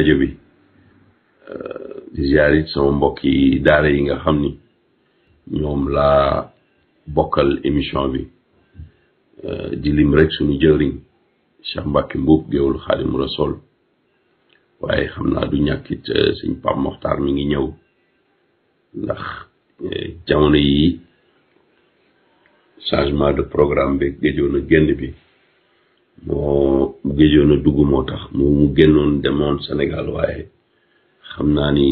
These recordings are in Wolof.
rajo bi euh, di ziar sama mbokk yi daara yi nga xam ni ñoom la bokkal émission bi euh, dilim lim rek suñu jëriñ Cheikh Mbacke Mbuub géewul Xaadimu Rasuul waaye xam naa du ñàkkit euh, suñ Pape Moxtaar mi ngi ñëw ndax jamono yi changement de programme bi géjoon a génn bi moo géjoon a dugg moo tax moo mu génnoon demoon senegal waaye xam naa ni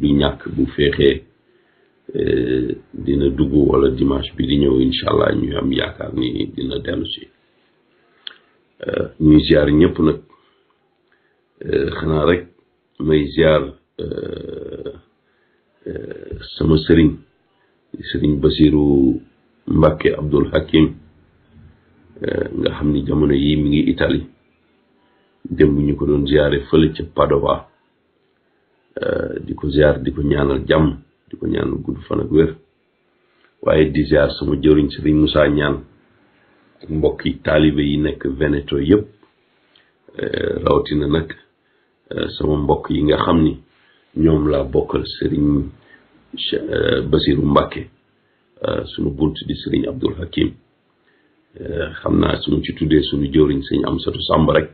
bi eh, ñàkk bu feexee eh, dina dugg wala dimanche bi di ñëw incha allah ñu am yaakaar ni dina dellu si eh, ñuy ziar ñëpp nag xanaa rek may ziar sama sëriñ sëriñ Basiru Mbàkke Abdul Hakim Eh, nga xam ni jamono yii mi ngi Italie démb ñu ko doon ziare fële ca Padova eh, di ko ziar di ko ñaanal jàmm di ko ñaanal gudd fan waaye di ziar sama jëriñ Sëriñ Moussa ñaan mbokk mbokki taalibe yi nekk Veneto yëpp eh, rawatina nag sama mbokk yi nga xam ni ñoom laa bokkal Sëriñ Basiru Mbàkke sunu bunt di Sëriñ Abdul Hakim Eh, xam naa suñu ci tuddee suñu jëwriñ sëñ am satu sàmb rek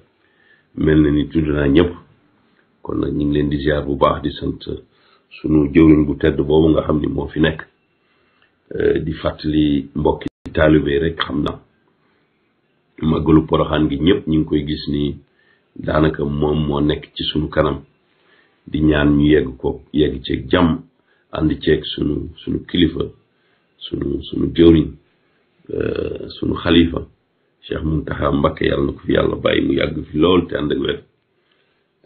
mel na ni tudd naa ñëpp kon nag ñu ngi leen di ziar bu baax di sant suñu jëwriñ bu tedd boobu nga xam ni moo fi nekk eh, di fàttali mbokki taalibe rek xam na màggalu poroxaan gi ñëpp ñu ngi koy gis ni daanaka moom moo nekk ci suñu kanam di ñaan ñu yegg ko yegg ceeg jàmm ànd ceeg suñu suñu kilifa suñu suñu jëwriñ Euh, sunu xalifa Cheikh Muntaxa Mbakke yàlla na ko fi yàlla bàyyi mu yàgg fi lool te ànd ak wér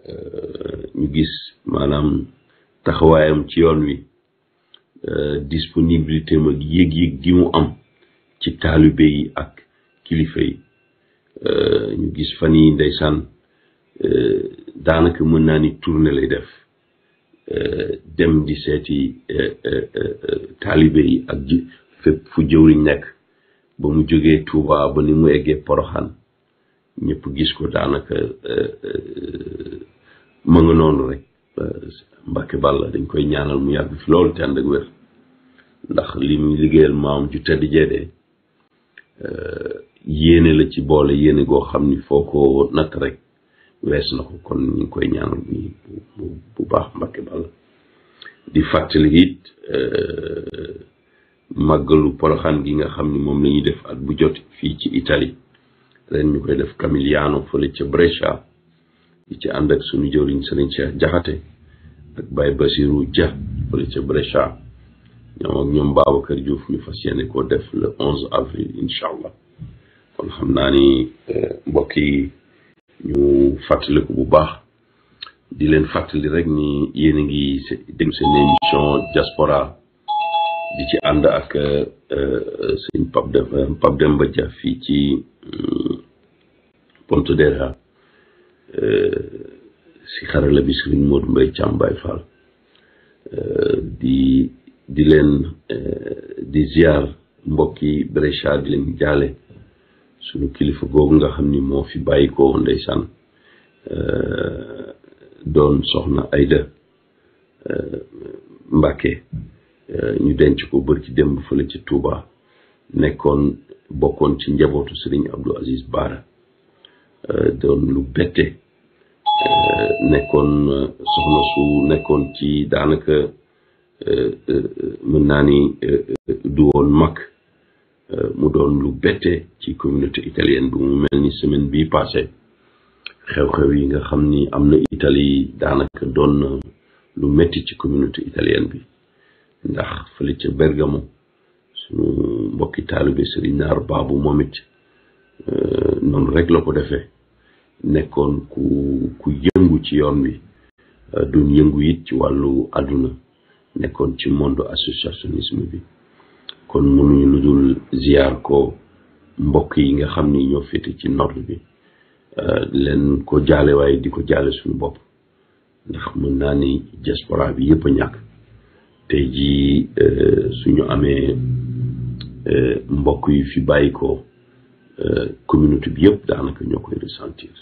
euh, ñu gis maanaam taxawaayam ci yoon wi euh, disponibilité am yëg-yëg gi mu am ci taalibe yi ak kilifa yi ñu gis fan yi ndeysaan daanaka mën naa ni lay def dem di seeti taalibe yi ak ji fépp fu jëwriñ nekk ba mu jógee Touba ba ni mu eggee Poroxaan ñëpp gis ko daanaka euh, euh, ma nga noonu rek Mbàkke Bàlla dañ koy ñaanal mu yàgg fi loolu te ànd ak wér ndax li mu liggéeyal maam ju tedd jeedee euh, yéene la ci boole yéene goo xam ni foo ko natt rek wees na ko kon ñu koy ñaanal bu baax Mbàkke Bàlla di fàttali it màggalu poroxaan gi nga xam ni moom la ñuy def at bu jot fii ci Italie ren ñu koy def Camigliano fële ca Brescia di ci ànd ak suñu jëwriñ sëriñ Cheikh Jaxate ak Baye Basirou Dia fële ca Brescia ñoom ak ñoom Babacar Diouf ñu fas yéene koo def le onze avril incha allah kon xam naa ni eh, mbokk yi ñu fàttaliku bu baax di leen fàttali rek ni yéen a ngi déglu seen émission diaspora di ci ànd ak euh, euh, sëñ Pape Dem Pape fii ci euh, Pontedera si xarala bi sëriñ Modou Mbaye Thiam Baye di di leen di ziar mbokki Brescia di leen jaale suñu kilifa googu nga xam ni moo fi bàyyikoo ko ndeysaan doon soxna Aida Mbacke Euh, ñu denc ko bër ci démb fële ci Touba nekkoon bokkoon ci njabootu sëriñ Abdou Aziz Baara euh, doon lu bette euh, nekkoon soxna su nekkoon ci daanaka mën naa ni du woon mag mu doon lu bette ci communauté italienne bi mu mel ni semaine bii passé xew-xew yi nga xam ni am na Italie daanaka doon lu metti ci communauté italienne bi ndax fële ca Bergamo suñu mbokki taalibe Serigne Naar Baabu moom it euh, noonu rek la ko defee nekkoon ku ku yëngu ci yoon wi euh, duñ yëngu it ci wàllu àdduna nekkoon ci monde associationnisme bi kon mënuñu lu dul ziar ko mbokk yi nga xam ni ñoo féete ci nord bi euh, leen ko jaale waaye di ko jaale suñu bopp ndax mën naa ni diaspora bi yëpp a ñàkk te jii euh, suñu amee euh, mbokk yu fi bàyyi ko euh, communauté bi yëpp daanaka ñoo koy ressentir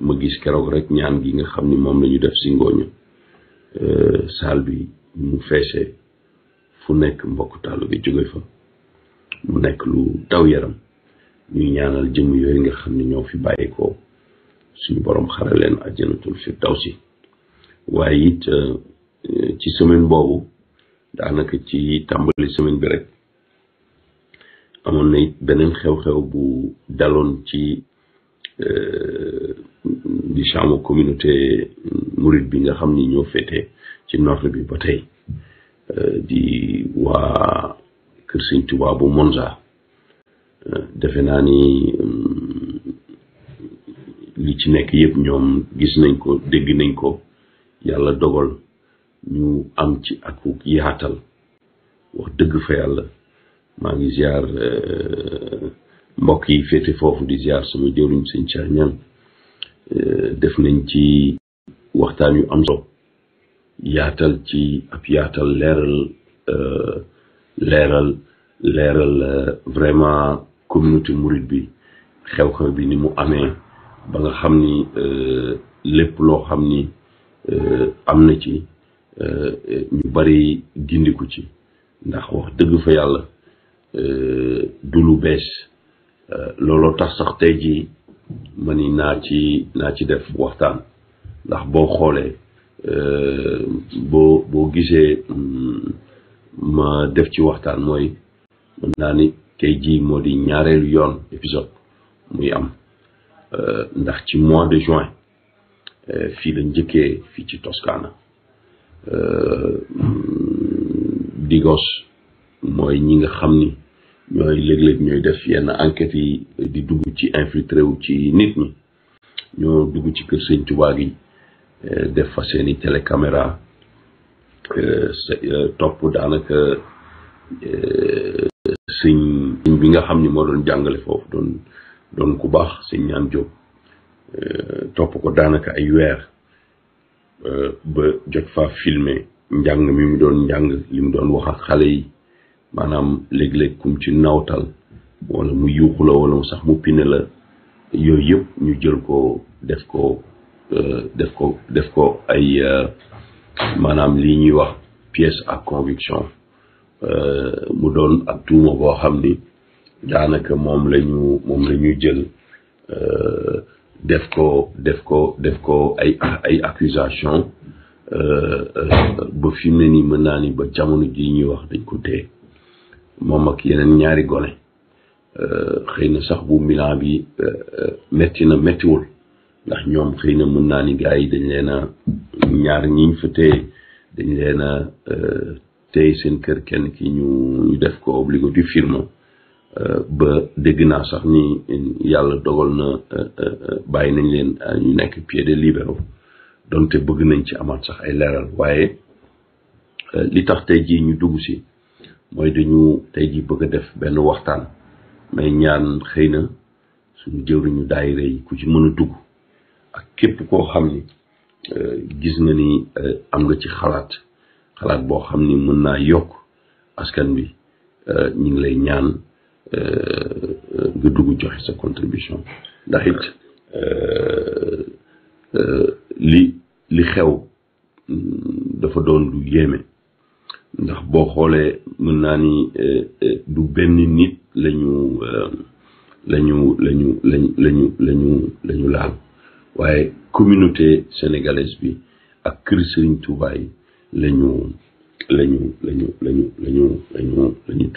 ma gis keroog rek ñaan gi nga xam ni moom la ñu def si ngooñu saal bi mu feesee fu nekk mbokk tàllu bi jóge fa mu nekk lu daw yaram ñuy ñaanal jëmm yooyu nga xam ni ñoo fi bàyyi ko suñu borom xaraleen àjjanatul si waaye it ci semaine boobu daanaka ci tàmbali semaine bi rek amoon na it beneen xew-xew bu daloon ci euh, di chambre communauté murid bi nga xam ni ñoo féete ci nord bi ba tey euh, di waa Kër Sëñ Tuubaa Monza euh, defe naa ni hmm, li ci nekk yëpp ñoom gis nañ ko dégg nañ ko yàlla dogal ñu am ci ak yaatal wax dëgg fa yàlla maa ngi ziar euh, mbokk yi féete foofu di ziar suma jëwriñ sëñ Cheikh Niang euh, def nañ ci waxtaan yu am solo yaatal ci ab yaatal leeral euh, leeral leeral vraiment communauté mouride bi xew-xew bi ni mu amee ba nga xam ni lépp loo xam ni am na ci Euh, ñu bari gindiku ci ndax wax dëgg fa yàlla euh, du lu bees euh, looloo tax sax tey jii ma ni naa ci naa ci def waxtaan ndax boo xoolee boo boo gisee mm, ma def ci waxtaan mooy mën naa ni tey ji moo di ñaareelu yoon épisode muy am ndax ci mois de juin fii la njëkkee fii ci Toscana Euh, digos mooy ñi nga xam ni ñooy léeg-léeg ñooy def yenn enquêtes yi di dugg ci infiltré wu ci nit ñi ñoo dugg ci kër sëñ Tuubaa gi euh, def fa seeni télécaméra euh, topp daanaka sëñ bi nga xam ni moo doon jàngale foofu doon doon ku baax sëñ ñaan jóg topp ko daanaka ay weer ba jot fa filmer njàng mi mu doon njàng li mu doon wax ak xale yi maanaam léeg-léeg kum ci nawtal wala mu yuuxu la wala mu sax mu pine la yooyu yëpp ñu jël ko def ko euh, def ko def ko ay euh, maanaam lii ñuy wax pièce à conviction euh, mu doon ak tuuma boo xam ni daanaka moom la ñu moom la ñu jël def ko def ko def ko ay ay accusation euh, euh, ba fi mu ne nii mën naa ni ba jamono jii ñuy wax dañ ko téye moom ak yeneen ñaari gone euh, xëy na sax bu Milan bi métti na méttiwul ndax ñoom xëy na mën naa ni gars dañ leen a ñaar ñiñ fa téye dañ leen a téye seen kër kenn ki ñu ñu def ko obligo di Euh, ba dégg naa sax ni yàlla dogal na euh, euh, bàyyi nañ leen ñu nekk pieds de libéraux donte bëgg nañ ci amaat sax ay leeral waaye li tax tey jii ñu dugg si mooy dañu tey jii bëgg a def benn waxtaan may ñaan xëy na suñu jëwriñu daayira yi ku ci mën a dugg ak képp koo xam ni gis nga ni am nga ci xalaat xalaat boo xam ni mën naa yokk askan bi ñu ngi lay ñaan. nga dugg joxe sa contribution ndaxit it li li xew dafa doon lu yéeme ndax boo xoolee mun naa ni du benn nit lañu lañu lañu lañ lañu lañu lañu laal waaye communauté sénégalaise bi ak kër Sëriñ Tuuba lañu lañu lañu lañu lañu lañu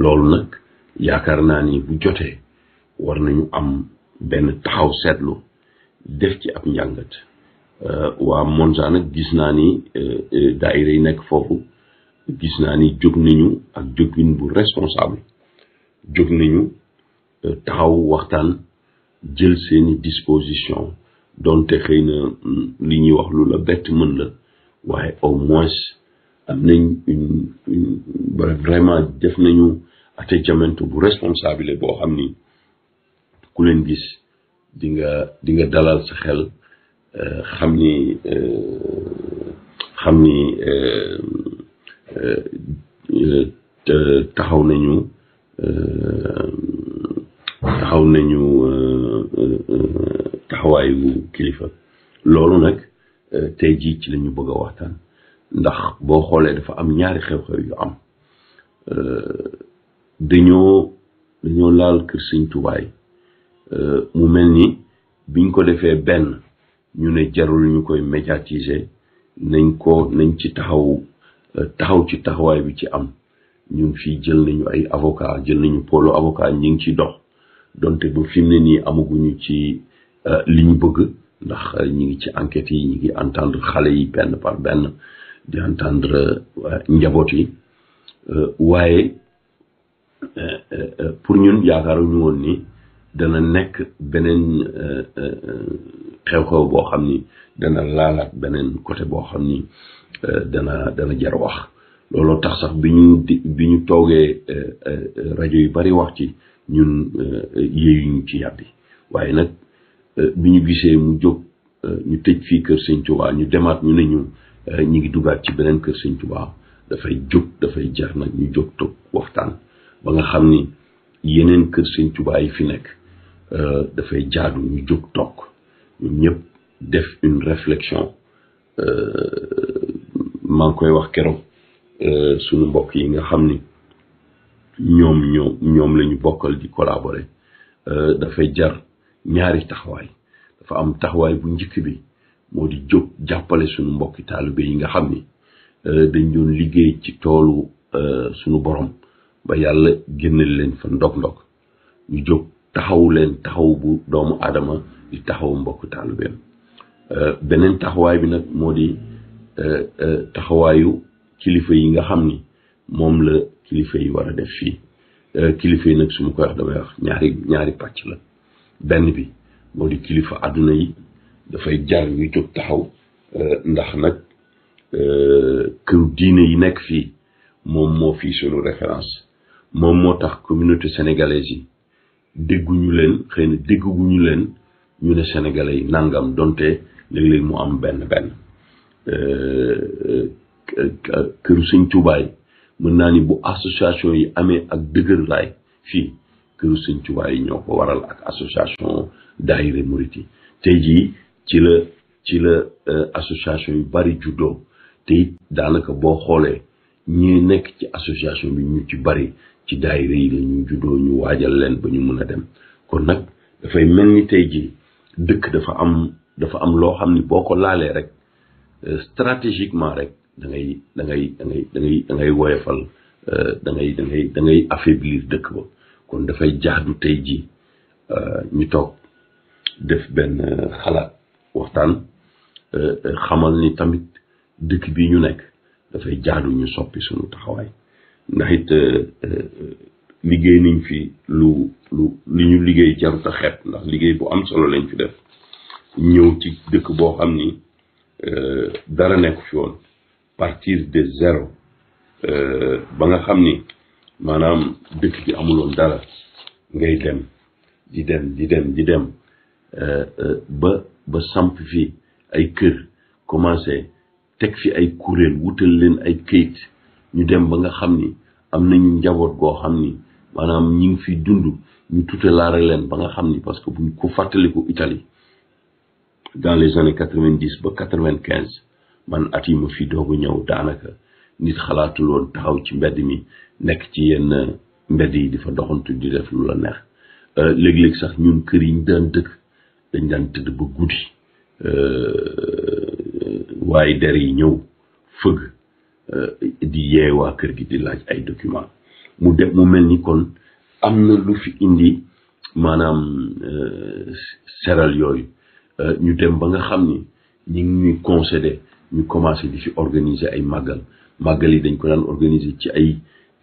loolu nag yaakaar naa ni bu jotee war nañu am benn taxaw seetlu def ci ab njàngat euh, waa Monza nag gis naa ni euh, euh, daayira yi nekk foofu gis naa ni jóg nañu ak jógin bu responsable jóg nañu taxaw waxtaan jël seeni disposition donte xëy na mm, li ñuy wax lu la bett mën la waaye au moins am nañ une vraiment def nañu ate jamantu bu responsable boo xam ni ku leen gis dinga nga dalal sa xel eh, xam ni eh, xam ni eh, taxaw nañu taxaw nañu taxawaayu kilifa loolu nag te jii ci la ñu bëgg a waxtaan ndax boo xoolee dafa am ñaari xew-xew yu am dañoo dañoo laal kër sëñ euh, mu mel ni biñ ko defee benn ñu ne jarul ñu koy médiatiser nañ ko nañ ci taxaw euh, taxaw ci taxawaay bi ci am ñu ngi fii jël nañu ay avocat jël nañu polo avocat ñi ngi ci dox donte ba fi mu ne nii amaguñu ci euh, li ñu bëgg ndax ñi ngi ci enquêtes yi ñi ngi entendre xale yi benn par benn di entendre njaboot yi waaye Euh, euh, euh, pour ñun yaakaaruñu woon ni dana nekk beneen xew-xew boo xam ni dana laalaat beneen côté boo xam ni dana dana jar wax looloo tax sax bi ñu bi ñu toogee rajo yu bari wax ci ñun yéeyuñu ci yàbbi waaye nag bi ñu gisee mu jóg ñu tëj fii kër sëñ Tuubaa ñu demaat ñu ne ñu ñu ngi duggaat ci beneen kër sëñ Tuubaa dafay jóg dafay jar nag ñu jóg toog waxtaan ba nga xam ni yeneen kër sëñ Tuubaa yi fi nekk euh, dafay jaadu ñu jóg toog ñun ñëpp def une réflexion euh, maa ngi koy wax keroog euh, suñu mbokk yi nga xam ni ñoom ñoom ñoom la bokkal di collaborer dafay jar ñaari taxawaay dafa am taxawaay bu njëkk bi moo di jóg jàppale suñu mbokki taalibe yi nga xam ni dañ doon liggéey ci toolu suñu borom ba yàlla génnal leen fa ndok ndog ñu jóg taxaw leen taxaw bu doomu aadama di taxaw mbokk taalibeem euh, beneen taxawaay bi nag moo di euh, euh, taxawaayu kilifa yi nga xam ni moom la kilifa yi war a def fii kilifa yi nag su ma koy wax damay wax ñaari ñaari pàcc la benn bi moo di kilifa àdduna yi dafay jar ñu jóg taxaw ndax nag kër diine yi nekk fii moom moo fii sunu référence moom moo tax communauté sénégalaise yi dégguñu leen xëy na dégguñu leen ñu ne sénégalais yi nàngam donte léeg-léeg mu am benn benn euh, euh, euh, këru sëñ Tuubaa yi mën naa ni bu association yi amee ak dëgërlaay fii këru sëñ Tuubaa yi ñoo ko waral ak association day murit yi tey jii ci la ci la association yu bari juddoo te it daanaka boo xoolee ñi nekk ci association bi ñu ci bari ci daayira yi la ñu juddoo ñu waajal leen ba ñu mën a dem kon nag dafay mel ni tey ji dëkk dafa am dafa am loo xam ni boo ko laalee rek euh, stratégiquement rek da ngay da ngay da ngay da ngay da ngay woyofal euh, da ngay dëkk ba kon dafay jaadu tey ji euh, ñu toog def benn xalaat waxtaan xamal ni tamit dëkk bi ñu nekk dafay jaadu ñu soppi sunu taxawaay ndax it euh, euh, liggéey niñ fi lu lu li ñu liggéey jarut a ndax liggéey bu am solo lañ fi def ñëw ci dëkk boo xam ni euh, dara nekk fi woon partir de zéro ba nga xam ni maanaam dëkk bi amuloon dara ngay dem di dem di dem di dem ba ba samp fi ay kër commencé teg fi ay kuréel wutal leen ay këyit ñu dem ba nga xam ni am nañu njaboot goo xam ni maanaam ñi ngi fi dund ñu tuute laare leen ba nga xam ni parce que buñ ko fàttaliku Italie dans les années quatre-vingt-dix ba quatre-vingt-quinze man at yi ma fi doogu ñëw daanaka nit xalaatul taxaw ci mbedd mi nekk ci yenn mbedd yi di fa doxantu di def lu la neex euh, léeg-léeg sax ñun kër yi ñu daan dëkk dañ daan tëdd ba guddi euh, waaye der yi ñëw fëgg Euh, di yee waa kër gi di laaj ay document mu def mu mel ni kon am na lu fi indi maanaam euh, seral yooyu euh, ñu dem ba nga xam ni ñu ngi ñuy concédé ñu commencé di fi organiser ay màggal màggal yi dañ ko daan organiser ci ay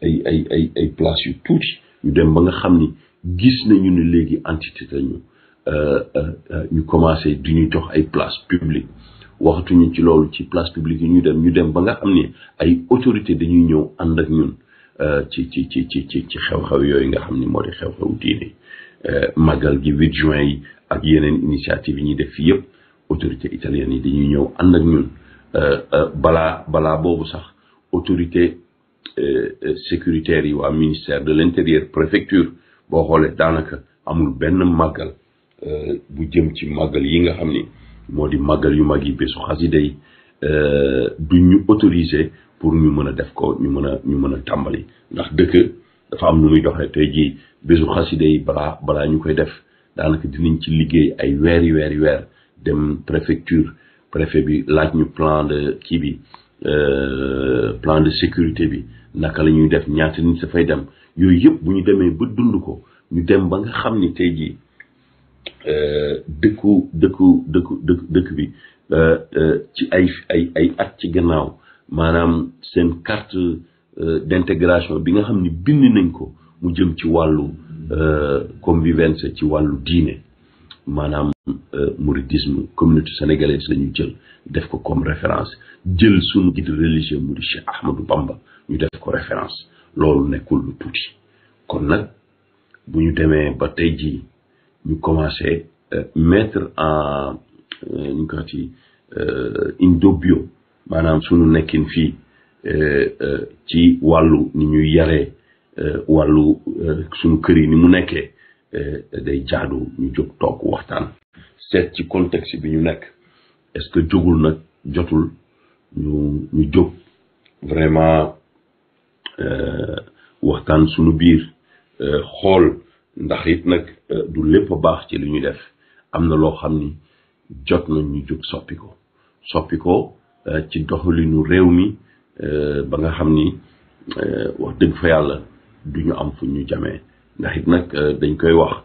ay ay ay ay place yu tuuti ñu dem ba nga xam ni gis nañu ne léegi entité lañu ñu commencé di ñuy jox ay place publique waxatuñu ci loolu ci place publique yi dem ñu dem ba nga xam ni ay autorité dañuy ñëw ànd ak ñun euh, ci ci ci ci ci ci xew-xew yooyu nga xam ni moo di xew-xew diine euh, màggal gi 8 juin yi ak yeneen initiative yi ñuy def fii yëpp autorité italien yi dañuy ñëw ànd ak ñun euh, balaa balaa boobu sax autorité sécuritaire yi waa ministère de l'intérieur préfecture boo xoolee daanaka amul benn màggal bu jëm ci màggal yi nga xam ni moo di màggal yu mag yi bésu xasida yi day euh, du ñu autorisé pour ñu mën a def ko ñu mën a ñu mën a tàmbali ndax dëkk dafa am nu muy doxee tey jii bésu xasida yi balaa balaa ñu koy def daanaka dinañ ci liggéey ay weer weeri weer weer dem préfecture préfet bi laaj ñu plan de kii bi euh, plan de sécurité bi naka lañuy def ñaata nit dafay dem yooyu yëpp bu ñu demee ba dund ko ñu dem ba nga xam ni tey jii Euh, dëkku dëkku dëkku dëkk dëkk bi euh, euh, ci ay ay ay at ci gannaaw maanaam seen carte d'intégration bi nga xam ni bind nañ ko mu jëm ci wàllu convivence ci wàllu diine maanaam mouridisme communauté sénégalaise la ñu jël def ko comme référence jël suñu guide religieux mu di Cheikh Ahmadou Bamba ñu def ko référence loolu nekkul lu tuuti kon nag bu ñu demee ba tey ñu commencé euh, mettre en euh, ñu ko ci euh, indobbio maanaam suñu nekkin fii ci wàllu ni ñuy yaree wàllu suñu kër yi ni mu nekkee day jaadu ñu jóg toog waxtaan seet ci contexte bi ñu nekk est-ce que jógul nag jotul ñu ñu jóg vraiment waxtaan suñu biir xool ndax it nag euh, du lépp a baax ci lu ñu def am na loo xam ni jot nañ ñu jóg soppi ko soppi ko euh, ci doxalinu réew mi euh, ba nga xam ni wax dëgg fa yàlla du ñu am fu ñu jamee ndax it nag dañ koy wax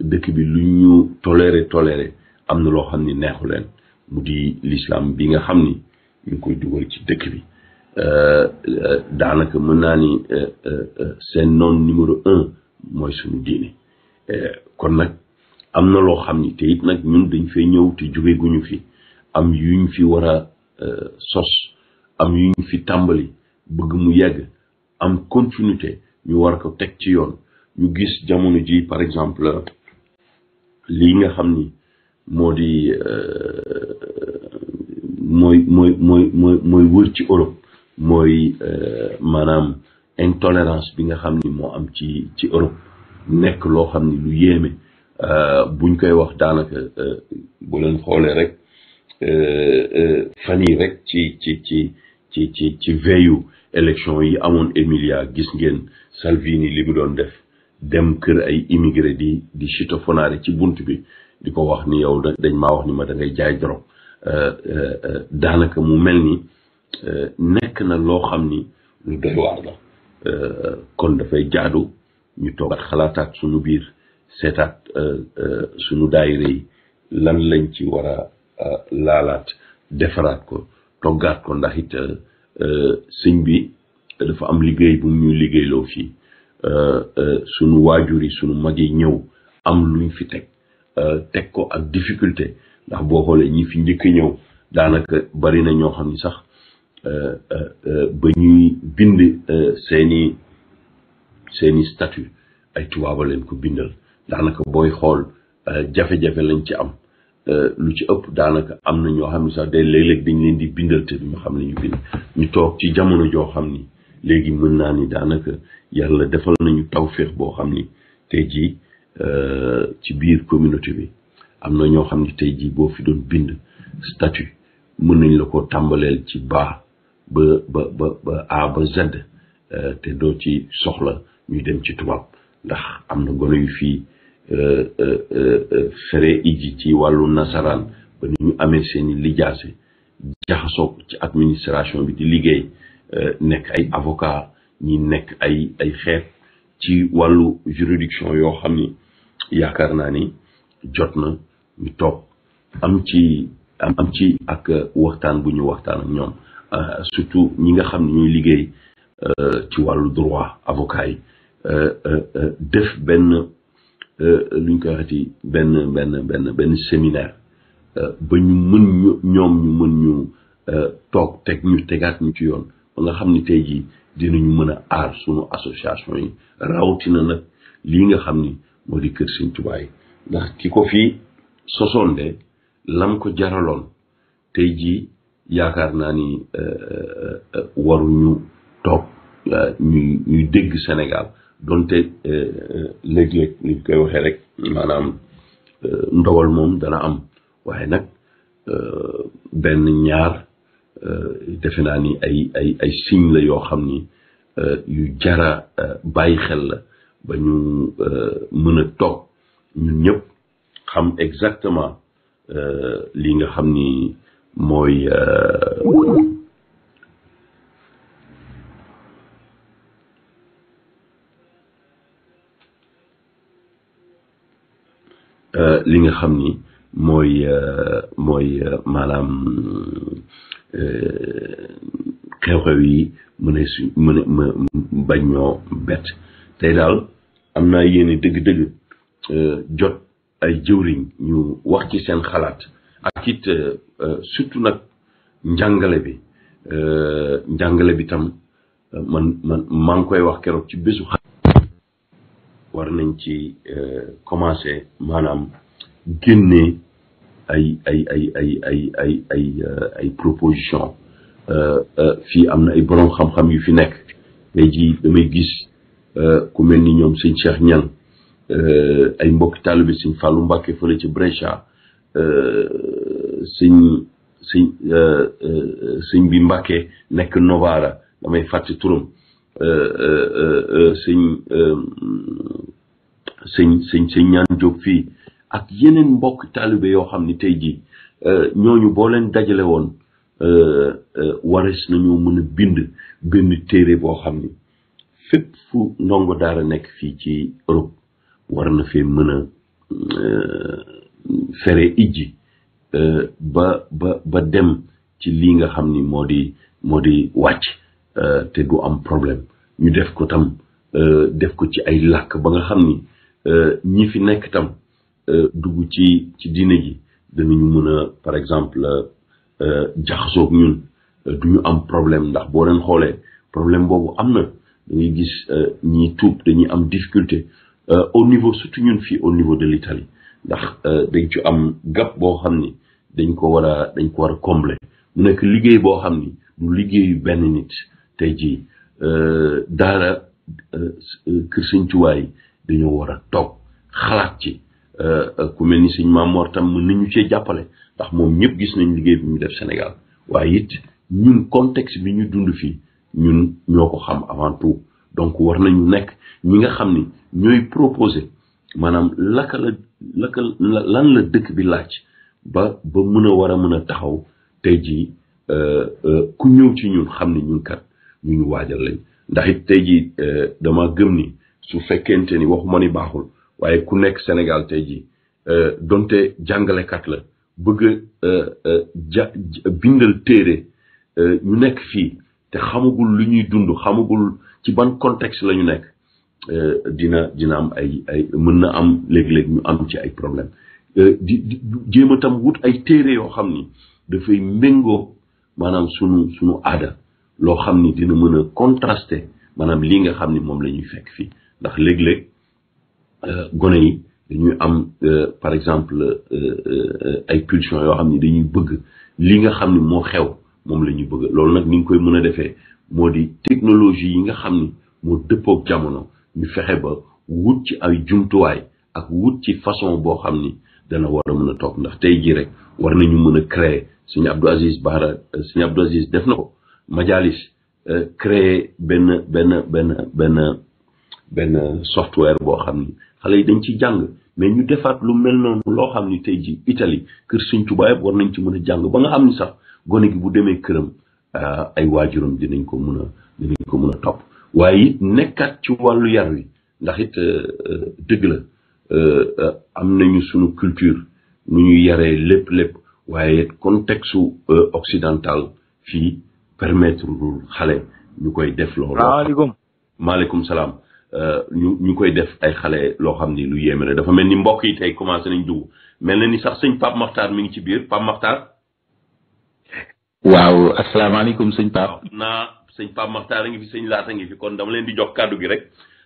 dëkk bi lu ñu tolere toléré am na loo xam ni neexu leen mu di l'islam bi nga xam ni ñu ngi koy dugal ci dëkk bi daanaka mën naa ni seen noon numéro un mooy suñu diine eh, kon nag am na loo xam ni te it nag ñun dañ fay ñëw te jóge guñu fi am yu ñu fi war a eh, sos am yuñ fi tàmbali bëgg mu yàgg am continuité ñu war ko teg ci yoon ñu gis jamono ji par exemple lii nga xam ni moo di eh, mooy mooy mooy mooy mooy wër ci Europe mooy maanaam intolérance bi nga xam ni moo am ci ci Europe nekk loo xam ni lu yéeme euh, buñ koy wax daanaka euh, bu leen xoolee rek euh, fan yi rek ci ci ci ci ci ci veyu élection yi amoon Emilia gis ngeen Salvini li mu doon def dem kër ay immigré di di chitofonaare ci bunt bi di ko wax ni yow dañ ma wax ni ma da ngay jaay drogue daanaka mu mel ni nekk na loo xam ni lu doy waar la Euh, kon dafay jaadoo ñu toogaat xalaataat suñu biir seetaat euh, euh, suñu daayira yi lan lañ ci war a laalaat defaraat ko toggaat ko ndax it sëñ bi dafa am liggéey bu ñuy liggéeyloo fii sunu waajur yi suñu mag yi ñëw am ñu fi teg teg ko ak difficulté ndax boo xoolee ñi fi njëkk ñëw daanaka bari na ñoo xam ni sax Euh, euh, euh, ba ñuy bind seeni seeni statut ay tubaaba leen ko bindal daanaka booy xool jafe-jafe lañ ci am lu ci ëpp daanaka am na ñoo xam ne sax day léeg-léeg dañ leen di bindal te duñu xam ne ñu bind ñu toog ci jamono joo xam ni léegi mën naa ni daanaka yàlla defal nañu tawféex boo xam ni tey jii ci biir communauté bi am na ñoo xam ni tey ji boo fi doon bind statut mën nañu la ko tàmbaleel ci baa ba ba ba ba A ba euh, te doo ci soxla ñu dem ci tubaab ndax am na gone yu fii euh, euh, fere iji ci wàllu nasaraan ba ni ñu amee seeni lijaase jaxasoo ci administration bi di liggéey nekk ay avocat ñi nekk ay ay xeet ci wàllu juridiction yoo xam ni yaakaar naa ni jot na ñu toog am ci am ci ak waxtaan bu ñu waxtaan ak ñoom Euh, surtout ñi nga xam ne ñooy liggéey euh, ci wàllu droit avocat yi euh, def benn lu ñu koy waxati benn benn benn benn séminaire ba ñu mën ñu ñoom ñu mën ñu toog teg ñu tegaat ñu ci yoon ba nga xam ni tey jii dinañu mën a aar sunu association yi rawatina nag lii nga xam ni moo di kër Sëñ Tuubaa ndax ki ko fii sosoon de lam ko jaraloon tey jii yaakaar naa ni euh, euh, euh, waruñu toog ñuy dégg Sénégal donte léeg-léeg ni ñu koy waxee rek maanaam ndawal moom dana am waxe nag benn ñaar defe naa ni ay ay ay signe la yoo xam ni yu jara bàyyi xel la ba ñu mën toog ñun ñëpp xam exactement lii nga xam ni mooy euh, euh, li nga xam ni mooy euh, mooy maanaam xew-xew yi mu ne su mu ne ma bañ ñoo bett tey daal am naa yéene dëgg-dëgg jot ay jëwriñ ñu wax ci seen xalaat de euh, euh, surtout nak njangale bi euh, njangale bi tam man man wax ci war nañ ci commencé ay ay ay ay ay ay ay ay proposition euh fi amna ay borom xam-xam yu fi nek ji damay gis ku melni ñom cheikh ñal euh ay mbokk talibé sëñ sëñ euh, euh, bi mbake nekk Novara damay fàtte turam siñ siñ siñ sëñ ñaan jóg fii ak yeneen mbokk taalibe yoo xam ni tey jii euh, ñooñu boo leen dajale woon wares nañoo mën a bind benn téere boo xam ni fépp fu ndongo daara nekk fii ci Europe war na fee mën a fere ijji Euh, ba ba ba dem ci lii nga xam ni moo di moo di wàcc euh, te du am problème ñu def ko tam euh, def ko ci ay làkk ba nga xam ni ñi fi nekk tam dugg ci ci diine ji danañu mën a par exemple jaxasoog ñun du ñu am problème ndax boo leen xoolee problème boobu am na dangay gis ñi tuub dañuy am difficulté au niveau surtout ñun fii au niveau de l'Italie ndax euh, dañ ci am gàpp boo xam ni dañ ko war a dañ ko war a combler mu nekk liggéey boo xam ni du liggéeyu benn nit tey jii euh, daara euh, kër sëñ dañoo war a toog xalaat ci ku mel ni sëñ Maam Mor tam mën nañu cee jàppale ndax moom ñëpp gis nañ liggéey bi ñu def Sénégal waaye it ñun contexte bi ñu dund fii ñun ñoo ko xam avant tout donc war nañu nekk ñi nga xam ni ñooy proposé maanaam laka la laka lan la dëkk bi laaj ba ba mën a war a mën a taxaw tey jii euh, euh, ku ñëw ci ñun xam ni ñun kat ñu ñu waajal lañ ndaxit it tey jii euh, dama gëm ni su fekkente ni ma ni baaxul waaye ku nekk Sénégal tey jii donte jàngalekat la bëgg ja bindal téere ñu nekk fii te xamagul lu ñuy dund xamagul ci ban contexte la ñu nekk Euh, dina dina am ay ay mën na am léeg-léeg ñu am ci ay problème euh, di di jéem a tam wut ay téere yoo xam ni dafay méngoo maanaam sunu sunu aada loo xam ni dina mën a contraster maanaam lii nga xam ni moom la ñuy fekk fii ndax léeg-léeg euh, gone yi dañuy am par exemple ay pulsions yoo xam ni dañuy bëgg li nga xam ni moo xew moom la ñuy bëgg loolu nag ni ñu koy mën a defee moo di technologie yi nga xam ni moo dëppook jamono ñu fexe ba wut ci ay jumtuwaay ak wut ci façon boo xam ni dana war a mën a toog ndax tey jii rek war nañu mën a créer suñ Abdou Aziz Bara euh, suñ Abdou Aziz def na ko majalis euh, créer benn benn benn benn benn software boo xam ni xale yi dañ ci jàng mais ñu defaat lu mel noonu loo xam ni tey jii Italie kër Sëñ Tuubaa yëpp war nañ ci mën a jàng ba nga xam ni sax gone gi bu demee këram euh, ay waajuram dinañ ko mun a dinañ ko mën a topp waaye it nekkaat ci wàllu yar wi ndax it euh, euh, dëgg la euh, am nañu suñu culture nu ñuy yaree lépp lépp waaye it contexte occidental fii permettre lul xale ñu koy def loolu maaleykum maaleykum salaam ñu ñu koy def ay xale loo xam ni lu yéeme la dafa mel ni mbokk yi tey commencé nañ dugg mel na ni sax sëñ Pape Makhtar mi ngi ci biir Pape Makhtar waaw asalaamaaleykum sëñ Pape naa sëñ Pape Makhtar a ngi fi sëñ Laata ngi fi kon dama leen di jox kàddu gi rek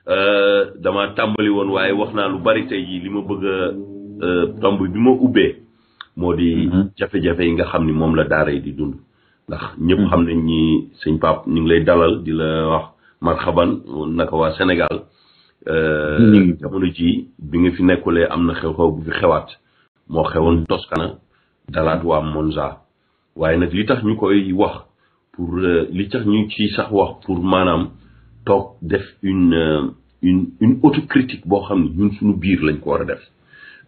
euh, dama tàmbali woon waaye wax naa lu bari tey jii li ma bëgg a euh, tomb bi ma ubbee moo di mm-hmm. jafe-jafe yi nga xam ni moom la daara yi di dund ndax ñëpp mm-hmm. xam ne ni sëñ Pape ñu ngi lay dalal di la wax marxaban naka waa Sénégal euh, mm-hmm. jamono ji bi nga fi nekkulee am na xew-xew bu fi xewaat moo xewoon Toscana dalaat waa Monza waaye nag li tax ñu koy wax pour euh, li tax ñu ci sax wax pour maanaam toog def une euh, une une autocritique boo xam ne ñun suñu biir lañ ko war a def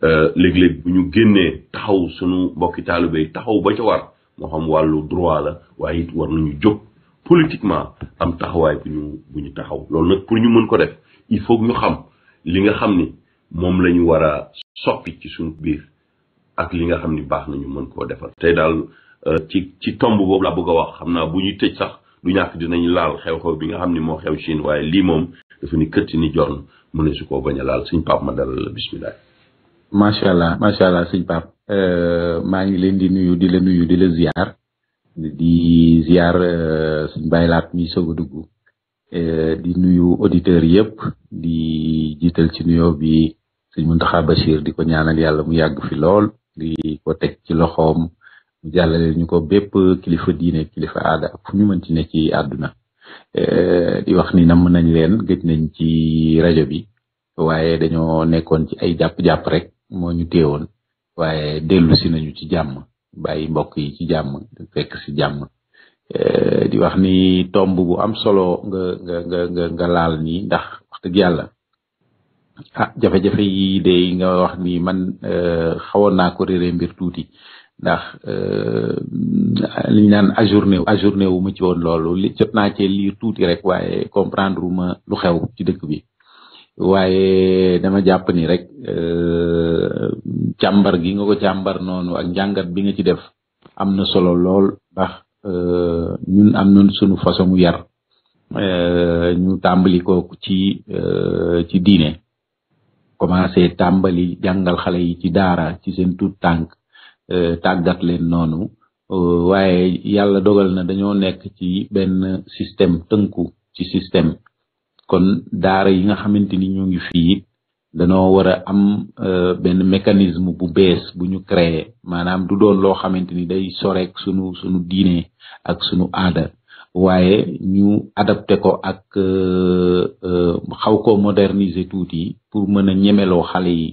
euh, léeg-léeg bu ñu génnee taxaw suñu mbokki taalibe taxaw ba ca war moo xam wàllu droit la waaye it war nañu jóg politiquement am taxawaay bu ñu taxaw loolu nag pour ñu mën ko def il faut ñu xam li nga xam ni moom lañu ñu war a soppi ci suñu biir ak li nga xam ni baax nañu mën koo defal tey daal Euh, ci ci tomb boobu laa bëgg a wax xam naa bu ñuy tëj sax du ñàkk dinañ laal xew-xew bi nga xam ni moo xew Chine waaye lii moom dafa ni këtt ni jorn mu ne su ko bañ laal suñ pap ma dalal la bismillah. macha allah macha allah suñ pap euh, maa ngi leen di nuyu di la nuyu di la ziar di ziar euh, suñ bàyyilaat mi soog a dugg di nuyu auditeurs yëpp di jiital ci nuyoo bi suñ Muntaxa Bachir di ko ñaanal yàlla mu yàgg fi lool di ko teg ci loxoom. jàllale ñu ko bépp kilifa diine kilifa aada fu ñu ci ne ci àdduna e, di wax ni nam nañ leen gëj nañ ci rajo bi waaye dañoo nekkoon ci ay jàpp-jàpp rek moo ñu téewoon waaye dellu si nañu ci jàmm bàyyi mbokk yi ci jàmm fekk si jàmm e, di wax ni tomb bu am solo nga nga nga nga laal ni ndax wax dëgg yàlla ah jafe-jafe yi day nga wax ni man e, xawoon naa ko mbir tuuti ndax euh, li ñu naan ajourné wu ajourné wu ma ci woon loolu li jot naa cee lire tuuti rek waaye comprendre wu lu xew ci dëkk bi waaye dama jàpp ni rek euh, càmbar gi nga ci càmbar noonu ak njàngat bi nga ci def am na solo lool ndax euh, ñun am nañ sunu façon mu yar ñu tàmbali ko ci ci diine commencé tàmbali jàngal xale yi ci daara ci seen tuut tànk Euh, tàggat leen noonu euh, waaye yàlla dogal na dañoo nekk ci benn système tënku ci système kon daara yi nga xamante ni ñu ngi fii dañoo war a am euh, benn mécanisme bu bees bu ñu créer maanaam du doon loo xamante ni day soreek sunu sunu diine ak sunu aada waaye ñu adapté ko ak xaw ko moderniser tuuti pour mën a ñemeloo xale yi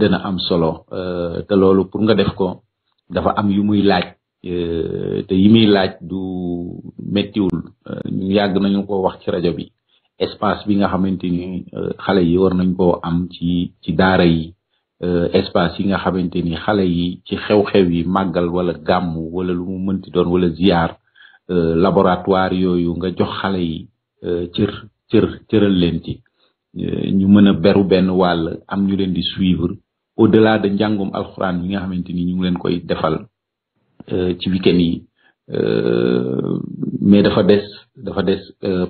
dana am solo te loolu pour nga def ko dafa am yu muy laaj euh, te yi muy laaj du méttiwul euh, yàgg nañu ko wax ci rajo bi espace bi nga xamante ni euh, xale yi war nañ koo am ci ci daara yi espace yi nga xamante ni xale yi ci xew-xew yi màggal wala gàmmu wala lu mu mënti doon wala ziar laboratoire yooyu nga jox xale yi cër cër cëral leen ci ñu mën a beru benn wàll am ñu leen di suivre au delà de njangum alcorane yi nga xamanteni ñu ngi leen koy defal ci weekend yi mais dafa dess dafa des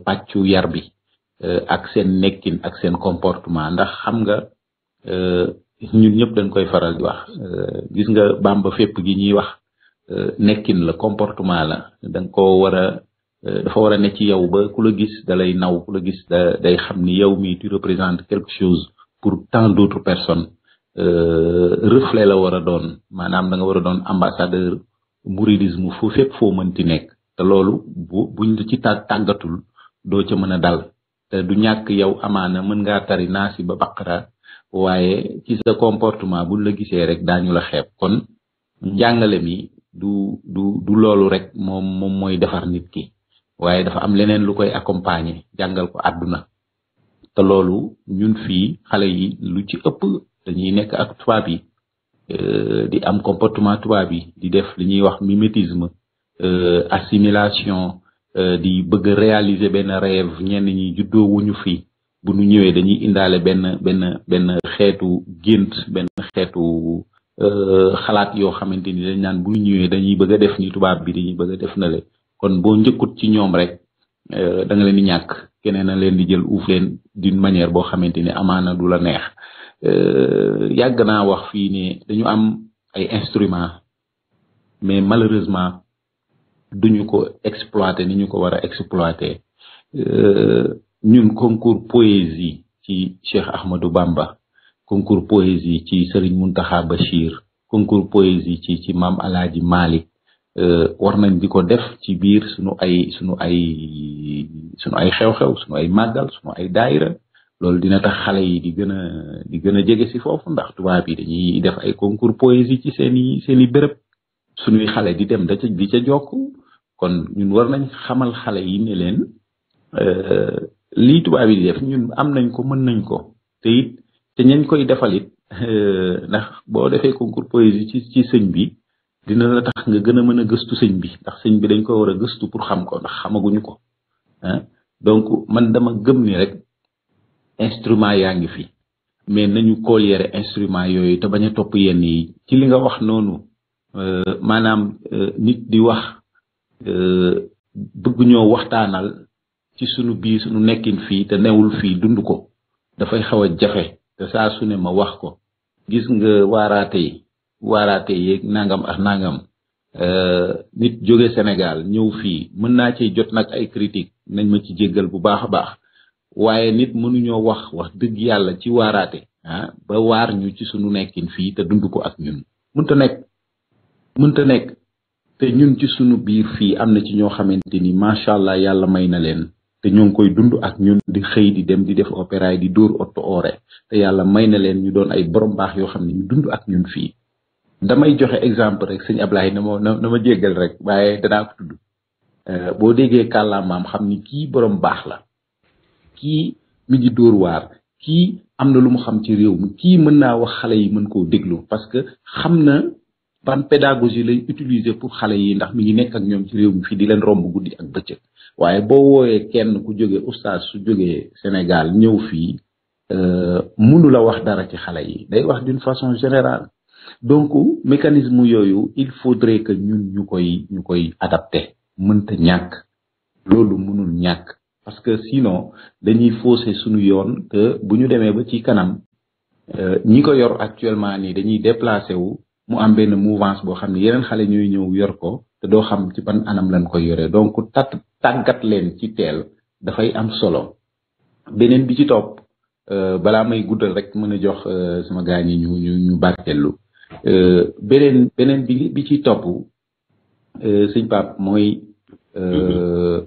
pàccu yar bi ak seen nekkin ak seen comportement ndax xam nga ñun ñëpp dañ koy faral di wax eh, gis nga bamba fépp gi ñuy wax eh, nekkin la comportement la da ko war a eh, dafa war a ne ci yow ba ku la gis dalay naw ku la gis day xam ni yow mi tu représente quelque chose pour tant d'autres personnes Eh, reflet la wara a doon maanaam da nga wara a doon ambassadeur mouridisme fo fépp fo mënti nekk te loolu buñ du ci tàggatul doo ca mën dal te du ñak yow amana mën nga tari nasi ba bakra waaye ci sa comportement buñ la gisé rek dañu la xép kon jangale mi du du du rek mom mom moy defar nit ki dafa am leneen lu koy accompagner jangal ko aduna te loolu ñun fi xalé yi lu ci ëpp dañuy nekk ak tubaab yi euh, di am comportement tubaab yi di def li ñuy wax mimétisme euh, assimilation euh, di bëgg réaliser benn rêve ñenn ñi juddoo wuñu fii bu ñu ñëwee dañuy indaale benn benn benn xeetu gént benn xeetu xalaat yoo xamante ni dañ naan bu ñëwee dañuy bëgg a def ni tubaab bi dañuy bëgg a def na le kon boo njëkkut ci ñoom rek da nga leen di ñàkk keneen na leen di jël uuf leen d'une manière boo xamante ni amaana du la neex Euh, yàgg na wax fii ne dañu am ay instruments mais malheureusement duñu ko exploiter ni ñu ko war a exploiter euh, ñun concours poésie ci Cheikh Ahmadou Bamba concours poésie ci Serigne Mountakha Bachir concours poésie ci ci maam Alaaji Malick euh, war nañ di ko def ci biir sunu ay sunu ay sunu ay xew-xew sunu ay màggal sunu ay daayira loolu dina tax xale yi di gën a di gën a jege si foofu ndax tubaab yi dañuy def ay concours poésie ci seen i seen suñuy xale di dem da ca di ca kon ñun war nañ xamal xale yi ne leen euh, lii tubaab yi di def ñun am nañ ko mën nañ ko te it te ñañ koy defal it euh, ndax boo defee concours poésie ci ci sëñ bi dina la tax nga gën a mën a gëstu sëñ bi ndax sëñ bi dañ ko war a gëstu pour xam ko ndax xamaguñu ko ah donc man dama gëm ni rek. instrument yaa ngi fi mais nañu collier instrument yooyu te bañ a topp yenn yi ci li nga wax noonu euh, maanaam euh, nit di wax euh, bëgg ñoo waxtaanal ci sunu biir sunu nekkin fii te newul fii dund ko dafay xaw a jafe te saa su ne ma wax ko gis nga waaraate yi waaraate yeeg nangam ak nangam nit jóge Sénégal ñëw fii mën naa ci jot nag ay critique nañ ma ci jéggal bu baax a baax waaye nit mënuñoo wax wax dëgg yàlla ci waaraate ah ba waar ñu ci suñu nekkin fii te dund ko ak ñun mënta nekk mënta nekk te ñun ci sunu biir fii am na ci ñoo xamante ni macha allah yàlla may na leen te ñoo ngi koy dund ak ñun di xëy dem di def opéra di dóor oto oore te yàlla may na leen ñu doon ay borom baax yoo xam ne ñu dund ak ñun fii damay joxe exemple rek sëñ Ablaye na ma na ma jéggal rek waaye danaa ko tudd euh, boo déggee kàllaamaam xam ni ki borom baax la ki mi ngi door waar kii am na lu mu xam ci réew mi kii mën naa wax xale yi mën koo déglu parce que xam na ban pédagogie lay utiliser pour xale yi ndax mi ngi nekk ak ñoom ci réew mi fii di leen romb guddi ak bëccëg waaye boo wooyee kenn ku jóge oustaz su jógee Sénégal ñëw fii euh, mënu la wax dara ci xale yi day wax d'une façon générale donc mécanisme yooyu il faudrait que ñun ñu koy ñu koy adapté mënta ñàkk loolu mënul ñàkk parce que sinon dañuy fausser suñu yoon que buñu démé ba ci kanam euh ñiko yor actuellement ni dañuy déplacer wu mu am de mouvance bo yor ko te do xam ci ban anam lañ koy yoré donc tat leen ci am solo benen bi ci euh bala may guddal rek mëna jox euh, sama ñu ñu euh, bi ci euh,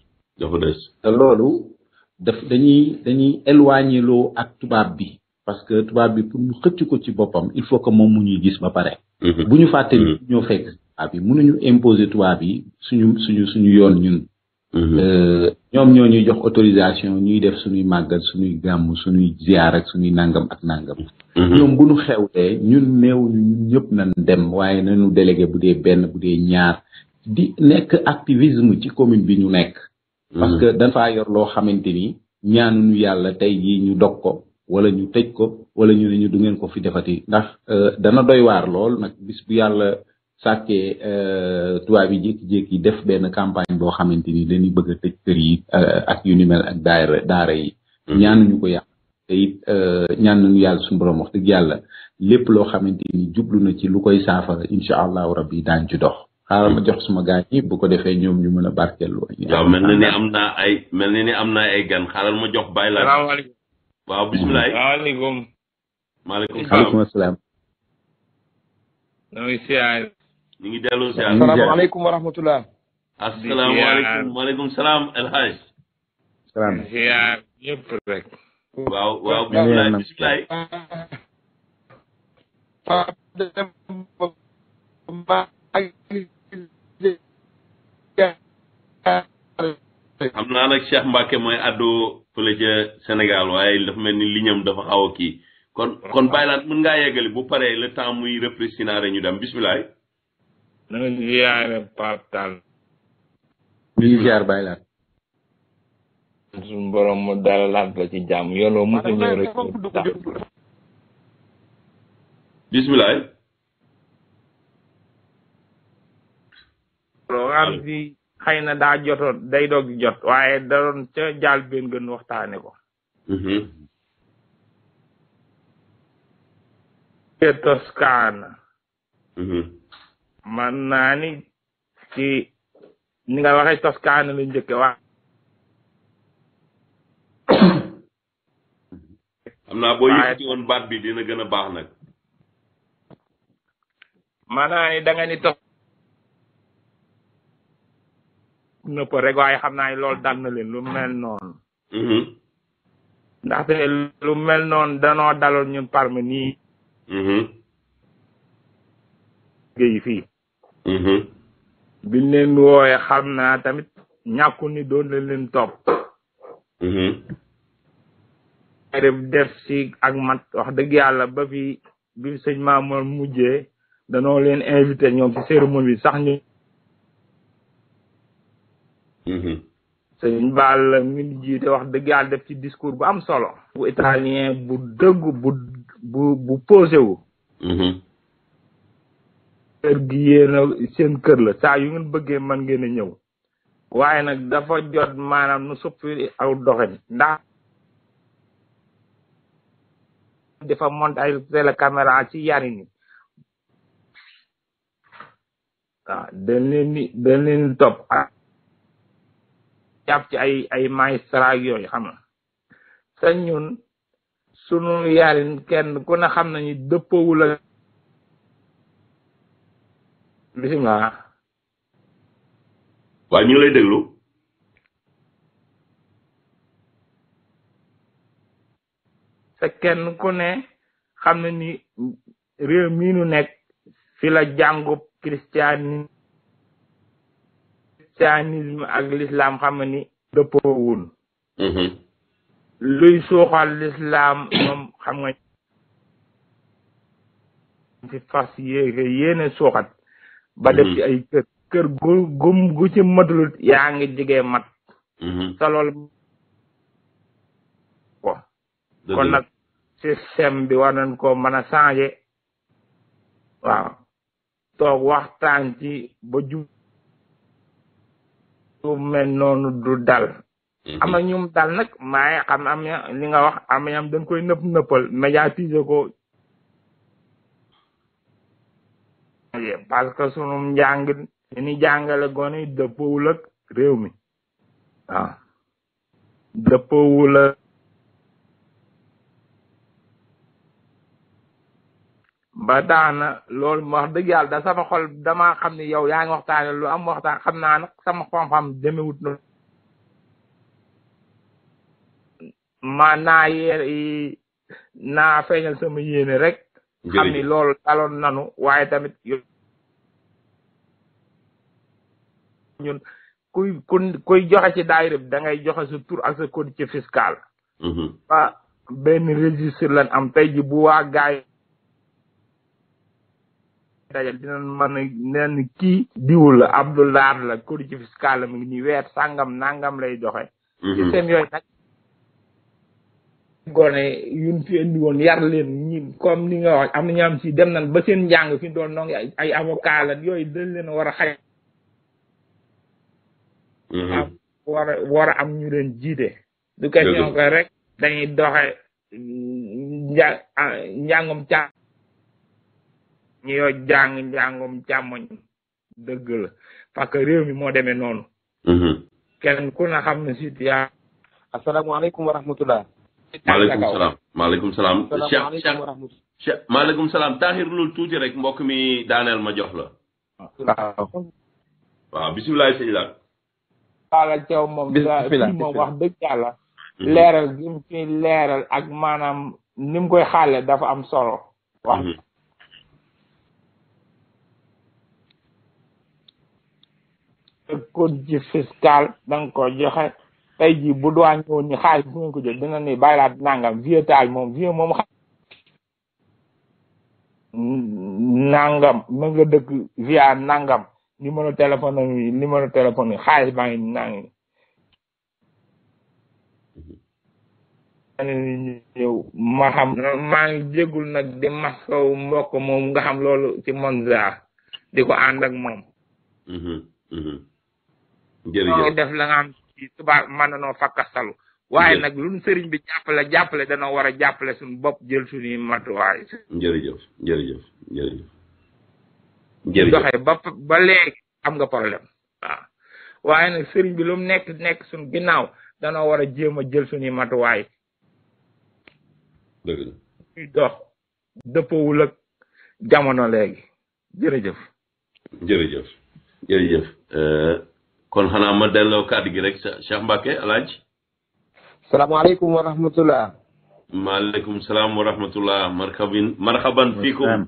dafa te loolu daf dañuy dañuy ak tubaab bi parce que tubaab bi pour mu xëcc ko ci boppam il faut que moom mu ñuy gis ba pare. Mm-hmm. bu ñu fàtte mm-hmm. ñoo fekk tubaab bi mënuñu imposer tubaab yi suñu suñu suñu yoon ñun. Mm-hmm. Euh, ñoom ñoo ñuy jox autorisation ñuy def suñuy màggal suñuy gàmm suñuy ziar ak suñuy nangam ak nangam. ñoom bu ñu xewlee ñun néew ñëpp nañ dem waaye nañu délégué bu dee benn bu dee ñaar di nekk activisme ci commune bi ñu nekk. parce mm. que dafa yor loo xamante ni ñaanuñu yàlla tey jii ñu dog ko wala ñu tëj ko wala ñu ne ñu du ngeen ko fi defati ndax euh, dana doy waar lool nag bis bu yàlla sàkkee euh, tubaab yi jékki-jékki def benn campagne boo xamante ni dañuy bëgg a tëj kër yi euh, ak yu ni ak daara daara yi. Mm. ñaanuñu ko yàlla te it ñaanuñu yàlla suñu wax dëgg yàlla lépp loo xamante ni jublu na ci lu koy saafara incha allahu rabbi daañu ci dox. xaaral ma jox suma gaañ bu ko defee ñoom ñu mën a barkeelu. waaw mel na ni am naa ay mel na ni am naa ay gan xaaral ma jox bàyyi laa. salaamaaleykum waaw bisimilah. ngi siyaar. ñu ngi delloo salaam waaw waaw bisimilah bisimilah. xam naa nag Cheikh Mbacke mooy àddu fële ca Sénégal waaye dafa mel ni li ñam dafa xaw a kii kon kon bàyyi laat mën ngaa yeggali bu paree le temps muy représinaare ñu dem bisimilah. na nga ziare Pape Tall. ñu ngi ziar bàyyi laat. la ci jàmm yoon woo mu ñëw rek. bisimilah. nga xam si xëy na daa joto day doog jot waaye da doon ca jaal benn gën waxtaane ko te mhm. toskaana mhm. man naa ni ci ni nga waxee toskaana la njëkke waa xam naa boo yëkkati woon baat bi dina gën a baax nag man naa ni da ni tos nëpp rek waaye xam naa lool dal na leen lu mel noonu. Mm-hmm. ndaxte lu mel noonu danoo daloon ñun parmi nii. liggéey mm-hmm. fii. Mm-hmm. biñ leen wooyee xam naa tamit ñàkku ni doon na leen topp. def si ak mat wax dëgg yàlla ba fi bi sëñ Mamour mujjee danoo leen invité ñoom ci cérémonie bi sax ñu. Mm-hmm. sëñ Baal mi ngi jiite wax dëgg yàlla def ci discours bu am solo. bu italien bu dëgg bu bu bu mm-hmm. kër gi yéen seen kër la saa yu ngeen bëggee man ngeen a ñëw. waaye nag dafa jot maanaam nu suppi aw doxin ndax. dafa monté ay télécaméra ci yari ni ah, waaw dañ topp. jàpp ci ay ay maestra yooyu xam na sa ñun sunu yarin kenn ku ne xam nañu dëppawul ak bisimilah waaw ñu lay déglu te kenn ku ne xam na ni réew mii nu nekk fi la jàngu christian christianisme ak l'islam xam nga ni dëppoo wul mm-hmm. luy suuxal l'islam moom xam nga ci fas yéege yéene suuxat ba def mm-hmm. ci ay kër kër gu gu ci matulut yaa ngi jigee mat sa mm-hmm. lool ko kon nag système bi war nañ ko mën a changé waaw toog waxtaan ci ba jub lu mel noonu du dal mhm. ama ñum dal nag maaye xam am li nga wax am ñam dañ koy nëpp nëppal médiatiser ko parce que sunum njàng ni jàngale gone dëppawul ak réew mi waaw ba tax na loolu wax dëgg yàlla da sama xol damaa xam ni yow yaa ngi waxtaane lu am waxtaan xam naa nag sama xam-xam demewut na ma naa yee naa feeñal sama yéene rek xam ni loolu daloon nanu waaye tamit ñun kuy ku kuy joxe ci daayira bi da ngay joxe sa tur ak sa code ci fiscal mhm. benn registre lan am tey ji bu waa gaay dajal dinañ mën a nen kii diwul la abdoulaar la codice fiscal la mi ngi nii weer sàngam nangam lay joxe mhm. système yooyu nag gone yun fi indi woon yar leen ñi comme ni nga am na ñu am si dem nañ ba seen njàng fi doon nongi ay avocat la yooyu dañ leen war a xaj mhm. war a war a am ñu leen jiite du question que rek dañuy doxe mm, nja ah, njàngum caa ñu yoo jàng njàngum càmmoñ dëgg la parce que réew mi moo demee noonu. Mm-hmm. kenn ku na xam ne situation. asalaamaaleykum wa rahmatulah. maaleykum salaam maaleykum salaam. Cheikh salaam Tahir loolu tuuti rek mbokk mi daaneel ma jox la. waaw. waaw bisimilah sëñ la. Talla moom. wax dëgg yàlla. Mm-hmm. leeral gi mu fi leeral ak maanaam ni mu koy xaale dafa am solo. code fiscal da nga ko joxe tey jii bu doon ñëwoon ni xaalis bu ngeen ko jël dina ni bàyyi laat nangam vieux taal moom vieux moom xam nangam ma nga dëkk via nangam numéro téléphone am yi numéro téléphone yi xaalis baa ngi nangi yow ma xam maa ngi jégul nag di masaw mbokk moom nga xam loolu ci Monza di ko ànd ak moom jërëjëf def la nga xam ci tubaab mën na noo fakkastalu waaye nag lu sëriñ bi jàppale jàppale danoo war a jàppale suñu bopp jël suñuy matuwaay. jërëjëf jërëjëf jërëjëf. jërëjëf doxee ba ba léegi am nga problème waaw waaye nag sëriñ bi lu mu nekk nekk suñu ginnaaw danoo war a jéem a jël suñuy matuwaay. dëgg la ñuy dox dëppawul ak jamono léegi jërëjëf. jërëjëf jërëjëf. Euh, kon xana ma delo kaddu gi rek Cheikh alhadj alaaj alaykum wa rahmatullah alaykum salaam wa rahmatullah marhaban marhaban fikum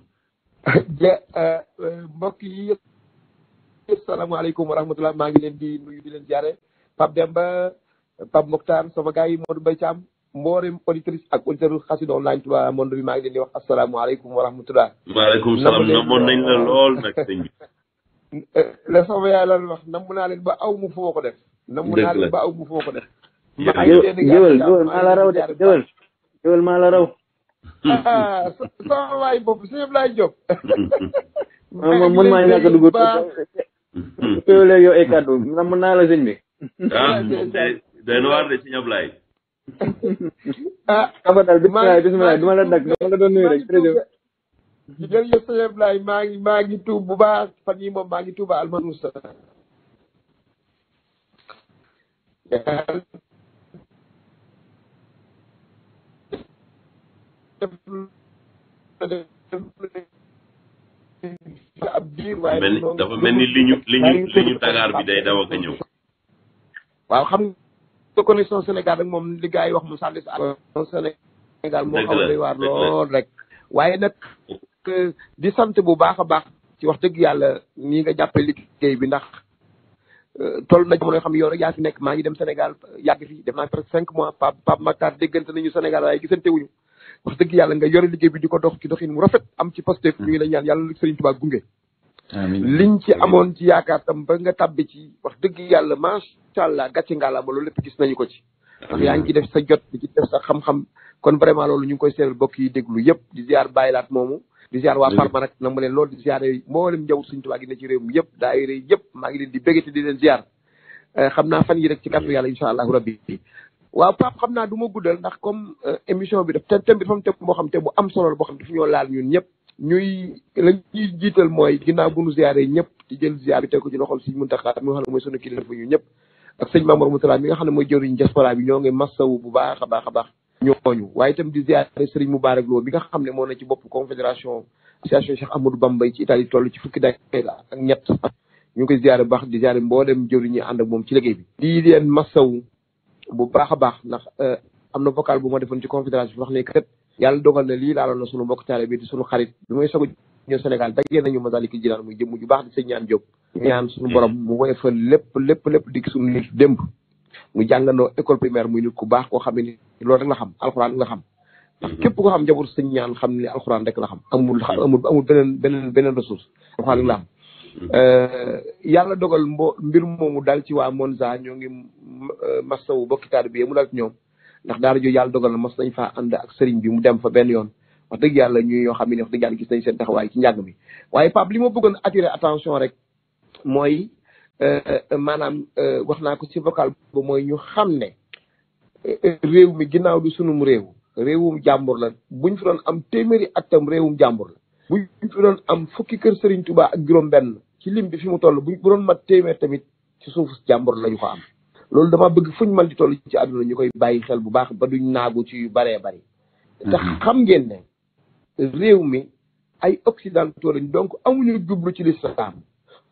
ja eh, eh, mbok yi yëpp alaykum wa rahmatullah ma ngi len di nuyu di len jare pap Demba pap Mokhtar sama gay yi Modou Mbaye Thiam mboolem auditrice ak auditeur Xassida Online tuba monde bi ma ngi len di wax alaykum wa rahmatullah salam. no mon nañ la lol nak sëñ la sama yaay lan wax namm naa leen ba aw mu foo ko def. namm naa leen ba aw mu foo ko def. géwél géwél maa la raw de géwél géwél maa la raw. si ñëpp laay jóg. moom mën maa ñàkk a dugg. féewale ah, na si ñëpp laay. ah. abadal bisimilah bisimilah la dagg dama la doon nuyu rek jërëjëf. jërëjëf maa ngi maa ngi tuub bu ba fan moom maa ngi tuuba almanusa dafa mel ni li ñu li tagaar bi day daw a ñëw. waaw xam nga connexion Sénégal rek moom li gars yi wax mu sàllis. Sénégal moo xaw lool rek waaye nag. di sant bu baax a baax ci wax dëgg yàlla nii nga jàppe liggéey bi ndax euh, toll na jamono yoo xam ne yow yaa fi nekk maa ngi dem Sénégal yàgg fi def naa presque cinq mois Pape Pape Makhtar déggante nañu Sénégal waaye gisante wuñu wax dëgg yàlla nga yore liggéey bi di ko dox ci doxin mu rafet am ci Pastef ñu ngi la ñaan yàlla Serigne Touba gunge liñ ci amoon ci yaakaar tam ba nga tàbbi ci wax dëgg yàlla macha allah gàcce ngalaama loolu lépp gis nañu ko ci ndax yaa ngi def sa jot di ci def sa xam-xam kon vraiment loolu ñu ngi koy seeral bokk yi déglu yëpp di ziar bàyyilaat moomu di ziar waa Palma nag na ma leen loolu di njawut suñ tubaab gi ne ci réew mi yëpp daayira yi yëpp maa ngi leen di bégati di leen eh, xam naa fan rek ci kàttu yàlla incha allahu rabbi xam naa du ma guddal ndax comme eh, émission bi bi dafa am thème boo xam te solo la boo xam dafa ñoo laal ñëpp ñuy la ñuy jiital mooy ginnaaw bu ñu ziaree ñëpp di jël ziar bi teg ko ci siñ Muntaxa mi nga xam ne mooy sunu kilifa ñu ñëpp ak sëñ Mamour mooy jëriñ diaspora bi bu baax a a ñooñu waaye itam di ziare Serigne Moubarak Lo bi nga xam ne moo na ci bopp confédération association Cheikh Ahmadou Bamba ci Italie toll ci fukki daayira ak ñett ñu ngi koy ziare baax di ziare mboolem jëwriñ ñi ànd moom ci liggéey bi. di leen masaw bu baax a baax ndax euh, am na vocal bu ma defoon ci confédération wax ne kat yàlla dogal na lii laaloon na sunu mbokk taale bi di sunu xarit bi may soog ñëw Sénégal daggee nañu Masaalikul Jinaan muy baax di sëñ ñaan mm-hmm. Diop. ñaan sunu borom mu woyofal lépp lépp lépp di sunu mu jàngandoo école primaire muy nit ku baax koo xam ne loolu rek la xam alxuraan la xam. Mhm. képp koo xam njabootu sëñ ñaan xam ne alxuraan rek la xam amul mhm. amul amul beneen beneen beneen ressource alxuraan rek la xam. Mhm. Euh, yàlla dogal mbo mbir moomu daal ci waa Monza ñoo ngi euh, masawu bokki taalibe bi mu daal ci ñoom ndax daara jooju yàlla dogal na mas nañ fa ànd ak sëriñ bi mu dem fa benn yoon wax dëgg yàlla ñuy ñoo xam ne wax dëgg yàlla gis nañ seen taxawaay ci njàng mi waaye Pape li ma bëggoon attirer attention rek mooy. Euh, maanaam euh, wax naa ko ci vocal ba mooy ñu xam ne euh, réew mi ginnaaw du sunum réew réewum jàmbur la buñ fi doon am téeméeri atam réewum jàmbur la buñ fi doon am fukki kër sëriñ tubaa ak juróom benn ci lim bi fi mu toll buñ bu doon mat téeméer tamit ci suuf jàmbur lañu ko am loolu dama bëgg fuñ mën di toll ci àdduna ñu koy bàyyi xel bu baax ba ñu naagu ci yu baree bari te mm-hmm. xam ngeen ne réew mi ay occidentaux lañ donc amuñu jublu ci lislaam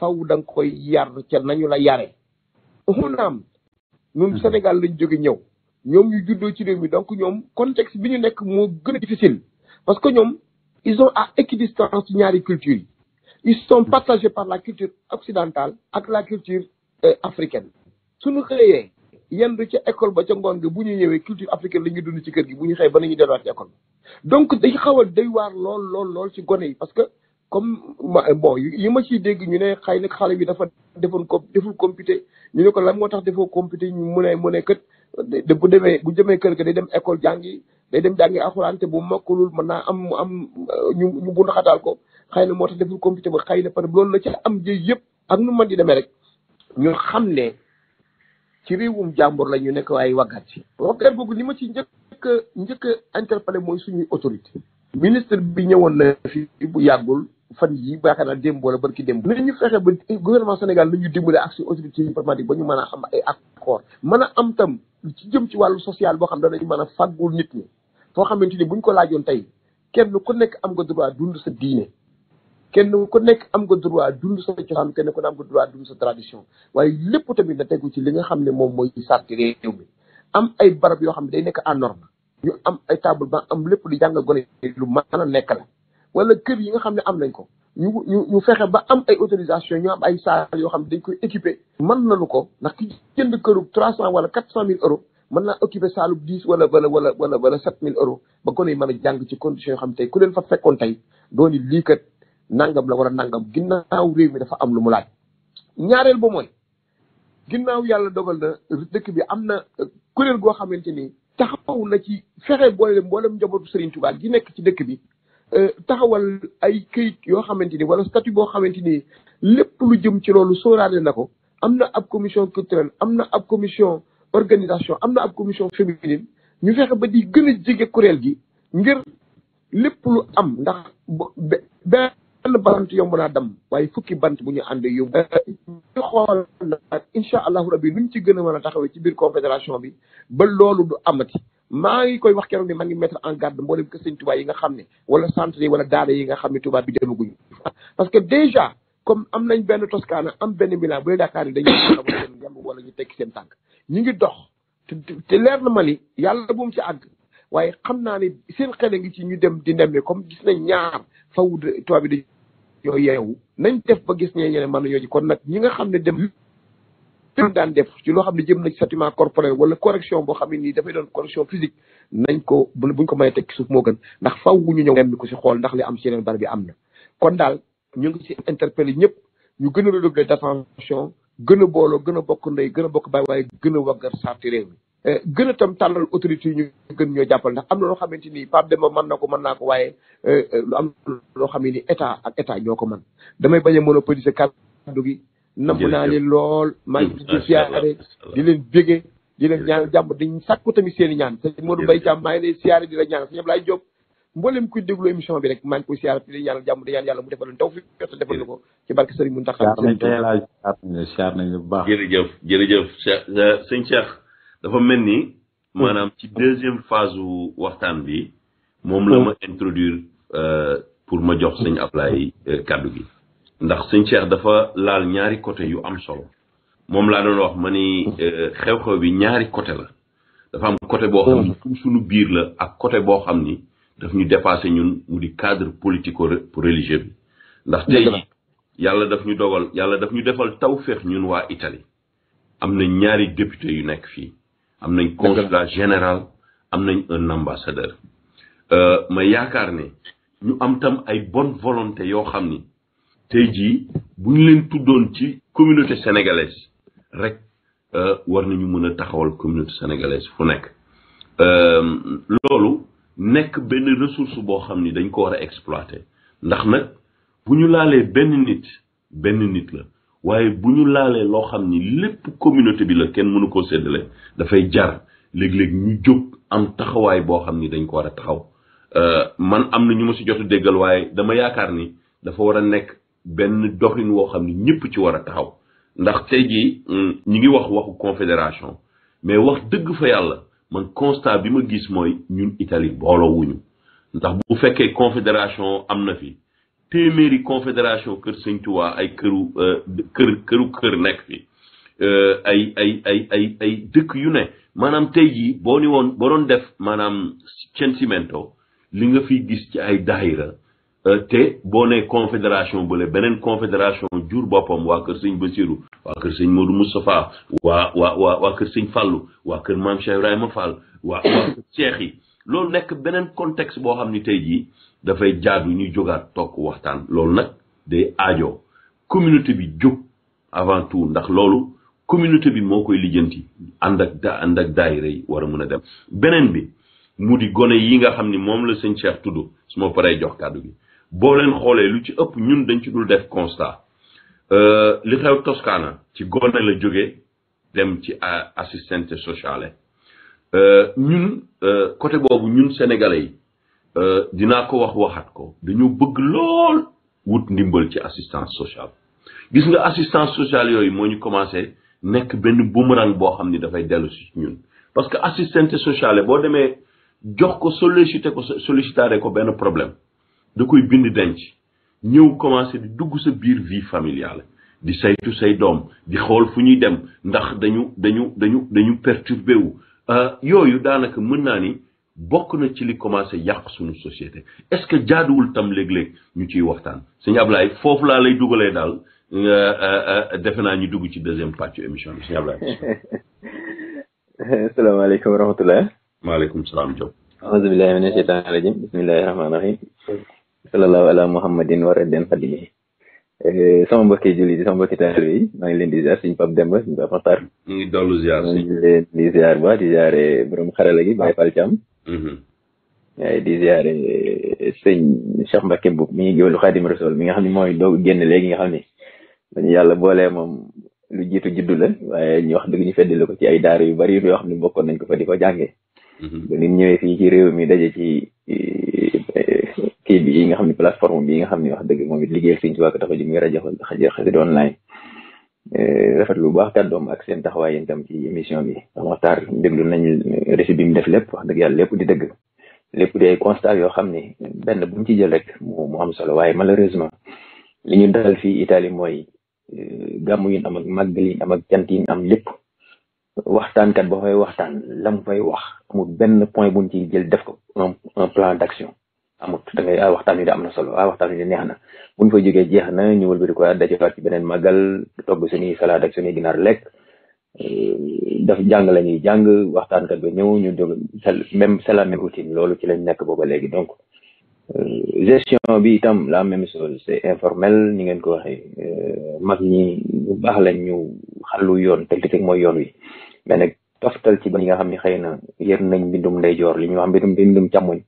faw da nga koy yar ca nañu la yaré naam ñun Sénégal lañ jóge ñew ñom ñu juddoo ci réew mi donc ñom contexte biñu nek mo gëna difficile parce que ñom ils ont à équidistance ñaari culture ils sont partagés par la culture occidentale ak la culture euh, africaine suñu xëyee yenn ci école ba ci ngoon nga buñu ñëwé culture africaine lañu dund ci kër gi buñu xey xëyee ba nañu delluwaat ci école donc day xawal a day waar lool lool lool ci goné parce que comme bon yi ma ciy dégg ñu ne xëy na xale bi dafa defoon ko deful compité ñu ne ko lan moo tax defoo compité ñu mu ne mu ne kët bu demee bu jëmee kër ga day dem école jàngi day dem jàngi alxuraan te bu mokkulul mën naa am mu am euh, ñu ñu bu ndaxataal ko xëy na moo tax deful compité ba xëy na par loolu la ci am jëy yëpp ak nu mën di demee rek ñu xam ne ci réewum jàmbur la ñu nekk waaye waggaat ci. waggaat googu ma ci njëkk njëkk a mooy suñuy autorité ministre bi ñëwoon na fi bu yàggul fan yi baakaar naa démb wala barki démb na ñu fexe ba gouvernement Sénégal nañu dimbale ak suñu autorité diplomatique ba ñu mën a am ay accord mën a am tam ci jëm ci wàllu social boo xam danañu mën a fàggul nit ñi xamante ni buñ ko laajoon tey kenn ku nekk am nga droit dund sa diine kenn ku nekk am nga droit dund sa cosaan kenn ku ne am nga droit dund sa tradition waaye lépp tamit li nga xam ne moom mooy sàrti am ay barab yoo xam ne day nekk en norme ñu am ay table ba am lépp di jàng gone lu ma a nekk la wala kër yi nga xam ne am nañ ko ñu ñu ñu fexe ba am ay autorisation ñu am ay salle yoo xam ne dañ koy équipé mën nañu ko ndax ki jënd këru trois cent wala quatre cent mille euros mën na occupé salle bu dix wala wala wala wala wala sept mille ba gone yi mën a jàng ci condition yoo xam tey ku leen fa fekkoon tey dooni lii kat nangam la war a nangam ginnaaw réew mi dafa am lu mu laaj ñaareel ba mooy ginnaaw yàlla dogal na dëkk bi am na kuréel goo xamante ni taxaw na ci fexe boole mboolem njabootu Serigne Touba gi nekk ci dëkk bi euh, taxawal ay këyit yoo xamante ni wala statut boo xamante ni lépp lu jëm ci loolu sóoraale na ko am na ab commission culturel am na ab commission organisation am na ab commission féminine ñu fexe ba di gën a jege kuréel gi ngir lépp lu am ndax benn benn bant yomb naa dam waaye fukki bant bu ñu ànd yóbbu ñu xool nag incha allahu rabi nuñ ci gën a mën a taxawee ci biir confédération bi ba loolu du amati maa ngi koy wax keroog ne maa ngi mettre en garde mboolem kër sëñ Tuubaa yi nga xam ne wala centre yi wala daara yi nga xam ne Tuubaa bi demaguñu parce que déjà comme am nañ benn Toscana am benn Milan bu leen yaakaar ne dañuy xamal seen ngemb wala ñu tekki seen tànk ñu ngi dox te leer na ma ni yàlla bu mu ci àgg waaye xam naa ne seen xel a ngi ci ñu dem di nemme comme gis nañ ñaar faw tubaab bi dañoo yeewu nañ def ba gis ñee ñene mën nañoo ji kon nag ñi nga xam ne dem daan def ci loo xam ne jëm na ci châtiment corporel wala correction boo xam ne nii dafay doon correction physique nañ ko buñ ko may teg ci suuf moo gën ndax faw wu ñu ñëw dem ko si xool ndax li am si yeneen barab bi am na kon daal ñu ngi si interpellé ñëpp ñu gën a redoubler d'attention gën a booloo gën a bokk ndey gën a bokk baay waaye gën a waggar sarti réew mi Eh, gën a tam tàllal autorité yi ñu gën ñoo jàppal ndax am na loo xamante ni Pape Demba man na ko mën naa ko waaye eh, eh, lu am loo xam ne ni état ak état ñoo ko mën damay bañ a monopoliser kàddu gi namm naa ne lool maa ngi di siyaare di leen bége di leen ñaan jàmm dañ sàkku tamit seen la ñaan sëñ Ablaye bi rek maa ngi koy siyaare di leen ñaanal jàmm di ñaan yàlla mu defal leen taw fi te defal na ko ci barke Sëriñ Mountakha siyaar nañ bu baax dafa mel ni. maanaam mm. ci deuxième phase wu waxtaan bi. moom la mm. ma introduire euh, pour ma jox sëñ Ablaye euh, kàddu gi. ndax sëñ Cheikh dafa laal ñaari côté yu am solo. moom laa doon wax ma ni euh, xew-xew bi ñaari côté la. dafa am côté boo xam ni mm. suñu biir la ak côté boo xam ni daf ñu dépassé ñun mu di cadre politico religieux bi. ndax tey yàlla daf ñu dogal yàlla daf ñu defal taw féex ñun waa itali am na ñaari député yu nekk fii. am nañ consulat général am nañ un ambassadeur euh, may yaakaar ne ñu am tam ay bonne volonté yoo xam ni tey jii bu ñu leen tuddoon ci communauté sénégalaise rek euh, war nañu mën a taxawal communauté sénégalaise fu nekk euh, loolu nekk benn ressource boo xam ni dañ ko war a exploiter ndax nag bu ñu laalee benn nit benn nit la waaye bu ñu laalee loo xam ni lépp communauté bi la kenn mënu koo séddale dafay jar léeg-léeg ñu jóg am taxawaay boo xam ni dañ ko war a taxaw euh, man am na ñu ma si jot a déggal waaye dama yaakaar ni dafa war a nekk benn doxin woo xam ni ñëpp ci war a taxaw ndax tey jii mm, ñi ngi wax waxu confédération mais wax dëgg fa yàlla man constat bi ma gis mooy ñun Italie booloo wuñu ndax bu fekkee confédération am na fii téeméeri confédération kër sëñ Tuubaa ay këru euh, kër këru kër nekk fi euh, ay ay ay ay ay dëkk yu ne maanaam tey jii boo ni woon boo doon def maanaam Censimento li nga fiy gis ci ay daayira euh, te boo nee confédération bële beneen confédération jur boppam waa kër sëñ Basiru waa kër sëñ Modou Moustapha waa waa waa waa kër sëñ Fàllu waa kër maam Cheikh Ibrahima Fall waa waa kër Cheikh yi loolu nekk beneen contexte boo xam ni tey jii dafay jaadu ñu jógaat toog waxtaan loolu nag day aajoo communauté bi jóg avant tout ndax loolu communauté bi moo koy lijjanti ànd ak da ànd ak daayira yi war a mën a dem beneen bi mu di gone yi nga xam ni moom la sëñ Cheikh tudd su ma paree jox kàddu gi boo leen xoolee lu ci ëpp ñun dañ ci dul def constat euh, li xew Toscana ci gone la jóge dem ci assistante sociale euh, ñun euh, côté boobu ñun sénégalais yi Euh, dinaa ko wax waxaat ko dañu bëgg lool wut ndimbal ci assistance sociale gis nga assistance sociale yooyu moo ñu commencé nekk benn boomerang boo xam ni dafay dellu si ñun parce que assistante sociale boo demee jox ko sollicité ko sollicitare ko benn problème da koy bind denc ñëw commencé di dugg sa biir vie familiale di saytu say doom di xool fu ñuy dem ndax dañu dañu dañu dañu perturbé wu euh, yooyu daanaka mën naa ni bokk na ci li commencé yàq suñu société est-ce que jaaduwul tam léeg-léeg ñu ciy waxtaan sëñ Ablaye foofu laa lay dugalee daal euh, euh, defe naa ñu dugg ci deuxième pàccu émission bi sëñ Ablaye. salaamaaleykum wa rahmatulah. maaleykum salaam Diop. auzu billahi mina sheytaani rajim bismillahi rahmaani rahim. sallallahu ala muhammadin wa radin xadimi. Eh, sama mbokki jullit yi sama mbokki taal bi maa ngi leen di ziar suñu Pape Demba ñu ngi dollu ziar si ñu ngi leen di waaye mm-hmm. di ziare eh, sëñ Cheikh Mbacke Mboub mi ngi géwélu Xaadim Rasul mi nga xam ne mooy doogu génn léegi nga xam ne dañu yàlla boolee moom lu jiitu juddu la waaye ñu wax dëgg ñu feddali ko ci ay daara yu bari yoo xam ne bokkoon nañ ko fa di ko jàngee. Mm-hmm. ba nit ñëwee fii ci réew mi daje ci eh, kii bi nga xam ne plateforme bi nga xam ne wax dëgg moom it liggéeyal sëñ Tuubaa ko tax a jëm rajo xasida online. Eh, rafet bu baax doom ak seen taxawaay yéen tam ci émission bi waxtaan déglu nañu eh, récit bi mu def lépp wax dëgg yàlla lépp di dëgg lépp di ay constat yoo xam ni benn bu mu ci jël rek mu am solo waaye malheureusement li ñu dal fii Italie mooy eh, gàmmu yin am ak màggal yin am ak cant yin am lépp waxtaankat ba fay waxtaan lam fay wax amul benn point bu ci jël def ko un plan d' amut da ngay waxtaan wi de am na solo ah waxtaan wi de neex na bu ñu fa jógee jeex na ñu wëlbati ko dajewaat ci beneen màggal togg suñuy salade ak suñuy ginaar lekk eh, daf jàng la ñuy jàng waxtaankat bi ñëw ñu jóg même c'est la routine loolu ci lañ nekk booba léegi donc euh, gestion bi itam la même chose c'est informel ni ngeen ko waxee euh, mag ñi bu baax lañ ñu xàllu yoon te li mooy yoon wi mais nag toftal ci ba ñi nga xam ne xëy na yër nañ mbindum ndeyjoor li ñuy wax mbindum mbindum càmmoñ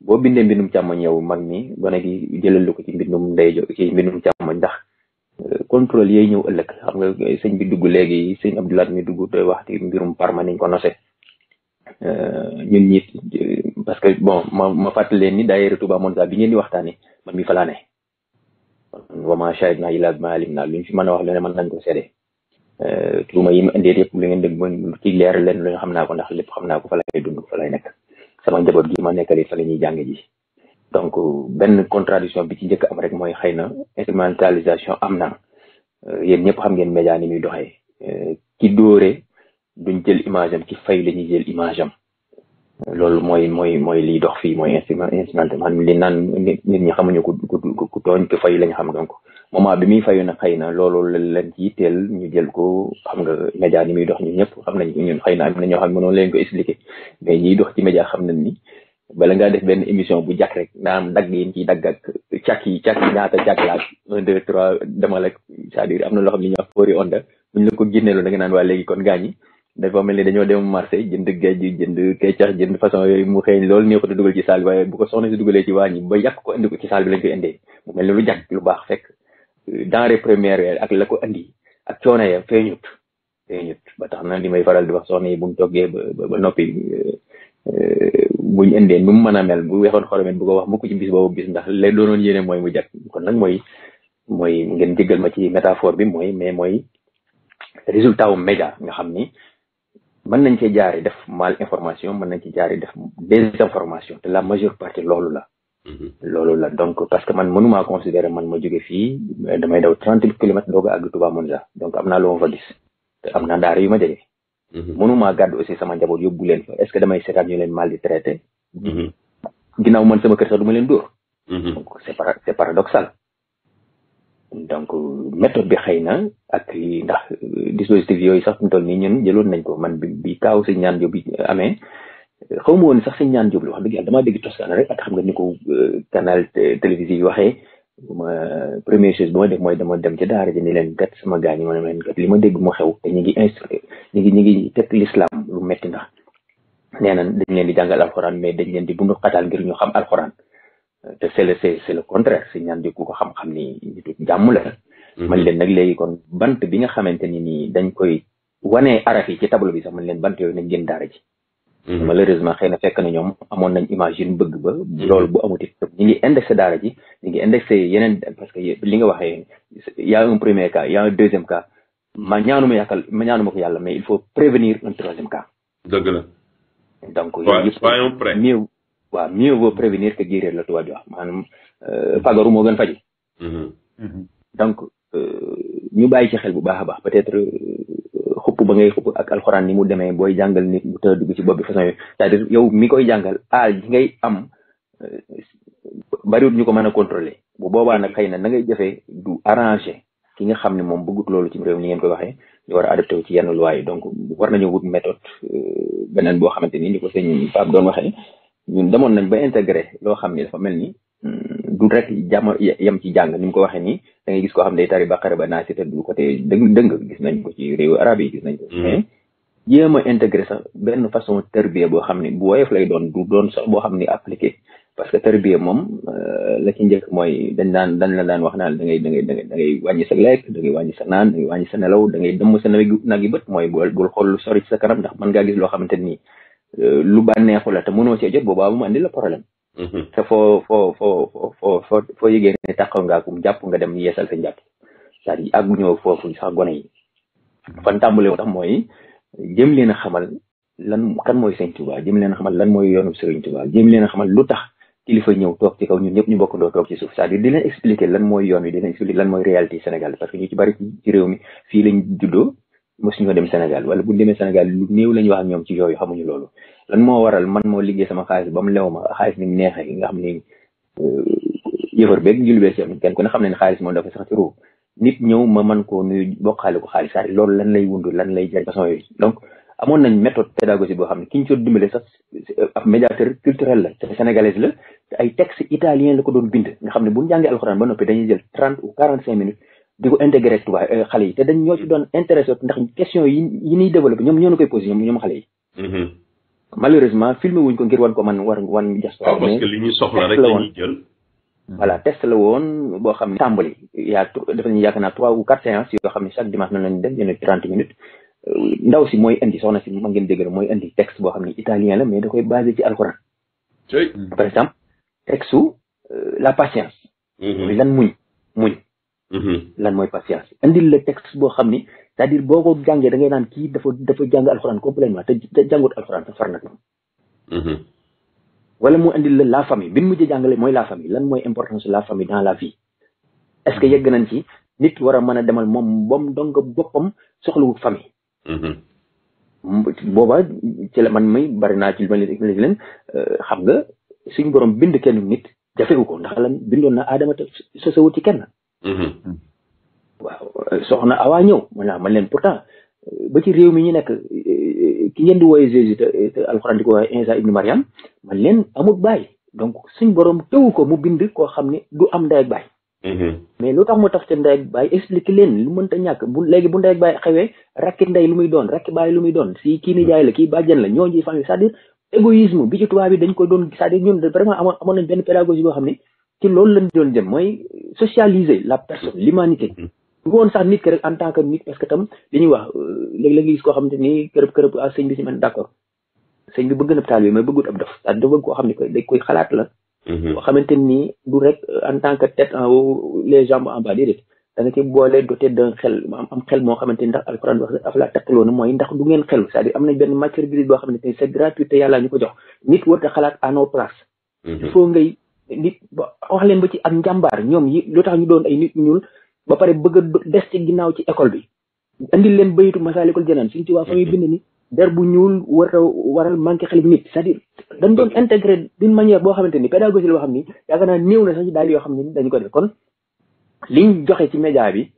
boo bindee mbindum càmmoñ yow mag mi gone gi jëlal lu ko ci mbindum ndeyjo ci mbindum càmmoñ ndax euh, contrôle yooyu ñëw ëllëg xam nga euh, sëñ bi dugg léegi sëñ Abdoulaat mi dugg doy wax ci par parma niñ ko nose euh, ñun ñit parce que bon ma ma fàttali leen ni daayira Touba Monza bi ngeen di waxtaanee man mi fa laa ne wama naa illa ma alim naa luñ fi mën a wax lu ne mën nañ ko seede tuuma yi mu indee yëpp lu leer leen lu xam naako ko ndax lépp xam naa ko fa lay dund fa lay sama njaboot gi ma nekkali fa la ñuy jàng ji donc benn contradiction bi ci njëkk am rek mooy xëy na instrumentalisation am na euh, yéen ñëpp xam ngeen média ni muy doxee euh, ki dóore duñ jël image am ki fay la ñuy jël image loolu mooy mooy mooy liy dox fii mooy instrument instrumenté maanaam li naan nit ñi xamuñu ku ku ku tooñ ku fay lañ xam donc moment bi muy fayu nag xëy na loolu lañ ci yitteel ñu jël ko xam nga média ni muy dox ñun ñëpp xam nañ ñun xëy na am na ñoo xam ne leen ko expliquer mais ñiy dox ci média xam nañ ni bala ngaa def benn émission bu jàkk rek naam dagg yi ciy dagg ak càkk yi càkk yi ñaata càkk laaj un deux trois demal ak c'est-à-dire am na loo xam ne ñu wax fori onda buñ la ko génneelu da nga naan waa léegi kon gaañi dafa mel ni dañoo dem marché jënd géej jënd kecax jënd façon yooyu mu xëeñ loolu nee dugal ci saal bi waaye ko soxna si dugalee ci wàññi ba yàq ko indi ko ci saal bi lañ koy indee mu mel ni lu lu baax fekk denrée première ak la ko indi ak coono ya feeñut feeñut ba tax na li may faral di wax soxna yi buñ toggee ba ba noppi euh, euh, buñ indee nu mu mën a mel bu weexoon xoromet bu ko wax mukk ci bis boobu bis ndax lay doonoon yéene mooy mu jàkk kon nag mooy mooy ngeen jéggal ma ci métaphore bi mooy mais mooy résultat wu média nga xam ni man nañ cee jaari def mal information mën nañ ci jaari def désinformation te la majeure partie loolu la mm-hmm. loolu la donc parce que man mënumaa consider man ma jóge fii damay daw trente kilomètres doog a àgg Touba Monza donc am naa lu ma fa gis am naa daara yu ma jege mm-hmm. mënumaa gàddu aussi sama njaboot yóbbu leen est-ce que damay seetaan ñu leen mal di traité mm-hmm. ginnaaw man sama kër sax du ma leen dóor donc c'est paradoxal donc méthode bi xëy na ak li ndax euh, dispositif yooyu sax mu toll nii ñun jëloon nañ ko man bi bi kaaw si ñaan jóob bi amee euh, xaw ma woon sax si ñaan jóob la wax dëgg yàlla damaa dégg toskaana rek ak xam nga ni ko euh, canal télévisé yi waxee ma première chose bu ma def mooy dama dem ci daara ji ni leen kat sama gars ñi ma li ma dégg mu xew te ñu ngi ñi ngi ñu ngi l'islam lu metti ndax nee dañ leen di jàngal alxuraan mais dañ leen di bundu xataal ngir ñu xam alxuraan te c'est le c'est c'est le contraire si ñaan di ku ko xam-xam ni nitu jàmm la mhm. man leen nag léegi kon bant bi nga xamante ni nii dañ koy wanee araf yi ci tableau bi sax man leen bant yooyu nañ génn daara ji mhm. malheureusement xëy na fekk na ñoom amoon nañ image bëgg ba mhm. lool bu amuti ñu ngi indexé daara ji ñu ngi indexé yeneen parce que li nga waxee y a un premier cas y a un deuxième cas ma ñaanuma yàkkal ma ñaanuma ko yàlla mais il faut prévenir un troisième cas dëgg la waaw mieux vaut prévenir que guérir la tubaab di waa maanaam euh, fagaru moo gën faji mm-hmm. mm-hmm. donc euh, ñu bàyyi ci xel bu baax a baax peut-être euh, xupp ba ngay xupp ak alxuraan ni mu demee booy jàngal nit mu tëdd dugg ci bopp bi façon yooyu cest dire yow mi koy jàngal aal gi ngay am bariwut ñu ko mën a contrôler bu boobaa nag xëy na na ngay jëfee du arrangé ki nga xam ne moom bëggut loolu ci réew ni ngeen koy waxe ñu war a wu ci yenn loi yi donc war nañu wut méthode beneen boo xamante ni ni ko sëñ Pape ñun demoon nañ ba intégré loo xam ni dafa mel ni mm, du rek jamo yam ci jàng ni mu ko waxe ni da ngay gis koo xam day tari baqara ba naasi te du côté dëng dëng gis nañ ko ci réew arab yi gis nañ ko mais mm. jéem a intégré sax benn façon terbiya boo xam ne bu woyof lay doon du doon sax boo xam ne appliqué parce que terbiya moom euh, la ci njëkk mooy dañ daan dañ la daan wax naan da ngay da ngay da ngay da wàññi sa lekk da ngay wàññi sa naan da ngay wàññi sa nelaw da ngay dëmm sa nag yi bët mooy bul xool lu sori sa kanam ndax man ngaa gis loo xamante nii Euh, lu bànneexu la te mënoo cee jot boobaa mu andi la problème. Mhm. te foo foo foo fo foo foo yëgee ne taxaw ngaa ko jàpp nga dem yeesal sa njàpp c'est-à-dire àgguñoo sax gone yi. fan tàmbalee tax mooy jëm leen a xamal lan kan mooy sëñ Tuubaa jëm leen a xamal lan mooy yoonu sëriñ Tuubaa jëm leen a lu tax kilifa ñëw toog ci kaw ñun ñëpp ñu bokkandoo toog ci suuf cest di leen expliquer lan mooy yoon wi di leen expliquer lan mooy réalité Sénégal parce que ñu ci bari ci réew mi fii lañ juddoo. mosuñoo dem Sénégal wala bu demee Sénégal lu néew la ñuy wax ak ñoom ci yooyu xamuñu loolu lan moo waral man moo liggéey sama xaalis ba mu lew xaalis ni mu neexee nga xam ni euh, yëfar beeg julli beeg seen xam ne ne xaalis moom dafa sax ci ruub nit ñëw ma man koo nuyu bokkaale ko xaalis saari loolu lan lay wund lan lay jar façon yooyu donc amoon nañ méthode pédagogique boo xam ne ki ñu soo dimbale sax euh, ab médiateur culturel la te sénégalaise la te ay texte italien la ko doon bind nga xam ne bu ñu jàngee alxuraan ba noppi dañuy jël trente ou quarante cinq minutes di ko intégré tubaab euh, xale yi te dañ ñoo doon intéressé ndax question yi yi ñuy développé ñoom ñoo na koy posé ñoom xale yi. Mm-hmm. malheureusement filmé wuñ ko ngir wan ko man war wan diaspora. mais parce que li ñu soxla test la woon boo xam ne tàmbali yaa dafa ñu yaakaar naa trois ou quatre séances yoo xam ne chaque dimanche noonu lañu def yenn trente minutes euh, ndaw si mooy indi soxna si mooy ngeen dégg la mooy indi texte boo xam ne italien la mais da koy basé ci alxuraan. par exemple texte euh, la patience. muy mm-hmm. lan muñ Mm-hmm. lan mooy patience indil la texte boo xam ni c'est-à-dire boo ko jàngee da ngay naan kii dafa dafa jàng alxuraan complètement te te jàngut alxuraan sax far nag moom mm-hmm. wala mu indi la la famille bi mu mujjee jàngale mooy la famille lan mooy importance la famille dans la vie est-ce que yegg nañ ci nit war a mën a demal moom bom dong boppam soxlawul famille mm-hmm. booba ci la man may bari naa ci li ma leen xam nga suñ borom bind kenn nit jafewu ko ndax lan bindoon na aadama te sosewut ci kenn Mm-hmm. Hmm. waaw soxna Awa ñëw man naa ah, man leen pourtant ba ci réew mi ñu nekk ki ngeen di wooyee Jésus te alxuraan di ko wooyee Insa ibnu Mariam man leen amut baay donc suñ borom tewu ko mu bind koo xam ni du am ndey ak baay. Mm-hmm. mais lu tax mu tax ca ndey ak baay expliqué leen lu mënta ñàkk bu léegi bu ndey ak baay xewee rakki ndey lu muy doon rakki baay lu muy doon si kii ni la kii bàjjen la ñoo ji famille cest dire égoïsme bi ci tubaab dañ ko doon c'est-à-dire ñun vraiment amoon benn pédagogie boo xam ci loolu lañ doon dem mooy socialiser la personne mm-hmm. l'humanité du mm-hmm. woon sax nit ki rek en tant que nit parce que tam li ñuy wax euh, léeg-léeg nga gis koo xamante ni kërëb kërëb ah sëñ bi si man d'accord sëñ bi bëgg na taal bi mais bëggut ab dof daal dafa bëgg koo xam ne dañ koy xalaat la mm-hmm. koo xamante nii du rek euh, en tant que tête en haut les jambes en bas déedéet da nga ci boole doté d'un xel am am xel moo xamante ni ndax alxuraan wax afala taqiluna mooy ndax du ngeen xel c'est-à-dire am nañ benn matière bi boo xamante ni c'est gratuit te yàlla ñu ko jox nit warut a xalaat à nos places il faut ngay nit wax leen ba ci ak njambar ñom yi lu tax ñu doon ay nit ñul ba pare bëgg dess ci ginnaw ci école bi andil leen beuyitu masalikul janaan suñ ci wa fa bind ni der bu ñul wara waral manqué xel nit c'est-à-dire dañ doon intégrer d'une manière bo xamanteni pédagogie lo xamni xam ni yaakaar naa na sax ci daal yoo xam dañ ko def kon liñ joxe ci média bi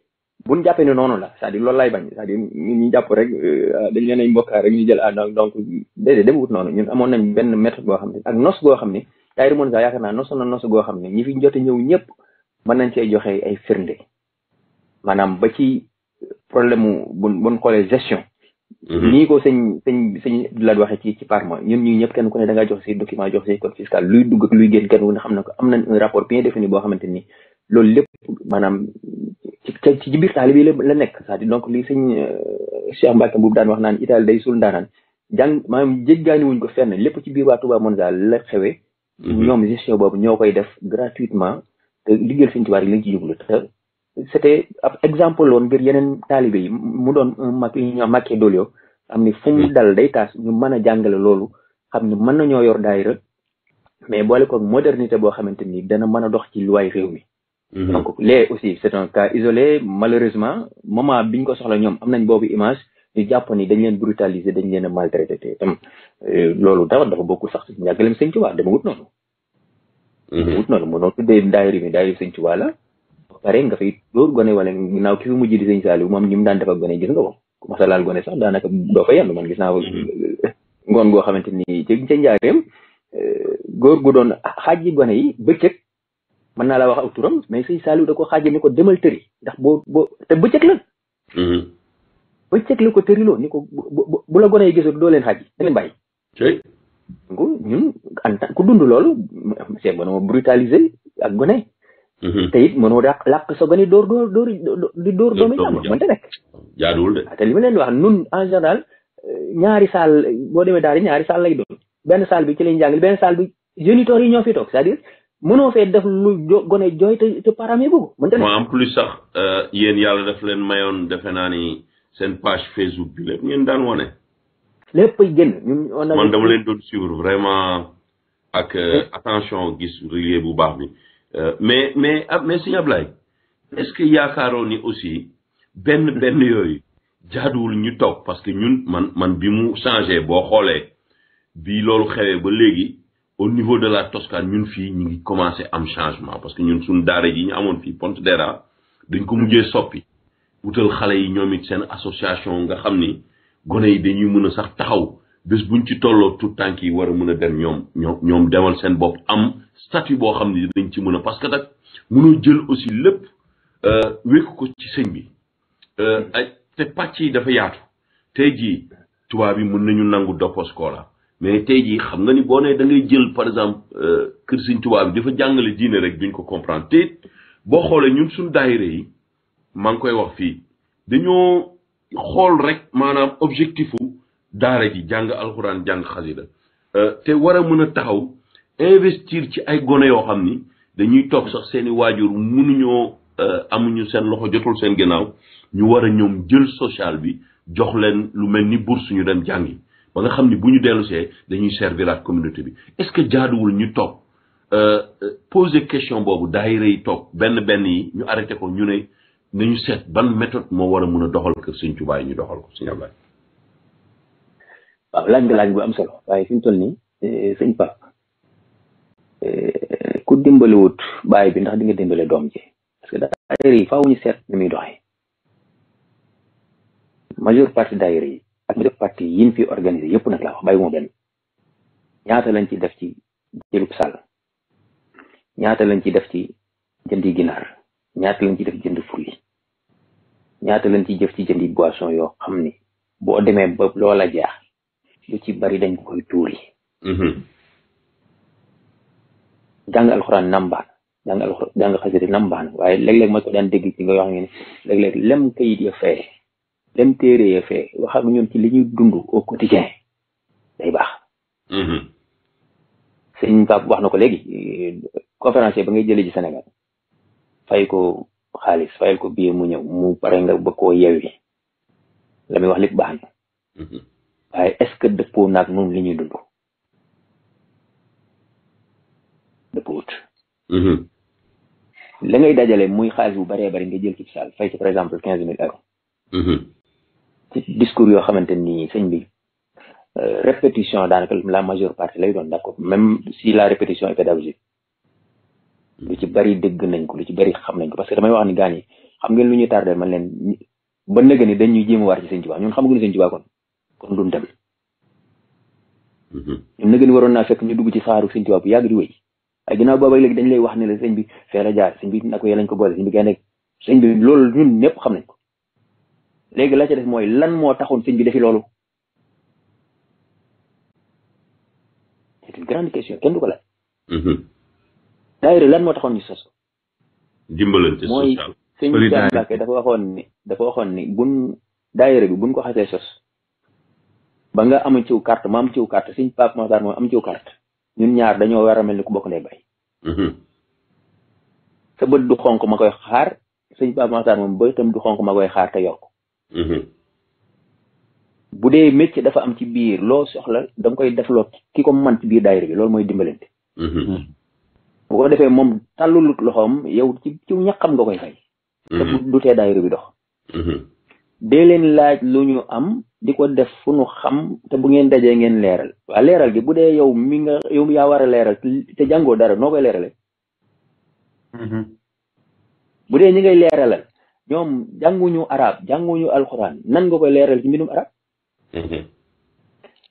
buñ jappé ni nonu la c'est-à-dire lool lay bañ c'est-à-dire ñi japp rek euh, dañ leen ay mbokkaa rek ñu jël ah donc dédé déedéet demewut noonu ñun amon nañ benn méthode bo xamni ak nos bo xamni Kairou Monza yaakaar naa nosu na nosu goo xam ne ñi fi jot a ñëw ñëpp mën nañ cee joxe ay firnde maanaam ba ci problème mu bu bu xoolee gestion. Mm-hmm. nii ko sëñ sëñ sëñ Abdoulaye waxee ci ci parlement ñun ñuy ñëpp kenn ku ne da ngaa jox say document jox say code fiscal luy dugg ak luy génn kenn ku ne xam na ko am nañ un rapport bien défini boo xamante ni loolu lépp maanaam ci ci biir taali bi la nekk c'est-à-dire donc li sëñ euh, Cheikh Mbacke boobu daan wax naan Italie day suul ndaanaan jàng maanaam jéggaani wuñ ko fenn lépp ci biir waa Touba Monza la xewee Mm-hmm. ñoom gestion boobu ñoo koy def gratuitement te liggéeyal Sëñ Tuubaa rek lañ ci jublu te c' exemple loon ngir yeneen taalibe yi mu doon mag yi ñoo dool yo am ni fu mu mm-hmm. dal day taas ñu mën a jàngale loolu xam ni mën nañoo yor daayira mais boole koog modernité boo xamante ni dana mën a dox ci luwaay réew mi mm-hmm. donc aussi c' est un cas isolé malheureusement moment biñ ko soxla ñoom am nañ boobu image ñu jàpp ni dañ leen brutaliser dañ leen a maltraité te tam Eh, loolu dawat dafa bokkul sax si njàngaleem sëñ waa dama wut noonu. Mhm. dama wut noonu mënoo tuddee daayira mi daayira sëñ Tuubaa la. pare nga fay dóor gone wala ginnaaw ki fi mujj di sëñ Saaliw moom ñi mu daan defa ak gone gis nga ko ku mas a gone sax daanaka doo fa yendu man gis naa ko. Mhm. ngoon goo xamante ni ci ca njaareem eh, góor gu doon xaaji gone yi bëccëg. mën naa la wax aw turam mais sëñ Saaliw da ko xaaji ni ko demal tëri ndax boo boo te bëccëg la. Mhm. bëccëg la ko tëriloo ni ko bu bu la gone yi gisul doo leen xaaji da leen donc ñun en tant ku dund loolu c'est mënoo brutaliser ak gone. Mhm. te it mënoo da làkk sa gone door door door di door doomu jàmm mënta nekk. jaaduwul de. te li ma leen di wax nun en général euh, ñaari saal boo demee daal ñaari saal lay doon benn saal bi ci lañ jàngal benn saal bi géniteurs yi ñoo fi took sa à dire mënoo fee def lu jo gone jooy te te parame boobu mënta nekk. en plus sax euh, yéen yàlla daf leen mayoon defe naa ni seen page Facebook bi lépp ngeen daan wane. léppay génn ñun. on a man dama leen doon suivre vraiment ak euh, attention gis relier bu baax bi euh, mais mais ah, mais sëñ Ablaye est-ce que yaakaaroon ni aussi benn benn yooyu jaaduwul ñu toog parce que ñun man man bi mu changé boo xoolee bi loolu xewee ba léegi au niveau de la Toscane ñun fii ñu ngi commencé am changement parce que ñun suñu daara ji ñu amoon fii dera dañ ko mujjee soppi wutal xale yi ñoom it seen association nga xam ni. gone yi dañuy mun a sax taxaw bés buñ ci tolloo tout tànk yi war a mën a dem ñoom ñoom ñoom demal seen bopp am statut boo xam ne dinañ ci mun a parce que nag mënoo jël aussi lépp euh, wékk ko ci sëñ bi euh, te pàcc yi dafa yaatu tey jii tubaab yi mën nañu nangu doppos koola mais tey jii xam nga ni boo nee da jël par exemple euh, kër sëñ tubaab bi dafa jàngale diine rek duñ ko comprendre te boo xoolee ñun suñ daayira yi maa ngi koy wax fii dañoo xool rek maanaam objectifu daara ji jàng alxuraan jàng xasida euh, te war a mën a taxaw investir ci ay gone yoo xam ni dañuy toog sax seeni waajur mënuñoo euh, amuñu seen loxo jotul seen ginnaaw ñu war a ñoom jël sociale bi jox leen lu mel ni bourse ñu dem jàngi ba nga xam ni bu ñu dellusee dañuy serviraat communauté bi est ce que jaaduwul ñu toog euh, poser question boobu daayira yi toog benn benn yi ñu arrêté ko ñu ne nañu seet ban méthode mo wara mëna doxal ke Seigne Touba yi ñu doxal ko Seigne Ablaye. waaw laaj nga bu am solo waye fiñ tolni Seigne nii euh ku dimbali wut baye bi ndax di nga dimbale dom ji parce que daayira yi faaw ñu seet ni muy doxé majeure partie daayri ak majeure partie yiñ fi organiser yépp nak la wax baye mo ben ñaata lañ ci def ci jëlub sàll ñaata lañ ci def ci jëndi ginar ñaata lañ ci def jënd fu ñaata lañ ci jëf ci jëndi boisson yoo xam ni boo demee ba loola jaax lu ci bari dañ koy tuuri mm-hmm. jàng alxuraan nambaan jàng alxuraan jàng xasida nambaan waaye léeg-léeg dégg ci nga wax ngeen léeg-léeg lem kayit ya fee lem téere ya fee wax ñoom ci li ñuy dund au quotidien day baax mm-hmm. sëñ Pape wax na ko léegi conférencier ba ngay jëlee ci Sénégal fay xaalis fayal ko biir mu ñëw mu pare nga ba koo yewwi la muy wax lépp baax na mm-hmm. waaye est-ce que dëppoo naag noonu li ñuy dund dëppoowut mm-hmm. la ngay dajale muy xaalis bu baree bari nga jël ci saal fay ci par exemple quinze mille euros mm-hmm. ci discours yoo xamante nii sëñ bi euh, répétition daanaka la majeure partie lay doon d'accord même si la répétition est pédagogique lu ci bari dégg nañ ko lu ci bari xam nañ ko parce que damay wax ni gaañ yi xam ngeen lu ñuy tardeel man leen ba nëgë ni dañuy jéem a waar ci sëñ Tuubaa ñun xamaguñu sëñ kon kon duñ dem mm-hmm. ñun nëgë ni waroon naa fekk ñu dugg ci saaru sëñ Tuubaa bu yàgg di wéy ay dañ lay wax ne la sëñ bi fee la jaar sëñ bi na ko ko boole sëñ bi gay nekk sëñ bi loolu ñun ñëpp xam nañ ko léegi la ca def mooy lan moo taxoon sëñ bi defi loolu c'est une grande question kenn du ko laaj mm-hmm. daayira lan moo taxoon ñu so dimbalante mooy sëñ bi Mbàkke dafa waxoon ni dafa waxoon ni bun daayira bi buñ ko xasee sos ba nga am ciw carte ma am ciw carte sëñ Pape Makhtar am ciw carte ñun ñaar dañoo war a mel ni ku bokk ndey bay mm-hmm. sa bët du xonq ma koy xaar sëñ Pape Makhtar moom bëtam du xonq ma koy xaar te yokk mm-hmm. bu dee métier dafa am ci biir loo soxla dam nga koy defloo ki ko man ci biir dayre bi loolu mooy dimbalante mm-hmm. bu ko defee moom tàllulut loxoom yow ci ci ñaqam nga koy fay. Mm-hmm. te du tee daayira dox. Mm-hmm. dee laaj lu ñu am di ko def fu nu xam te bu ngeen dajee ngeen leeral waa leeral gi bu dee yow mi nga yow yaa war a leeral te jàngoo dara noo koy leerale mm-hmm. bu dee ñi ngay leeralal ñoom jànguñu arab jànguñu alxuraan nan nga koy leeral ci mbindum arab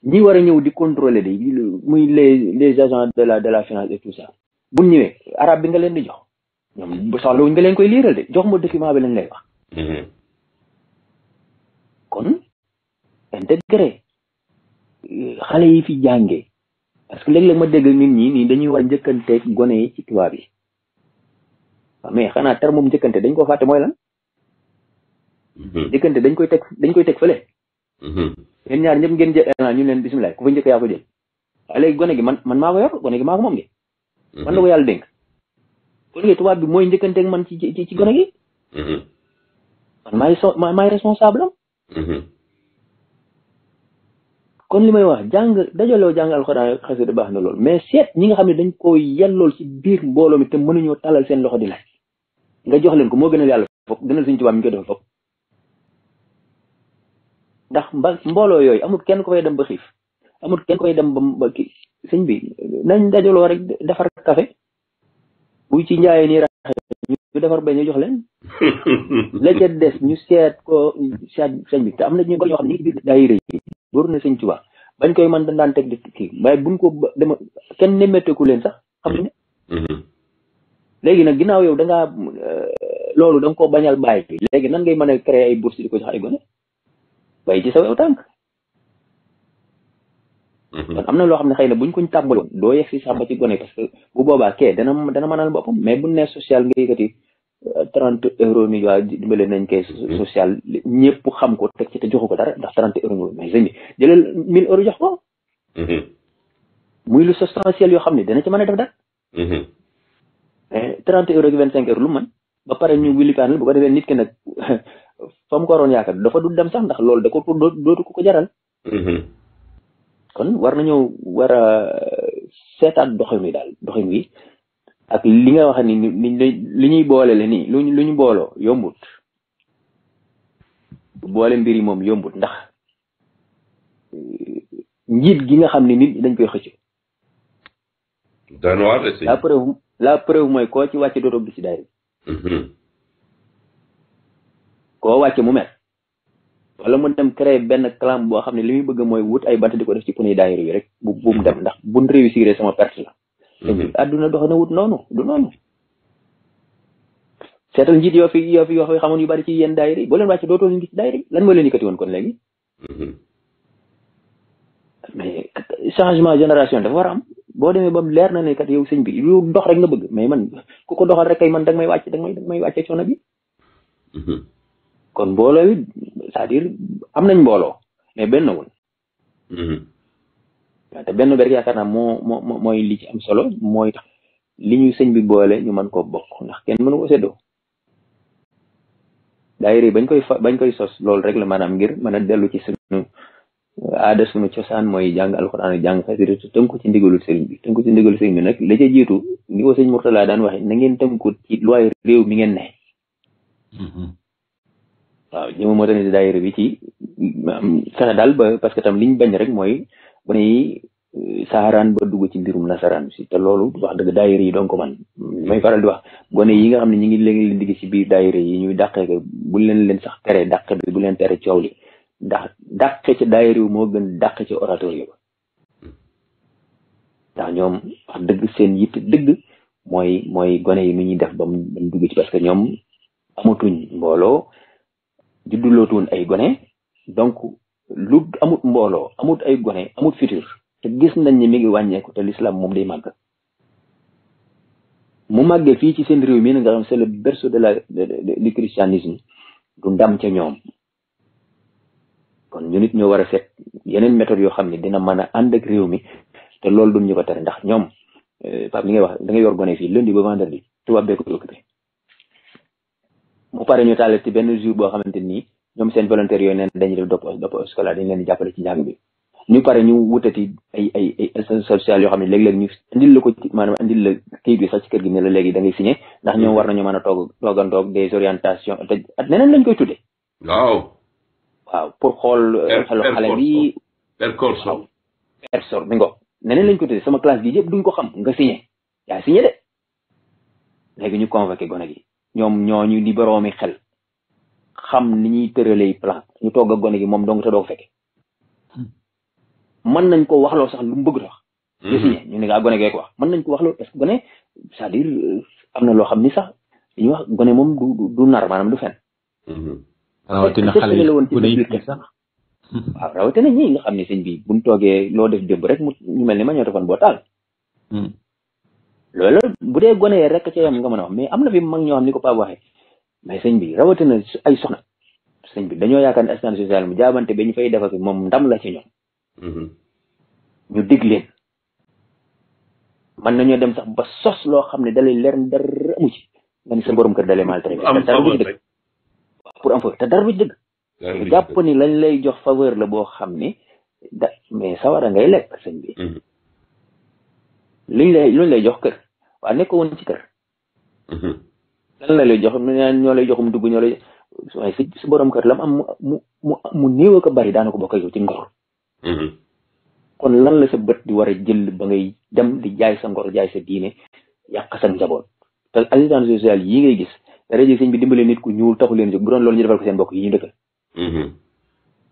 ñi war a ñëw di contrôler di muy les les agents de la de la finance et tout ça buñ ñëwee arab bi nga leen di jox ñoom soxla wuñ nga leen koy liiral de jox ma document bi lañ lay wax. Mm-hmm. kon intégré euh, xale yi fi jàngee parce que léeg-léeg ma dégg nit ñi nii dañuy war njëkkanteeg gone yi ci tubaab yi waaw mais xanaa terme moom njëkkante dañ ko fàtte mooy lan. Mm-hmm. njëkkante dañ koy teg dañ koy teg fële. Mm-hmm. yéen ñaar ñëpp ngeen jël eh, ñu leen bisimilah ku fa njëkk yaa ko jël. léegi gone gi man man maa ko yor gone gi maa moom gi. man mm-hmm. la ko yàlla dénk. kon kay bi mooy njëkkanteeg man ci ci ci gone gi. Mm-hmm. man maay so maay responsable mm-hmm. kon li may wax jàng jàngal jàng alxuraan xasida baax na lool mais seet ñi nga xam ne dañ koo yellool ci biir mbooloo mi te mënuñoo talal seen loxo di laaj nga jox leen ko moo gënal yàlla foog gënal suñu tubaab mi ngi koy defal foog ndax mba mbooloo yooyu amul kenn ko fay dem ba xiif amul kenn koy dem ba kii sëñ bi nañ dajaloo rek defar café bu ci njaayee nii raxee ñu defar bañ ñu jox leen la ca des ñu seet ko seet sëñ bi te am na ñu ko ñoo xam ne ñu ngi biir daayira yi wóor na sëñ Tuubaa bañ koy mën daan teg di kii waaye buñ ko dema kenn nemmeeteku leen sax xam ne mm-hmm. léegi nag ginnaaw yow da ngaa euh, loolu da ko bañal bàyyi léegi nan ngay mën a créer ay bourse ko jox ay gone bàyyi ci sa tànk Mhm. kon am na loo xam ne xëy na buñ koñ tàmbali woon doo yegg si sax ba ci gone parce que bu boobaa kee dana dana mënal mais bu nee social nga yëkkati euh, trente euros ni waa dimbale nañ koy mhm. social ñëpp xam ko te joxu ko dara ndax trente euros mais bi jëlal jox ko mhm. muy lu substantiel yoo xam ne dana ci mën a def dara mais trente euros ak vingt cinq euros lu man ba pare ñu wilikaan la ko defee nit ki nag fa mu ko waroon yaakaar dafa du dem sax ndax loolu da ko dootu ko jaral kon war nañoo war a seetaat doxin wi daal doxin wi ak li nga wax ni ni li ñuy boole la nii lu lu ñu booloo yombut boole mbir yi moom yombut ndax euh, njiit gi nga xam ne nit dañ koy xëcc. daanaka la si. la preuve la preuve mooy koo ci wàcce dootoo gis daay. Mhm. koo wàcce mu met wala mu dem créer benn clan boo xam ne li muy bëgg mooy wut ay bant di ko def ci pneu daayira yi rek bu bu mu dem ndax buñ réussir sama perte la. Mhm. te àdduna dox na wut noonu du noonu. seetal njiit yoo fi yoo fi yoo xamoon yu bari ci yenn daayira yi boo leen wàcce dootoo leen yi leen yëkkati woon kon mhm. changement génération dafa a am boo demee ba leer na ne kat yow sëñ bi lu dox rek nga bëgg mais man ku ko doxal rek ay man danga may wàcc danga may danga may wàcce coono bi. Mhm. kon mbooloo wi c' à dire am nañ mbolo mais ben wul. hmm te benn berk yaakaar naa mo moy li ci am solo moy tax li ñuy señ bi bolé ñu man ko bok ndax kenn mënu ko sédo daayira bañ koy fa bañ koy sos lool rek la manam ngir mëna delu ci suñu aada suñu cosaan mooy jàng alxuraan ak jàng xasida tënku ci ndigalu señ bi tënku ci ndigalu señ bi nak la ca jitu ni wo señ murtala daan wax na ngeen tënku ci loi rew mi ngeen ne. Mhm. waaw jéem a moderniser daayira bi ci fexe daal ba parce que tam liñ bañ rek mooy bu ne euh, saaraan ba dugg ci mbirum nasaraan si te loolu wax dëgg yi doon man may faral di wax gone yi nga xam ne ñu ngi léegi leen digg si biir daayira yi ñuy dàqee ko bu leen leen sax tere dàqe bi bu leen tere coow li ndax dàqe ci daayira moo gën dàqe ci orateur yi ba ndax ñoom wax dëgg seen yitt dëgg mooy mooy gone yi nu ñuy def ba mu dugg ci parce que ñoom amatuñ mbooloo juddulootoon ay gone donc lu amut mbooloo amut ay gone amut futur te gis nañ ni mi ngi wàññeeku te l'islam moom day màgg mu màggee fii ci seen réew mi nga xam c'est le de la du christianisme du ndam ca ñoom kon ñu nit ñoo war a set yeneen méthode yoo xam ne dina mën a ànd ak réew mi te loolu du ñu ko tere ndax ñoom euh, Pape li ngay wax da ngay yor gone fii lundi ba vendredi tubaab bee ko occupé bu pare ñu tàllal ci benn jour boo xamante ni ñoom seen volontaire yooyu neen dañuy def dopp dopp scolaire dañ leen jàppale ci njàng bi ñu pare ñu wutati ay ay ay assistance xam ne léeg-léeg ñu andil la ko ci maanaam andil la bi sax ci ne la léegi da ngay signé ndax ñoom war nañu mën a toog toogandoog des orientations te at neneen lañ koy tuddee waaw waaw pour xool euh, xelu xale bi waaw persor mi ngo neneen lañ koy tuddee sama classe bi yëpp duñ ko xam nga signé yaa signé de léegi ñu convoqué gone gi ñoom ñooñu di boroomi xel xam ni ñuy tëralee plan ñu togg a gone gi moom dong te doo fekke hmm. mën nañ ko waxloo sax lu mu bëgg ta wax ñu signé ñu ne gaa ah, gone gee ko wax mën nañ ko waxloo est que gone cest euh, am na loo xam ni sax li ñuy gone moom du du nar maanaam du fen hmm. rawatina xale yi gone yi hmm. ñi nga xam ne sëñ bi buñ toogee loo def démb rek mu ñu mel ni ma ñoo defoon boo taal loolu bu dee gone rek ca yam nga mën mais am na fi mag ñoo xam ni ko Pape waxee mais sëñ bi rawatina ay soxna sëñ bi dañoo yaakaar ne assistance mu jaabante ba ñu defa fi moom ndam la ci ñoom. Mm-hmm. ñu dig leen mën nañoo dem sax ba sos loo xam ne dalay leer dara amu ci nga ni sa borom kër dalee maltraité. te dara bu jàpp ni lañ lay jox faveur la boo xam ni da mais sawara ngay lekk sëñ bi. Mm-hmm. luñ lay luñ lay jox kër waa nekk woon ci kër. Mm-hmm. lan lay jox ñu ne ñoo lay joxum dugg ñoo lay waaye si si borom kër la mu am mu mu mu néew ak a bari daana ko bokk yow ci ngor. Mm-hmm. kon lan la sa bët di war a jël ba ngay dem di jaay sa ngor jaay sa diine yàq sa njaboot te assistance sociale yi ngay gis rajo sëñ bi dimbale nit ku ñuul taxu leen jóg bu doon loolu ñu defal ko seen bokk yi ñu dëkkal. Mm-hmm.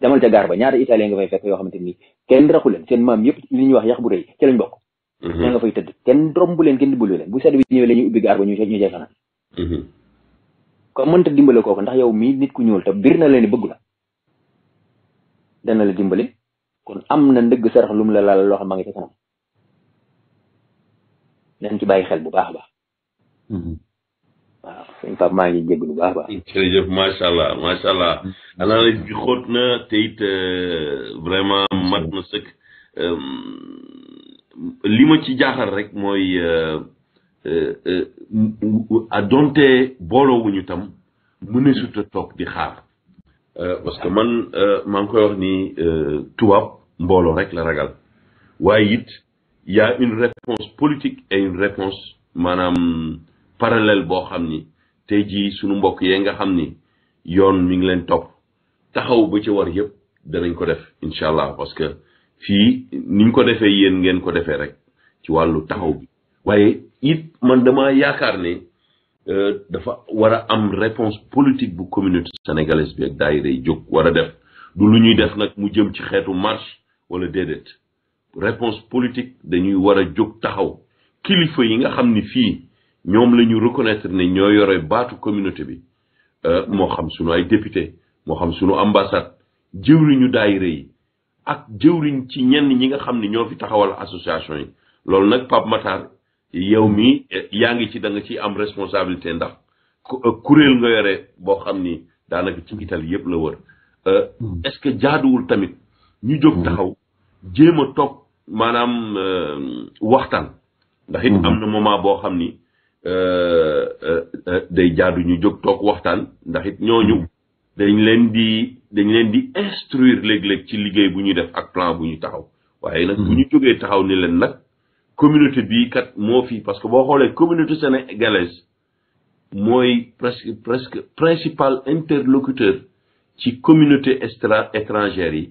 demal ca gaar ba ñaata italien nga fay fekk yoo xamante ni kenn raxu leen seen maam yëpp li ñuy wax yàq bu rëy ci lañ bokk. ña mm-hmm. nga fay tëdd kenn romb leen kenn dimbalu leen bu sedd bi ñëwee la ñuy ubbi gaar ba ñu ñu jeexal comme mm-hmm. mënta dimbale kooku ndax yow mii nit ku ñuul te biir na leen bëgg la dana la dimbale kon am na ndëgg sarax lu mu la laal loo xam ma ngi ca kanam ci bàyyi xel bu baax a baax. Mm-hmm. waaw sëñ maa ngi jégg na te euh, vraiment mat na sëkk. Euh, li ma ci jaaxal rek mooy euh, euh, euh, a donte booloowuñu tam mu ne suta toog di xaar parce que man maa ngi koy wax ni tubaab mbooloo rek la ragal waaye it yaa a une réponse politique et une réponse maanaam parallèle boo xam ni tey jii sunu mbokk yee nga xam ni yoon mi ngi leen topp taxaw ba ci war yëpp danañ ko def incha allah parce que fii niñ ko defee yéen ngeen ko defee rek ci wàllu taxaw bi waaye it man dama yaakaar ne euh, dafa war a am réponse politique bu communauté sénégalaise bi ak daayira yi jóg war a def du lu ñuy def nag mu jëm ci xeetu marche wala déedéet réponse politique dañuy war a jóg taxaw kilifa yi nga xam ni fii ñoom la ñu reconnaître ne ñoo yore baatu communauté bi euh, moo xam sunu ay dépité moo xam sunu ambassade jëwriñu daayira yi ak jëwriñ ci ñenn ñi nga xam ne ñoo fi taxawal association yi loolu nag Pape Matar yow mii yaa ngi ci da nga ciy am responsabilité ndax euh, kuréel nga yore boo xam ni daanaka ci Italie yëpp la wër euh, hmm. est-ce que jaaduwul tamit ñu jóg hmm. taxaw jéem a toog maanaam euh, waxtaan ndax it hmm. am na moment boo xam ni day jaadu ñu jóg toog waxtaan ndax it ñooñu dañ leen di dañ leen di instruire léeg-léeg ci liggéey bu ñuy def ak plan bu ñu taxaw waaye nag bu ñu jógee taxaw ni leen nag communauté bii kat moo fii parce que boo xoolee communauté sénégalaise mooy presque presque principal interlocuteur ci communauté extra étrangère yi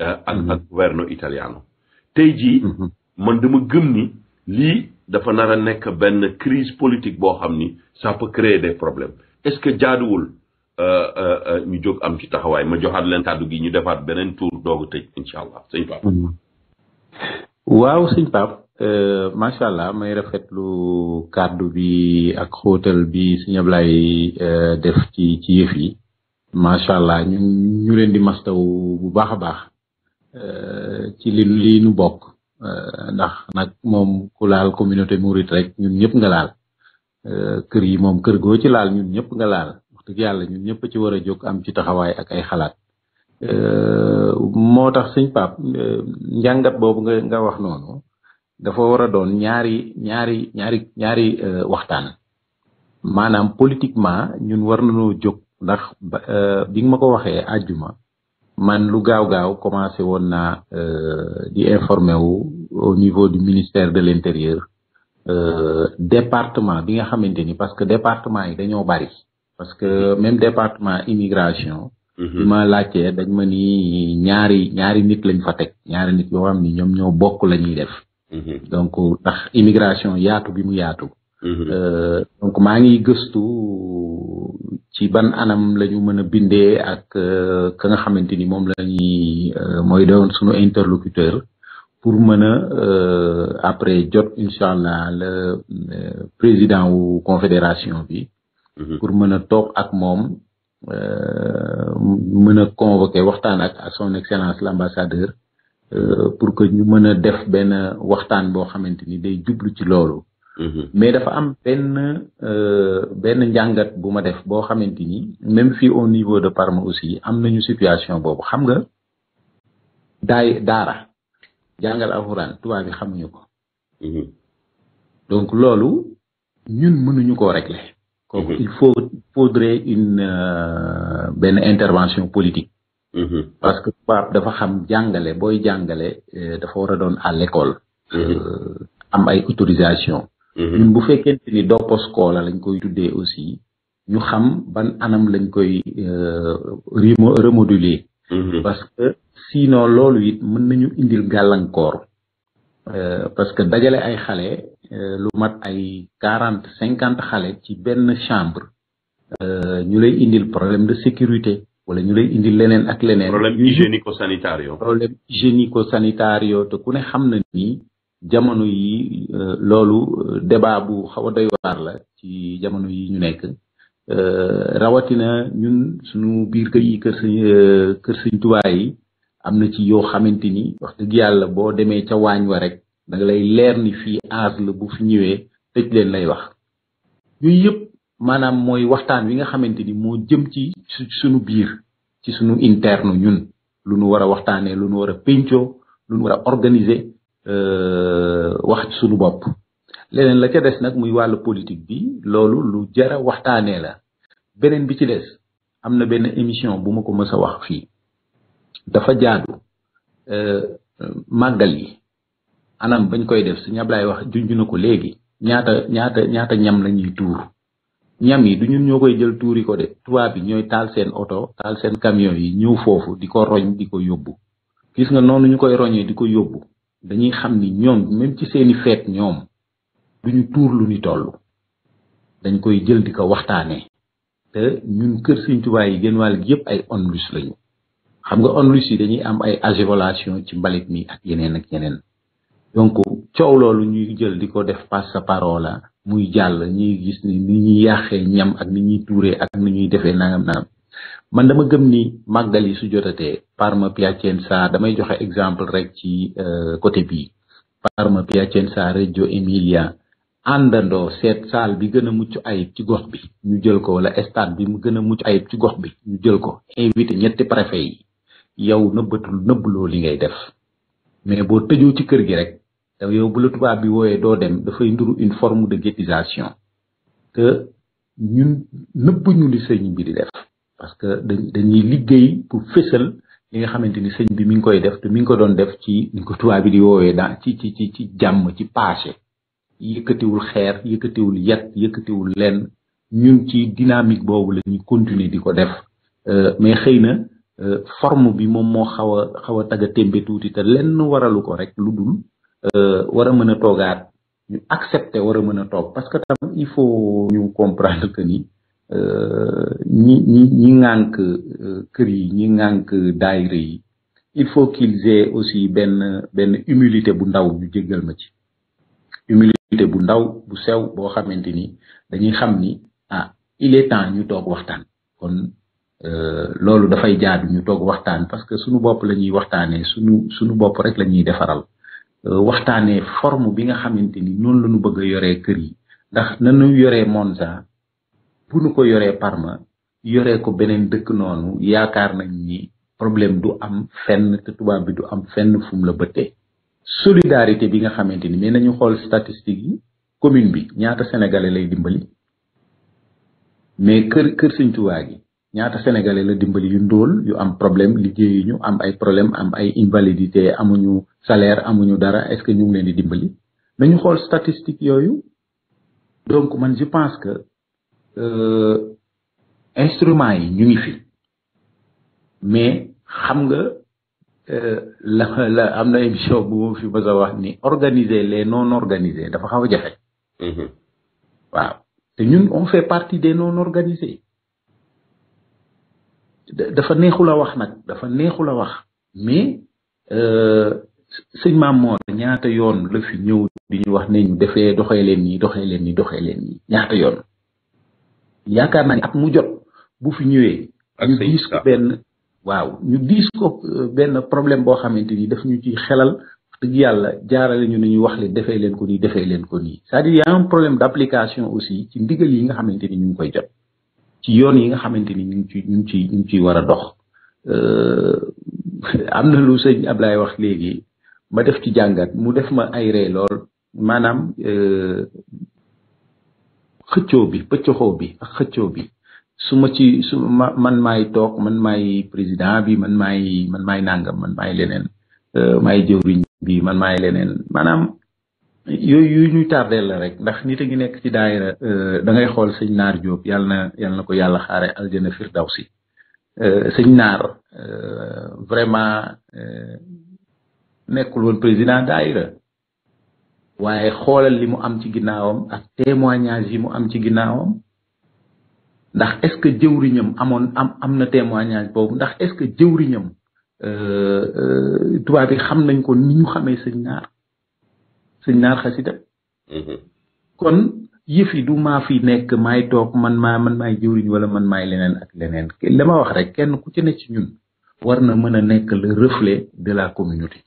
euh, ak mm-hmm. ak governo italiano tey jii mm-hmm. man dama gëm ni lii dafa nar a nekk benn crise politique boo xam ni ça peut créer des problèmes est-ce que jaaduwul Euh, euh, euh, ñu jóg am ci taxawaay ma joxaat leen kàddu gi ñu defaat beneen tour doogu tëj incha allah sëñ Pape. Mm-hmm. waaw sëñ Pape macha allah may rafetlu kàddu bi ak xóotal bi sëñ Ablaye def ci ci yi macha allah ñu leen di mastaw bu baax a baax ci li li nu bokk ndax nag moom ku laal communauté mouride rek ñun ñëpp nga laal kër yi moom kër goo ci laal ñun ñëpp nga laal. dëgg yàlla ñun ñëpp ci war a jóg am ci taxawaay ak ay xalaat moo tax sëñ pap njàngat boobu nga nga wax noonu dafa war a doon ñaari ñaari ñaari ñaari waxtaan maanaam politiquement ñun war nañoo jóg ndax bi nga ma ko waxee àjjuma man lu gaaw gaaw commencé na naa di informé wu au niveau du ministère de l'intérieur département bi nga xamante parce que département yi dañoo bari parce que même département immigration. Mhm. bi ma laajtee dañ ma ni ñaari ñaari nit lañ fa teg ñaari nit yoo xam ni ñoom ñoo bokk la ñuy def. Mhm. donc ndax immigration yaatu bi mu yaatu. Mhm. Euh, donc maa ngi gëstu ci ban anam la ñu mën a bindee ak euh, ka nga xamante ni moom la ñuy euh, mooy doon suñu interlocuteur pour mën a après jot incha allah président wu confédération bi. Mhm. pour mën a toog ak moom euh, mën a convoqué waxtaan ak ak son excellence l' ambassadeur euh, pour que ñu mën a def benn waxtaan boo xamante ni day jublu ci loolu. Mhm. mais dafa am benn euh, benn njàngat bu ma def boo xamante ni même fii au niveau de Parma aussi am nañu situation boobu xam nga daay daara jàngal alxuraan tubaab bi xamuñu ko. Mhm. donc loolu ñun mënuñu ko régler. kooku mhm. il faut faudrait une ben intervention politique mhm. parce que tubaab dafa xam jàngale booy jàngale euh, dafa war a à l'école mhm. euh, am ay autorisation ñun bu fekkente ni dopposkoola lañ koy tuddee aussi ñu xam ban anam lañ koy remoduler parce que sinon loolu it mën nañu indil gàllankoor parce que dajale ay xale Euh, lu mat ay quarante cinquante xale ci benn chambre euh, ñu lay indil problème de sécurité wala ñu lay indil leneen ak leneen. problème hygiénico sanitario. problème hygiénico sanitario te ku ne xam na ni jamono yi euh, loolu débat bu xaw a doy la ci jamono yi ñu nekk rawatina ñun suñu biir kër yi kër sëñ kër sëñ Tuubaa yi am na ci yoo xamante ni wax dëgg yàlla boo demee ca waañ wa rek. da nga lay leer ni fi age la bu fi ñëwé tëj leen lay wax yooyu yëpp manam moy waxtaan wi nga xamanteni mo jëm ci suñu biir ci suñu interne ñun lu nu wara a lu nu wara pencho lu nu wara organiser euh wax ci suñu bop leneen la ca dess nak muy walu politique bi loolu lu jara waxtaanee la benen bi ci dess amna benn émission bu ma ko mësa wax fi dafa jaadu màggal yi anam bañ koy def suñu Ablaay wax junj ko léegi ñaata ñaata ñaata ñam la ñuy tuur ñam yi du ñun ñoo koy jël tuuri ko de tubaab bi ñooy taal seen oto taal seen camion yi ñëw foofu di ko roñ di ko yóbbu gis nga noonu ñu koy roñee di ko yóbbu dañuy xam ni ñoom même ci seeni feet ñoom duñu tuur lu ni toll dañ koy jël di ko waxtaanee te ñun kër Sëriñ Tuubaa yi gën wàll gi yëpp ay onlus lañu xam nga onlus yi dañuy am ay agivolation ci mbalit mi ak yeneen ak yeneen donc ciow lolou ñuy jël di ko def passe parole muy jall ñuy gis ni ni ñi yaxé ñam ak ni ñi touré ak ni ñuy defee nangam nangam man dama gëm ni magali su jotaté parma sa damay joxé exemple rek ci euh, côté bi parma sa radio emilia andando set sal bi gëna a mucc ayib ci gox bi ñu jël ko wala stade bi mu gëna a mucc ayib ci gox bi ñu jël ko invité ñetti préfet yi yow neubatul neublo li ngay def mais bo tëjoo ci kër gi rek da yow bu la tubaab bi wooyee do dem da fay nduru une forme de guettisation que ñun nepp ñu li sëñ bi di def parce que dañuy liggéey pour fessel li nga xamanteni ni bi mi ngi koy def te mi ngi ko doon def ci ni ko tubaab bi di woowee da ci ci ci ci jàmm ci passé yëkkatiwul xeer yëkkatiwul yëkëti wul lenn ñun ci dynamique bobu la ñu continuer di ko def euh, mais xeyna na euh, forme bi mom mo xawa xawa taga a tagga témbe te lenn waralu ko rek ludul Euh, war a mën a toogaat ñu accepter war a mën a toog parce que tam il faut ñu comprendre que ni euh, ñi ñi ñi ŋànk euh, kër yi ñi ŋànk daayira yi il faut qu'ils aient aussi benn benn humilité bu ndaw ñu jéggal ma ci humilité bu ndaw bu sew boo xamante ni dañuy xam ni ah il est temps ñu toog waxtaan kon loolu dafay jaadu ñu toog waxtaan parce que suñu bopp la ñuy waxtaanee suñu suñu bopp rek la ñuy defaral Euh, waxtaane forme bi nga xamante ni noonu la ñu bëgg a kër yi ndax na nanu yoree Monza bu nu ko yoree Parma yore ko beneen dëkk noonu yaakaar nañ ni problème du am fenn te tubaab bi du am fenn fu mu la bëttee solidarité bi nga xamante ni mais nañu xool statistique yi commune bi ñaata sénégalais lay dimbali mais kër kër Sëñ Tuubaa gi ñaata sénégalais la dimbali yu ndóol yu am problème liggéey liggéeyuñu am ay problème am ay invalidité amuñu salaire amuñu dara est-ce que ñu ngi leen di dimbali nañu xool statistique yooyu donc man je pense que euh, instruments yi ñu ngi fi mais xam nga euh, la la am na émission bu ma fi wax ni organiser les non organiser dafa xaw a jafe mm-hmm. waaw te ñun on fait partie des non organisés dafa neexul a wax nag dafa neexul a wax mais euh, sëñ moo Moor ñaata yoon la fi ñëw di ñu wax ne ñu defee doxee leen nii doxee leen nii doxee leen nii ñaata yoon yaakaar naa ni at mu jot bu fi ñëwee ñu diis ko benn waaw ñu diis ko euh, benn problème boo xamante ni daf ñu ci xelal wax dëgg yàlla jaarale ñu ni ñu wax leen defee leen ko nii defee leen ko nii c'est-à-dire y a problème d'application aussi ci ndigal yi nga xamante ni ñu ngi koy jot yoon yi nga xamante ni ñu ngi ci ñu ngi ci ñu ngi ciy war a dox euh, am na lu sëñ Ablaye wax léegi ma def ci jàngat mu def ma ay ree lool maanaam euh, xëccoo bi pëccoxoo bi ak xëccoo bi su ma ci su ma man maay toog man maay président bi man maay man maay nàngam man maay leneen euh, maay jëwriñ bi man maay leneen maanaam yooyu yu ñuy tardeel la rek ndax nit gi ngi nekk ci daayira euh, da ngay xool sëñ naar Diop yàlla na yàlla na ko yàlla xaare aljana firdawsi euh, sëñ naar euh, vraiment nekkul woon président daayira waaye xoolal li mu am ci ginnaawam ak témoignage yi mu am ci ginnaawam ndax est-ce que jëwriñam amoon am am na témoignage boobu ndax est-ce que jëwriñam tubaab yi xam nañ ko ni ñu xamee sëñ naar sëñ naar xasida mm-hmm. kon yëf yi du maa fi nekk maay toog man maa man maay jëwriñ wala man maay leneen ak leneen lama wax rek kenn ku ci ne ci ñun war na mën a nekk le reflet de communauté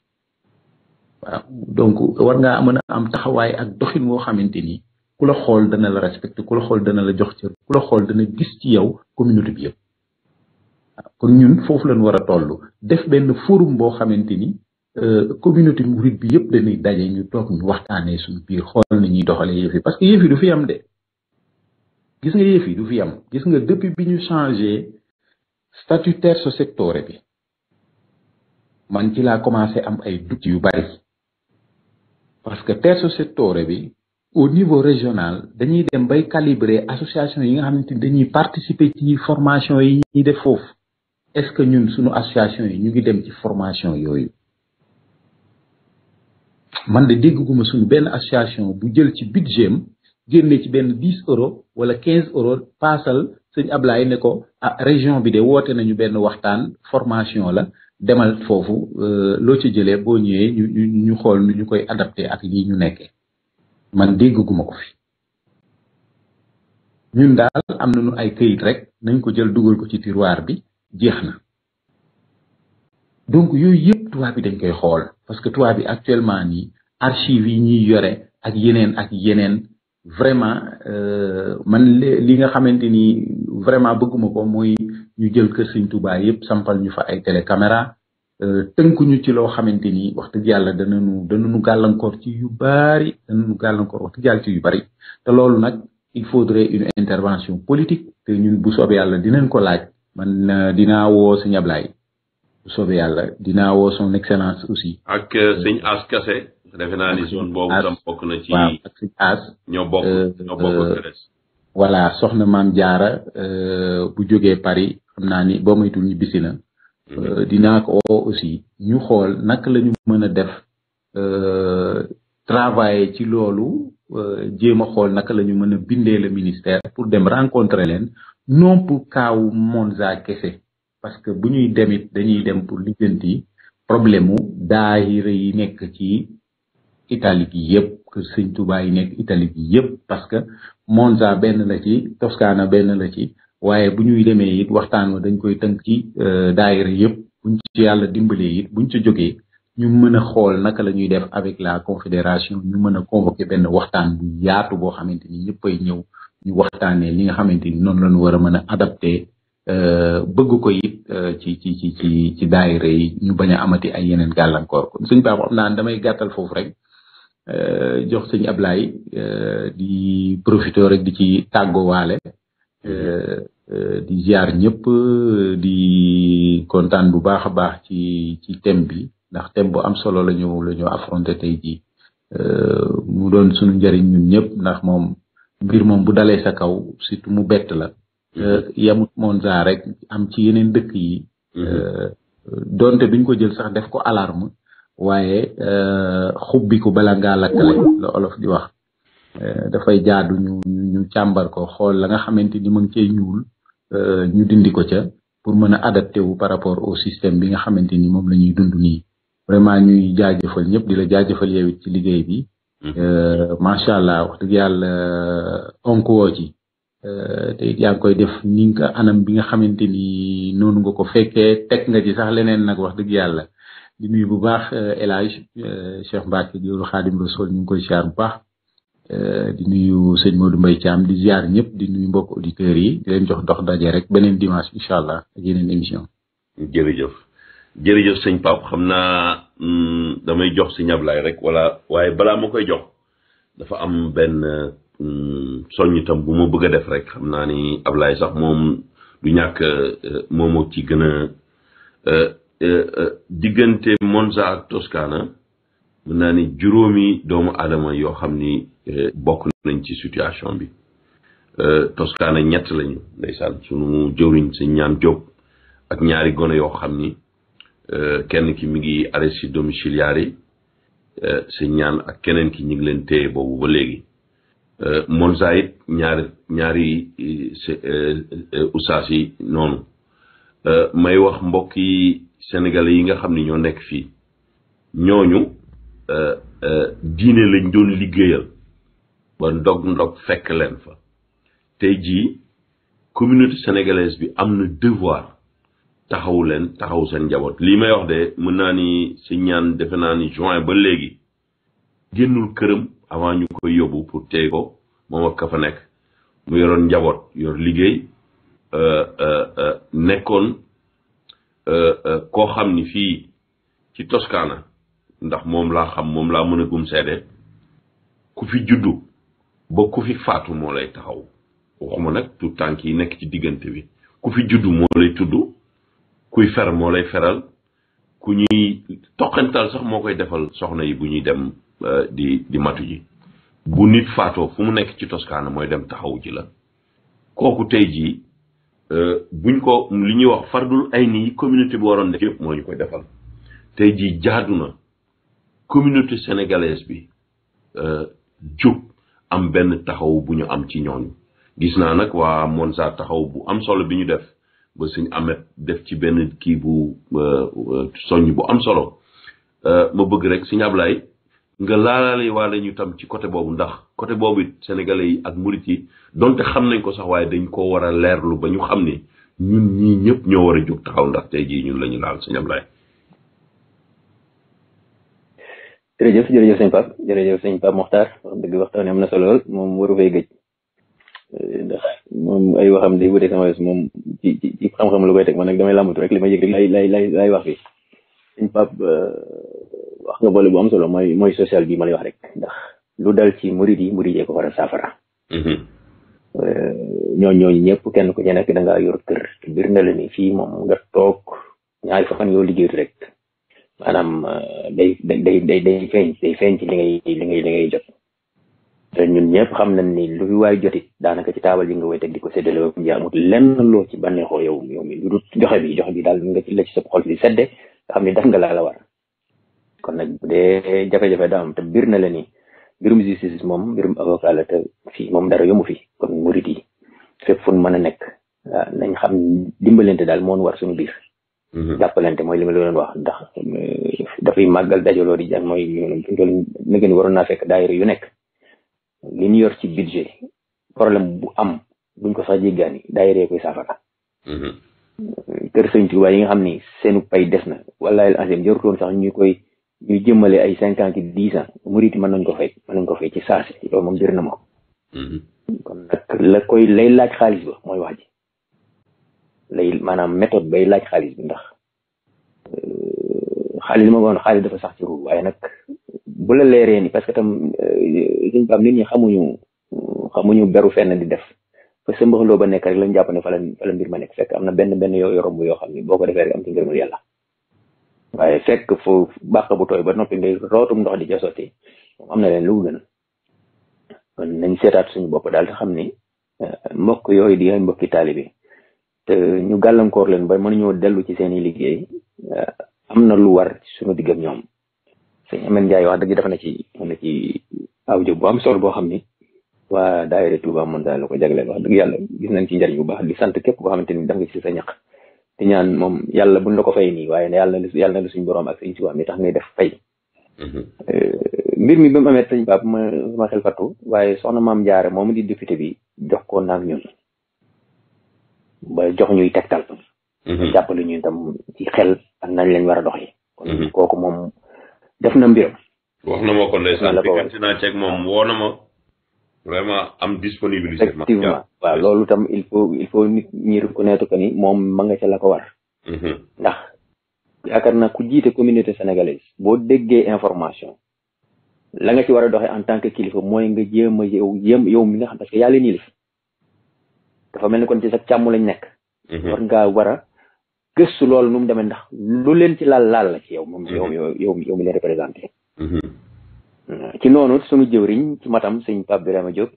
waaw donc war ngaa mën a am taxawaay ak doxin woo xamante ni ku la xool dana la respecté ku la xool dana la jox cër ku la xool dana gis ci yow communauté bi yëpp waaw kon ñun foofu lañ war a toll def benn forum boo xamante ni Euh, communauté mouride bi yëpp dañuy dajé ñu tok ñu waxtané suñu biir xool nañuy doxalee yëf yi parce que yëf yi du fi am dé gis nga yëf yi du fi am gis nga depuis bi ñu changé statutaire so secteur bi man ci la commencé am ay doute yu bari parce que terso secteur bi au niveau régional dañuy dem bay calibrer association yi nga xamante dañuy participer ci formation yi ñi def foofu est-ce que ñun suñu association yi ñu ngi dem ci formation yooyu man de dégguma suñu benn association bu jël ci budget génne ci benn dix euros wala quinze euros paasal sëñ Ablaye ne ko ah région bi de woote nañu benn waxtaan formation la demal foofu euh, loo ci jëlee boo ñëwee ñu ñu xool nu ñu koy adapté ak lii ñu nekkee man dégguma ko fi ñun daal am nañu ay këyit rek nañ ko jël dugal ko ci tiroir bi jeex na donc yooyu yëpp tubaab bi dañ koy xool parce que tubaab actuellement nii archives yi ñuy yore ak yeneen ak yeneen vraiment euh, man li nga xamante ni vraiment bëgguma ko mooy ñu jël kër Sëñ Tuubaa yépp sampal ñu fa ay télécaméra euh, ñu ci loo xamante ni wax dëgg yàlla danañu danañu gàllankoor ci yu bari danañu gàllankoor wax dëgg yàlla ci yu bari te loolu nag il faudrait une intervention politique te ñun bu soobee yàlla dinañ ko laaj man euh, dinaa woo Sëñ Ablaay bu soobee yàlla dinaa woo son excellence aussi. ak sëñ As Kase defe naa ni zone boobu tam bokk na ci waaw ak suñ aas ñoo bokk euh, ñoo bokk euh, soxna maam jaara euh, bu jógee Paris xam naa ni boo moytul ñu bisi na dinaa ko woo aussi ñu xool naka la ñu mën a def travailler ci loolu jéem a xool naka la ñu mën a bindee la ministère pour dem rencontrer leen non pour kaawu Monza kese parce que bu ñuy demit dañuy dem pour lijjanti problème mu daahira yi nekk ci Italie gi yëpp kër sëñ Touba yi nekk Italie gi yëpp parce que Monza benn la ci Toscana benn la ci waaye bu ñuy demee it waxtaan wa dañ koy tënk ci euh, daayira yëpp buñ ci yàlla dimbalee buñ ci jógee ñu mën a xool naka la ñuy def avec la confédération ñu mën a convoquer benn waxtaan bu yaatu boo xamante ni ñëppay ñëw ñu waxtaanee li nga xamante ni noonu la ñu war a mën a adapté euh, bëgg ko it euh, ci ci ci ci ci daayira yi ñu bañ a amati ay yeneen gàllankoor kon suñ baax am naan damay gàttal foofu rek. Euh, jox sëñ Ablaye euh, di profité rek di ci tàggowaale euh, di ziar ñëpp di kontaan bu baax a baax ci ci thème bi ndax thème bu am solo la ñu la ñu affronté tey jii mu doon suñu njëriñ ñun ñëpp ndax moom mbir moom bu dalee sa kaw surtout mu bett la mm-hmm. yamut Monza rek am ci yeneen dëkk yi mm-hmm. donte biñ ko jël sax def ko alarme waaye euh, xubbiku bala ngaa lakkale la olof di wax euh, dafay jaadu ñu ñu càmbar ko xool la nga xamante ni mu ngi cee ñuul euh, ñu dindi ko ca pour mën a adapté wu par rapport au système bi nga xamante ni moom la ñuy dund nii vraiment ñuy jaajëfal ñëpp di la jaajëfal yow ci liggéey bi. Mm-hmm. macha allah wax dëgg yàlla onk woo ci. te it yaa koy def ni nga anam bi nga xamante ni noonu nga ko fekkee teg nga ci sax leneen nag wax dëgg yàlla. di bu baax eh, El Hadj eh, Cheikh Mbacke Diolu Xaadim Rasul ñu ngi koy ziar bu baax eh, di nuyu sëñ Modou Mbaye Thiam di ziar ñëpp di nuyu mbokk auditeurs yi di leen jox dox daje rek beneen dimanche incha allah yeneen émission jërëjëf jërëjëf sëñ xam naa hmm, damay jox si Ablaye rek wala waaye balaa moo koy jox dafa am benn hmm, soññ tam bu ma bëgg a def rek xam naa ni Ablaye sax moom du ñàkk moomoo ci gën a Euh, euh, diggante monsa ak Toscana mën naa juróomi doomu aadama yoo xam ni euh, bokk nañ ci situation bi Toscana ñett lañu ndeysaan sunu jëwriñ sa ñaan jóg ak ñaari gone yoo xam ni kenn ki mi ngi arrêté domiciliaire yi sa ñaan ak keneen ki ñu ngi leen téye boobu ba léegi Monza it ñaari ñaari usaas yi noonu may wax mbokk yi sénégalais yi nga xam ni ñoo nekk fii ñooñu euh, euh, diine lañ doon liggéeyal ba ndog ndog fekk leen fa tey jii communauté sénégalaise bi am na devoir taxaw leen taxaw seen njaboot lii may wax de mën naa ni si ñaan defe naa ni juin ba léegi génnul këram avant ñu koy yóbbu pour tey ko moom ak fa nekk mu yoroon njaboot yor liggéey euh, nekkoon Euh, euh, koo xam ni fii ci toskaana ndax moom laa xam moom laa mën a gum seede ku fi juddu ba ku fi faatu moo lay taxaw waxuma nag tout tànk yi nekk ci diggante bi ku fi juddu moo lay tudd kuy fer moo lay feral ku ñuy toqantal sax moo koy defal soxna yi bu ñuy dem euh, di di matu ji bu nit faatoo fu mu nekk ci toskaana mooy dem taxawu ji la kooku tey jii Euh, buñ ko li ñuy wax fardul ay nii communauté bi waroon def yëpp moo ñu koy defal te jii jaadu na communauté sénégalaise bi euh, jub am benn taxaw bu ñu am ci ñooñu gis naa nag waa Monza taxaw bu am solo bi ñu def ba suñ amet def ci benn kii bu euh, soññ bu am solo ma bëgg rek suñu Ablaay nga laalaale waale ñu tam ci côté boobu ndax côté boobu it yi ak murit yi donte xam nañ ko sax waaye dañ koo war a leerlu ba ñu xam ni ñun ñii ñëpp ñoo war a jóg taxaw ndax tey jii ñun la ñu laal sëñ Ablaye. jërëjëf jërëjëf sëñ Pape jërëjëf sëñ Pape dëgg waxtaan am lool moom waru fay gëj eh, ndax moom ay waxam day wute sama yos moom ci ci xam-xam koy teg man nag damay làmbatu rek li lay lay lay wax fi sëñ Pape. Eh, wax nga boole bu am solo mooy mooy social bi ma lay wax rek ndax lu dal ci murid yi murid yi ko war a saafara mm-hmm. euh, ñoo ñooñu ñëpp kenn ku ci nekk da ngaa yor kër te biir na la ni fi moom nga toog ñaari fan yoo liggéeytu rek maanaam euh, day day day day feeñ day feeñ ci li ngay li ngay li jot te ñun ñëpp xam na ni lu fi waay jotit daanaka ci taabal yi nga koy teg di ko séddale ba mu amut ci bànneexoo yow yow mi lu dul joxe bi joxe bi daal nga ci ci sa xol bi sedde xam ne def nga la la war kon nag bu dee jafe-jafe daa am biir na la ni mbirum justice moom mbirum avocat la te fii moom dara yomu fi kon murit yi fépp fu mën a nekk ah, nañ xam dimbalante daal moon war suñu biir mm-hmm. jàppalante mooy li ma leen wax ndax eh, dafay màggal dajaloo di jan mooy dool na gën waroon naa fekk daayira yu nekk li ñu yor ci budget problème bu am duñ ko sax jéggaani daayira koy saafara mm-hmm. kër sëñ Tuubaa yi nga xam ni seenu pay des na wala el ancien jarutoon sax ñu koy ñuy jëmmale ay cinquante ci dix ans murit man nañ ko fay mën nañ ko fay ci saasi loolu moom bir na ma kon nag la koy lay laaj xaalis ba mooy wax ji maanaam méthode bay laaj xaalis bi ndax xaalis ma goon xaalis dafa sax ci ruub waaye nag bu la leeree ni parce que tam nit ñi xamuñu xamuñu beru fenn di def fa sa mbaxloo ba nekk lañ jàpp fa la fa la mbir ma nekk fekk am na benn benn yoo romb yoo xam ni boo ko defee rek am ci ngërëmul yàlla waaye fekk fu bàq bu tooy ba noppi ngay rootum ndox di ca sotti moom am na leen lu gën nañ seetaat suñu bopp daal te xam ni eh, mbokk yooyu di ay mbokki taalibe te ñu gàllankoor leen ba a mënuñoo dellu ci seen liggéey eh, am na lu war ci suñu diggam ñoom sëñ Ameen Njaay wax dëgg dafa na ci na ci aw jub bu am solo boo xam ni waa daayira Touba Montagne la ko jagleel wax dëgg yàlla gis nañ ci njariñ bu baax di sant képp boo xamante ni da nga ci sa ñaq di ñaan moom yàlla buñ la ko fay nii waaye yàlla na yàlla na la suñu borom ak suñu ci mi tax ngay def fay. Mm-hmm. Euh, mbir mi ba mu amee sëñ Pape ma ma xel fattu waaye soxna maam jaare moomu di député bi jox ko naag ñun ba jox ñuy tegtal. Mm-hmm. jàppale ñu itam ci xel ak nañ lañ war a doxee. Mm-hmm. moom def na mbiram. wax na ma ko ndeysaan bi kàttan naa ceeg woo na ma. vraiment am disponibilité. effectivement waaw loolu tam il faut il faut nit ñi reconnaître que ni moom ma nga ca la ko war. Mm-hmm. ndax yaakaar naa ku jiite communauté sénégalaise boo déggee information la nga ci war a doxee en tant que kilifa mooy nga jéem a yow mi nga xam parce que yaa leen dafa mel ni kon ci sa càmm lañ nekk. Mm-hmm. war ngaa war a gëstu loolu nu mu demee ndax lu leen ci laal laal la ci yow. moom mm-hmm. yow yow mi leen représenté. ci noonu sunu jëwriñ ci matam sëñ Pape Birama Diop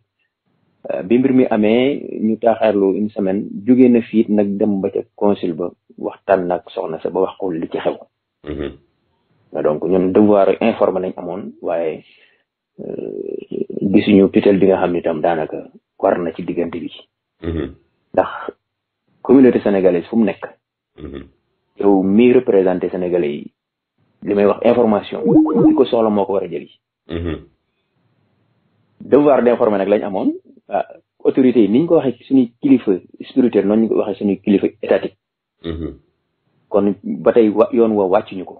euh, bi mbir mi amee ñu taaxaarlu une semaine jóge na fiit nag dem ba ca consul ba waxtaan nag soxna sa ba wax ko li ci xew mm-hmm. donc ñun devoir informé nañ amoon waaye euh, gisuñu tutelle bi nga xam ni tam daanaka war na ci diggante bi mm-hmm. ndax communauté sénégalaise fu mu nekk mm-hmm. yow mi représenté sénégalais yi li may wax information li ko soxla moo ko war a jëli Mm-hmm. devoir d'informer nag lañ amoon ah yi ni ñu ko waxee ci suñuy kilifa spirituel noonu ñu ko waxee suñuy kilifa étatique. Mm-hmm. kon ba tey wa yoon woo wàccuñu ko.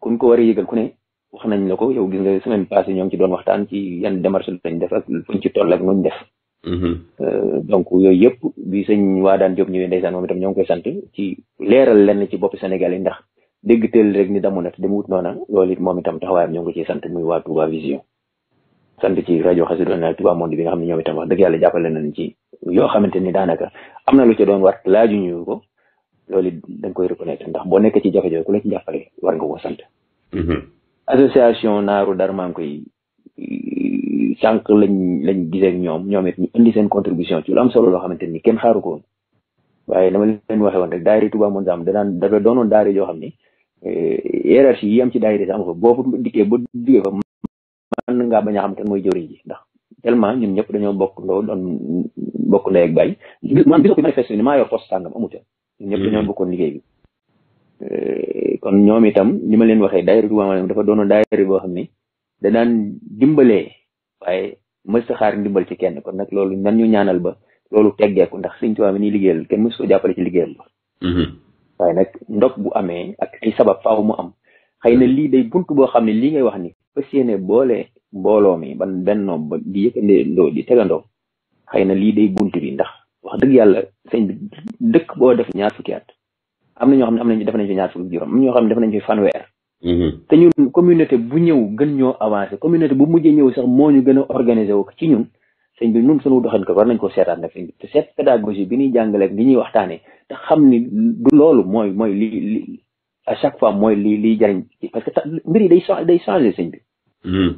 kun ko war a yëgal ku ne wax nañ la ko yow gis nga semaine passée ñoo ngi ci doon waxtaan ci yan démarche lañ def ak fuñ ci toll ak nuñ def. Mm-hmm. Euh, donc yooyu yëpp bi sëñ waa daan Diop ñëwee ndeysaan moom itam ñoo ngi koy sant ci leeral lenn ci bopp Sénégal yi ndax dégg teel rek ni damu na te demut noona loolu it moom itam taxawaayam ñoo ngi ciy sant muy waa Touba Vision sant ci rajo Xassida Online Touba Monde bi nga xam ne ñoom itam wax dëgg yàlla jàppale nañ ci yoo xamante ni daanaka am na lu ca doon war laaju ñu ko loolu it dañ koy reconnaître ndax boo nekk ci jafe-jafe ku la ci war nga ko sant. Mm-hmm. association naaru dara maa ngi koy sànq lañ lañ gisee ak ñoom ñoom it ñu indi seen contribution ci lu am solo loo xamante ni kenn xaaru ko woon waaye dama leen waxee woon rek daayira Touba Monzam danaan dafa doonoon daayira yoo xam ni hiérarchie eh, yi am ci daayira sax am fa boo fa ba duggee fa mën ngaa bañ a xam kan mooy jëwriñ ji ndax tellement ñun ñëpp dañoo bokk ndoo doon bokk ndey ak bàyyi man bisoo ko manifesté ni ma yor poste sàngam amu ca ñun ñëpp dañoo hmm. eh, kon ñoom itam li ma leen waxee daayira Tuubaa dafa doonoon daayira boo xam ni da daan dimbalee waaye mës sa xaar ndimbal ci kenn kon nag loolu nan ñu ñaanal ba loolu teggeeku ndax Sëñ Tuubaa mi ni liggéeyal kenn mës ko jàppale ci liggéeyal ba hmm. waaye nag ndog bu amee ak ay sabab faaw mu am xëy na lii day bunt boo xam ne lii ngay wax ni fas yéene boole mbooloo mi ban bennoo ba di yëkkandoo di tegandoo xëy na lii day bunt bi ndax wax dëgg yàlla sëñ bi dëkk boo def ñaar fukki at am na ñoo xam ne am nañ def nañ fi ñaar fukki juróom ñoo xam ne def nañ fi fanweer mm-hmm. te ñun communauté bu ñëw gën ñoo avancé communauté bu mujjee ñëw sax moo ñu gën a organisé wu ci ñun sëñ bi ñun sunu doxin ko war nañ ko seetaat nag sëñ bi seet pédagogie bi ñuy waxtaanee te xam ni du loolu mooy mooy li li à chaque fois mooy li liy jariñ parce que mbir yi day day changé sëñ bi hmm.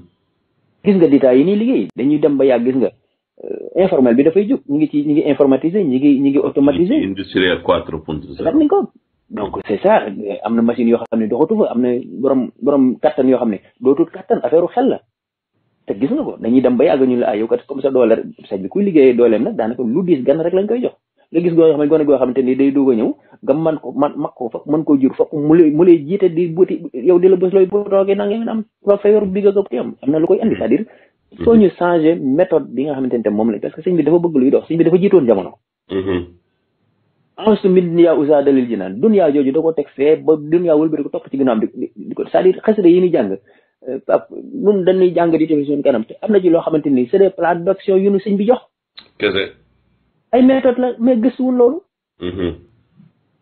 gis nga détails yi nii liggéey dañuy dem ba yàgg gis nga euh, informel bi dafay jóg ñu ngi ci ñu ngi informatisé ñu ngi ñu ngi automatisé industriel quatre point zéro xam nañ ko donc c' est ça am na machine yoo xam ne doxatu fa am na borom borom kattan yoo xam ne dootul kattan affaire xel la te gis nga ko dañuy dem ba yàgg ñu la ah yow kat comme ça doole sëñ bi kuy liggéeyee dooleem nag daanaka lu diis gan rek lañ koy jox nga gis goo xam ne goo xamante ni day doog a ñëw nga man ko man mag ko foog mën koo jur foog mu lay mu lay jiite di buti yow di la bës bu toogee na ngeen am fa fa yor bi gagab bi nga xamante ne moom la parce que sëñ dafa bëgg luy dox sëñ dafa jiitoon jamono mm-hmm. anstu min yaa usa naan dunyaa jooju da ko ko topp ci ginnaaw di di ko c'est-à-dire xasida yi ni jàng pap euh, ñun dañuy jàng di tafi suñu kanam te am na ci loo xamante ni c'est des plans d'action yu ñu sëñ bi jox kese ay méthode la mais gëstuwul loolu. Mm-hmm.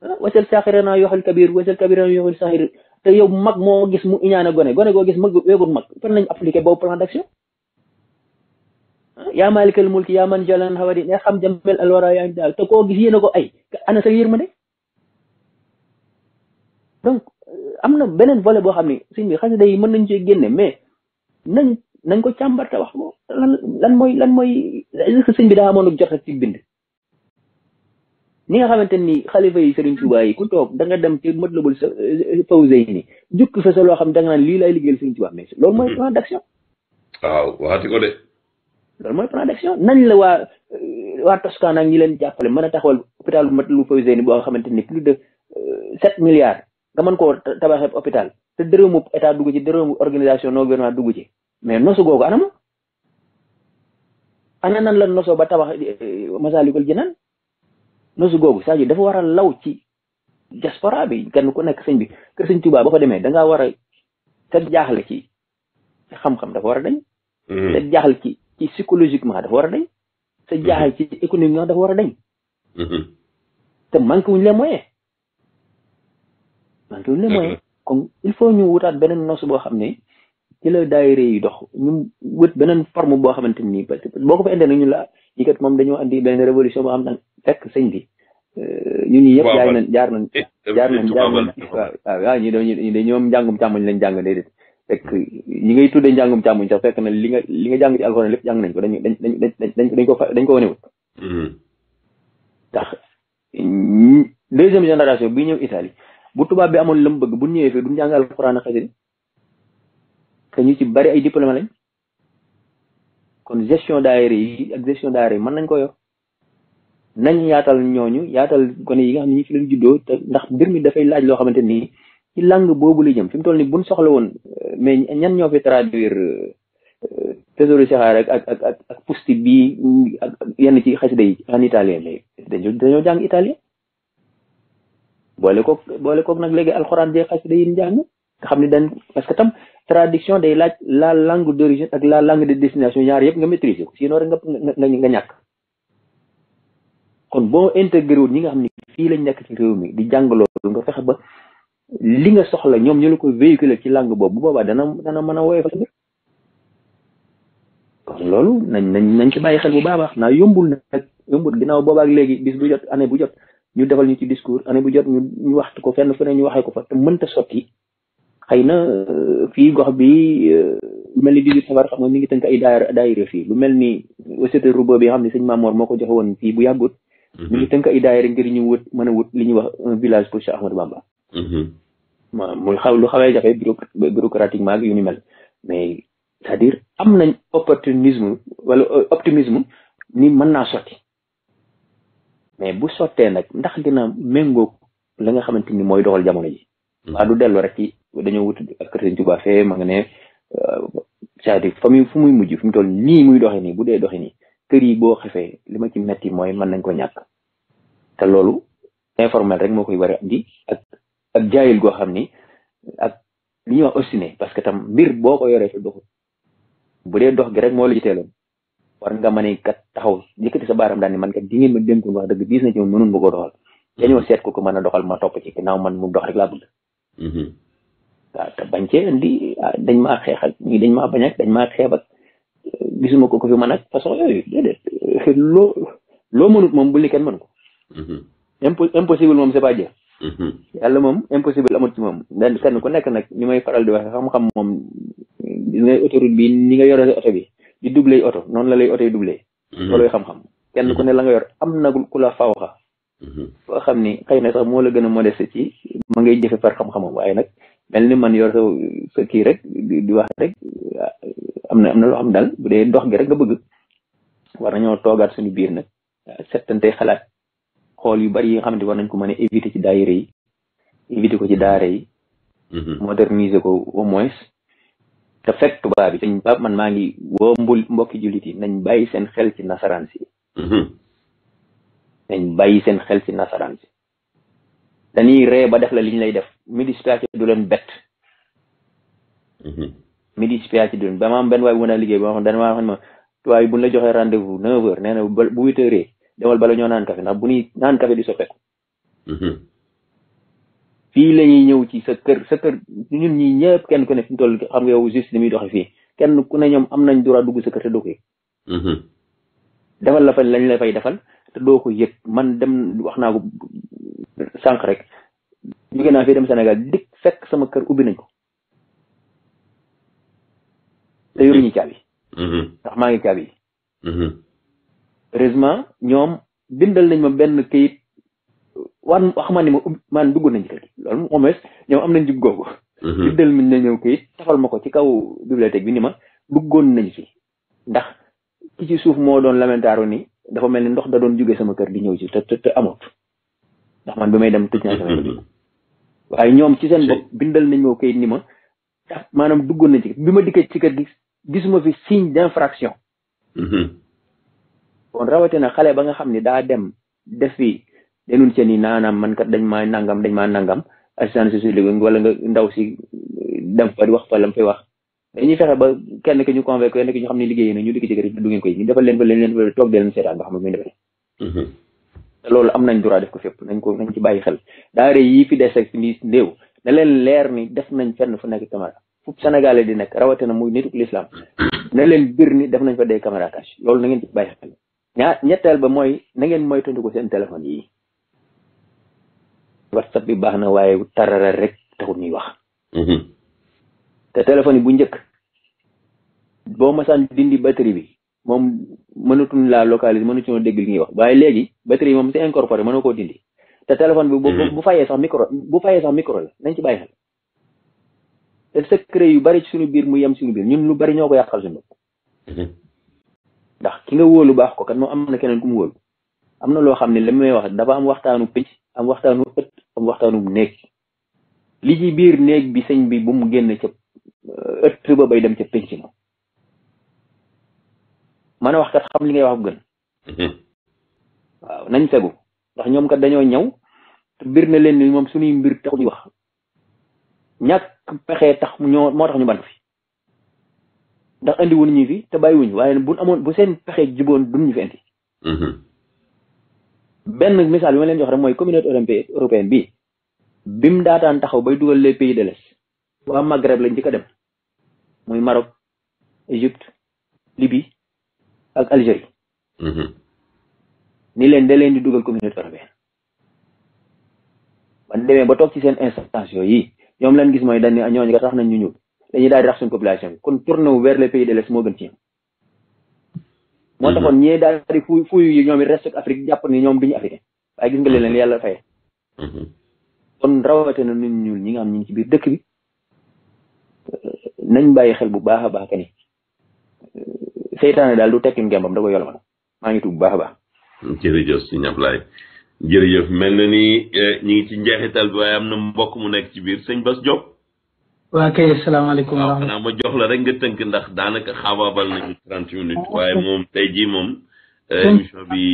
ah wasal saaxira naa yoxal kabir wasal kabir naa yoxal saaxir te yow mag moo gis mu iñaane gone gone goo gis mag weegul mag fan lañ appliqué boobu plan d' action. Ah, yaa maalikal mulki yaa man jalan xawadi ne xam jamel alwara yaa daal te koo gis yéene ko ay ana sa yërmande donc euh, am na beneen volet boo xam ni suñ bi xasida yi mën nañ cee génne mais nañ nañ ko càmbar te wax ko lan lan mooy lan mooy bi daa amoon jot rek ci bind. ni nga xamanteni ni xalifa yi Serigne Touba yi ku tok da nga dem ci Matlabul ni juk fa sa lo xam da nga naan lii laay liggéeyal Serigne Touba mais lool moy hmm. plan d'action ah, waaw waati ko de lool moy plan d'action nan la wa wa Toscane ak ñi leen jàppale taxawal hôpital bu Matlabul Fawzayni ni bo ni plus de 7 milliards nga man ko tabaxee hôpital te dërëmu état dugg ci dërëmu organisation no gouvernement dugg ci mais nosu gogo anama ana nan la nosoo ba tabax Masalikul jinan nosu googu cest à dafa war a law ci diaspora bi kenn ku nekk sëñ bi kër sëñ Tuubaa ba fa demee da ngaa war a set jaaxle ci xam-xam dafa war a dañ. set mm-hmm. jaaxle ci ci war a dañ. set mm-hmm. jaaxle ci économiquement dafa war a dañ. Mm-hmm. te manqué wuñ les moyens manqué wuñ les moyens comme il faut ñu wutaat beneen nosu boo xam ne. ci la daayira yi dox ñu wët beneen forme boo xamante ni parce que boo ko fa indee nag ñu la ñi kat moom dañoo andi benn révolution boo xam ne fekk sëñ bi. Euh, ñu ñi yëpp jaar eh, jaar nañ jaar nañ jaar nañ waaw waaw ñu dañu dañu ñoom njàngum càmmoñ lañ jàng déedéet fekk ñi ngay tuddee njàngum càmmoñ sax fekk na li nga li nga jàng ci alxuraan lépp jàng nañ ko dañ dañ dañ dañ ko dañ ko wane wut mm-hmm. ndax deuxième génération ñëw Italie bu tubaab bi amoon la mu bu ñëwee fii du jàng alxuraan xasida que ñu ci bari ay diplôme lañ kon gestion daayira yi ak gestion daayira yi mën nañ ko yor nañ yaatal ñooñu yaatal gone yi nga xam ne ñu fi leen juddoo ndax mbir mi dafay laaj loo xamante nii ci langue boobu la jëm fi mu toll nii buñ soxla woon euh, mais ñan ñoo fi traduire Tesoru Sixaar rek ak ak ak Pusti bii ak yenn ci xasida yi en italien léegi dañoo dañoo jàng italien boole koog boole koog nag léegi alxuraan jee xasida yi ñu jàng xam ni dañ parce que tam traduction day laaj la langue d'origine ak la langue de destination ñaar yépp nga maîtriser ko sinon rek nga nga ñak kon bo intégrer wut ñi nga xamni fi lañ nekk ci réew mi di jàng loolu nga fexe ba li nga soxla ñoom ñu la ko véhiculer ci langue boobu bu boobaa dana dana mën a woyof kon loolu nañ nañ nañ ci bàyyi xel bu baax baax naa yombul nag yombul ginnaaw ak léegi bis bu jot année bu jot ñu defal ñu ci discours année bu jot ñu ñu waxtu ko fenn fu ne ñu waxee ko fa te mënta sotti xëy na euh, fii gox bi euh, lu mel ni dix-huit xam nga mi ngi tënk ay daayira daayira fii lu mel ni société rouba bi nga xam ne sëñ Mamoor moo ko joxe woon fii bu yàggut mhm. mi ngi tënk ay daayira ngir ñu wut mën a wut li ñuy wax un village pour Cheikh Ahmadou Bamba waaw mhm. muy xaw lu xawee jafe bureaucratiquement ak yu ni mel mais cest dire am nañ opportunisme wala euh, optimisme ni mën naa sotti mais bu sottee nag ndax dina méngoo la nga xamante ni mooy doxal jamono ji mhm. waa du dellu rek ci dañoo wut ak kër sëñ Tuubaa fee ma nga né euh, cest à fami fu muy mujj fu mu toll nii muy doxé ni bu dee doxee nii kër yi bo xefé lima ci metti moy man nañ ko ñak té lolu informel rek mokoy wara di ak ak jaayil go xamni ak li ñuy wax obstiné parce que tam mbir boko yoré ci doxu doxul bu dee dox gi rek mo la ci teeloon war nga mané kat taxaw yëkëti sa baram dañ ni man kat di ngeen ma dëng ko wax dëgg diis na ci mënun bu ko doxal mm-hmm. dañu sét ko ko mëna doxal ma top ci ginaaw man mu dox rek la bëgg mm-hmm. waaw te bañ cee indi ah, dañ ma xeex ak ñii dañ maa bañ ak dañ ma xeeb gisuma ko ko fi mën ak façon yooyu déedéet loo loo mënut moom bul ni kenn mën ko. Mhm. impossible moom c'est pas Dieu. Mhm. yàlla moom impossible amut ci moom lenn kenn ku nekk nag ni may faral di waxee xam-xam moom di bi ni nga yore oto bi di doublé oto noonu la lay oto yi doublé. Mhm. xam-xam kenn ku ne la nga yor am na ku la faaw xa. foo xam ni xay na sax moo la gën a modeste ci ma ngay jëfe par xam-xamam waaye nag. melni man yor sa ki rek di wax rek amna amna lo xam dal budé dox gi rek nga bëgg war nañu togaat suñu biir nag ah, settante xalaat xol yu bari yi nga xamante war nañ ko mëna éviter ci daayira yi éviter ko ci daara yi mhm. moderniser ko au moins te fek tuba bi sëñ bab man maa ngi woo mbul mbokki julit yi nañ bàyyi seen xel ci nasaraan si mhm. nañ bàyyi seen xel ci nasaran si dañuy ree ba def la liñ lay def municipalité du leen bett. municipalité mhm. du leen ba ma benn waay bu mën a liggéey ba ma xam ne ma waaye bu ñu la joxee rendez vous neuf heures nee na bu huit heures demal bala ñoo naan café ndax bu ñuy naan café di soppeeku. Mhm. fii la ñëw ci sa kër sa kër ñun ñi ñëpp kenn ku ne fi mu toll yow juste ni fii kenn ku ne ñoom am nañ droit dugg sa kër te doo mhm. defal la fa lañ la fay defal te doo ko yëg man dem wax naa ko sànq rek jóge naa fii dem Sénégal dikk fekk sama kër ubbi nañ ko te yoruñu mm-hmm. caabi mm-hmm. ndax maa ngi caabi yi mm-hmm. heureusement ñoom bindal nañ ma benn kayit wan xamaa ni ma ubbi maan dugg nañ loolu au moins am nañ jub googu bindal mi na ñëw kayit tafal ma ko ci kaw bibliothèque bi ni ma duggoon nañu fi ndax ki ci suuf moo doon lamentaaru ni dafa mel ni ndox da doon jóge sama kër di ñëw ci te te amut ndax man bi may dem tëj naa sama kër waaye ñoom ci seen bopp bindal nañ ma kayit ni ma ah, maanam duggoon na ci bi ma dikkee ci kër gi gisuma fi signe d'infraction mm-hmm. kon rawatina xale ba nga xam ni daa dem def fi dénoncé ni naanaam man kat dañ maa nangam dañ maa nangam assistance sociale wala nga ndaw si eh, dem fa di wax fa lam fay wax dañuy fexe ba kenn ki ñu convaincre kenn ki ñu xam ne liggéey na ñu dikk ci kër gi du ñu defal leen fa leen leen toog dee leen seetaan ba xam ne muy loolu am nañ droit def ko fépp nañ ko nañ ci bàyyi xel daara yii fi des ak lii néew na leen leer ni def nañ fenn fu nekk caméra fu Sénégalais di nekk rawatina muy nituk l'islam na leen bir ni def nañ fa des caméra cache loolu na ngeen ci bàyyi xel ñaar ñetteel ba mooy na ngeen ko seen téléphone yi whatsapp bi baax na waaye tarara rek taxul ñuy wax mm-hmm. te téléphone bu njëkk boo masaan dindi batterie bi moom mënatu laa localiser mënatuñoo dégg li ñuy wax waaye léegi batterie moom c'est incorporé a koo dindi. te téléphone bi bu hmm. bu fayee sax micro bu fayee sax micro la nañ ci bàyyi xel. te secret yu bari ci suñu biir mu yem suñu biir ñun lu bari ñoo ko yàqal suñu hmm. ndax ki nga wóolu baax ko kat moom am na keneen ku mu wóolu. am na loo xam ne li may wax dafa am waxtaanu pëcc am waxtaanu ëtt am waxtaanu néeg li ci biir néeg bi sëñ bi bu mu génn ca ëtt ba bay dem ca pëcc mën a wax kat xam li ngay wax bu gën. Mm-hmm. waaw nañ fegu ndax ñoom kat dañoo ñaw te bir na leen ni moom suñuy mbir taxu ñuy wax ñàkk pexe tax ñoo moo tax ñu ban fi ndax andi wuñ ñu fi te bàyyiwuñu waaye bu amoon bu seen pexe juboon duñ ñu fi indi. Mm-hmm. benn misaal bi ma leen jox rek mooy communauté européenne bi bim daataan taxaw bay dugal les pays de l'Est waa Maghreb lañ ci ko dem muy Maroc Égypte Libye. ak Algérie. Mm-hmm. ni leen de leen di duggal communauté européenne ba toog ci seen instance yooyu ñoom lan gis mooy dañ ne ah, ñooñu tax nañ ñu ñuul dañuy daal di rax suñu population kon tourné wu vers pays de l'Est moo gën ci ñoom. Mm-hmm. moo taxoon ñee daal di fu yi ñoom it reste Afrique jàpp ni ñoom duñu africain waaye gis nga leen yàlla fayee. Mm-hmm. kon rawatina nit ñuul ñi nga xam ñu ci biir dëkk bi nañ bàyyi xel bu baax a baax que ni seytaane daal du tekki ngembam da ko yolomal maa ngi tuub baax a baax. jërëjëf sëñ Ablaye jërëjëf mel na ni ñu ngi ci njeexital bi waaye am na mbokk mu nekk ci biir sëñ Bass Diop. waa kay salaamaaleykum wa rahmatulah ma jox la rek nga tënk ndax daanaka xaabaabal nañu trente minutes waaye moom tey jii moom. bi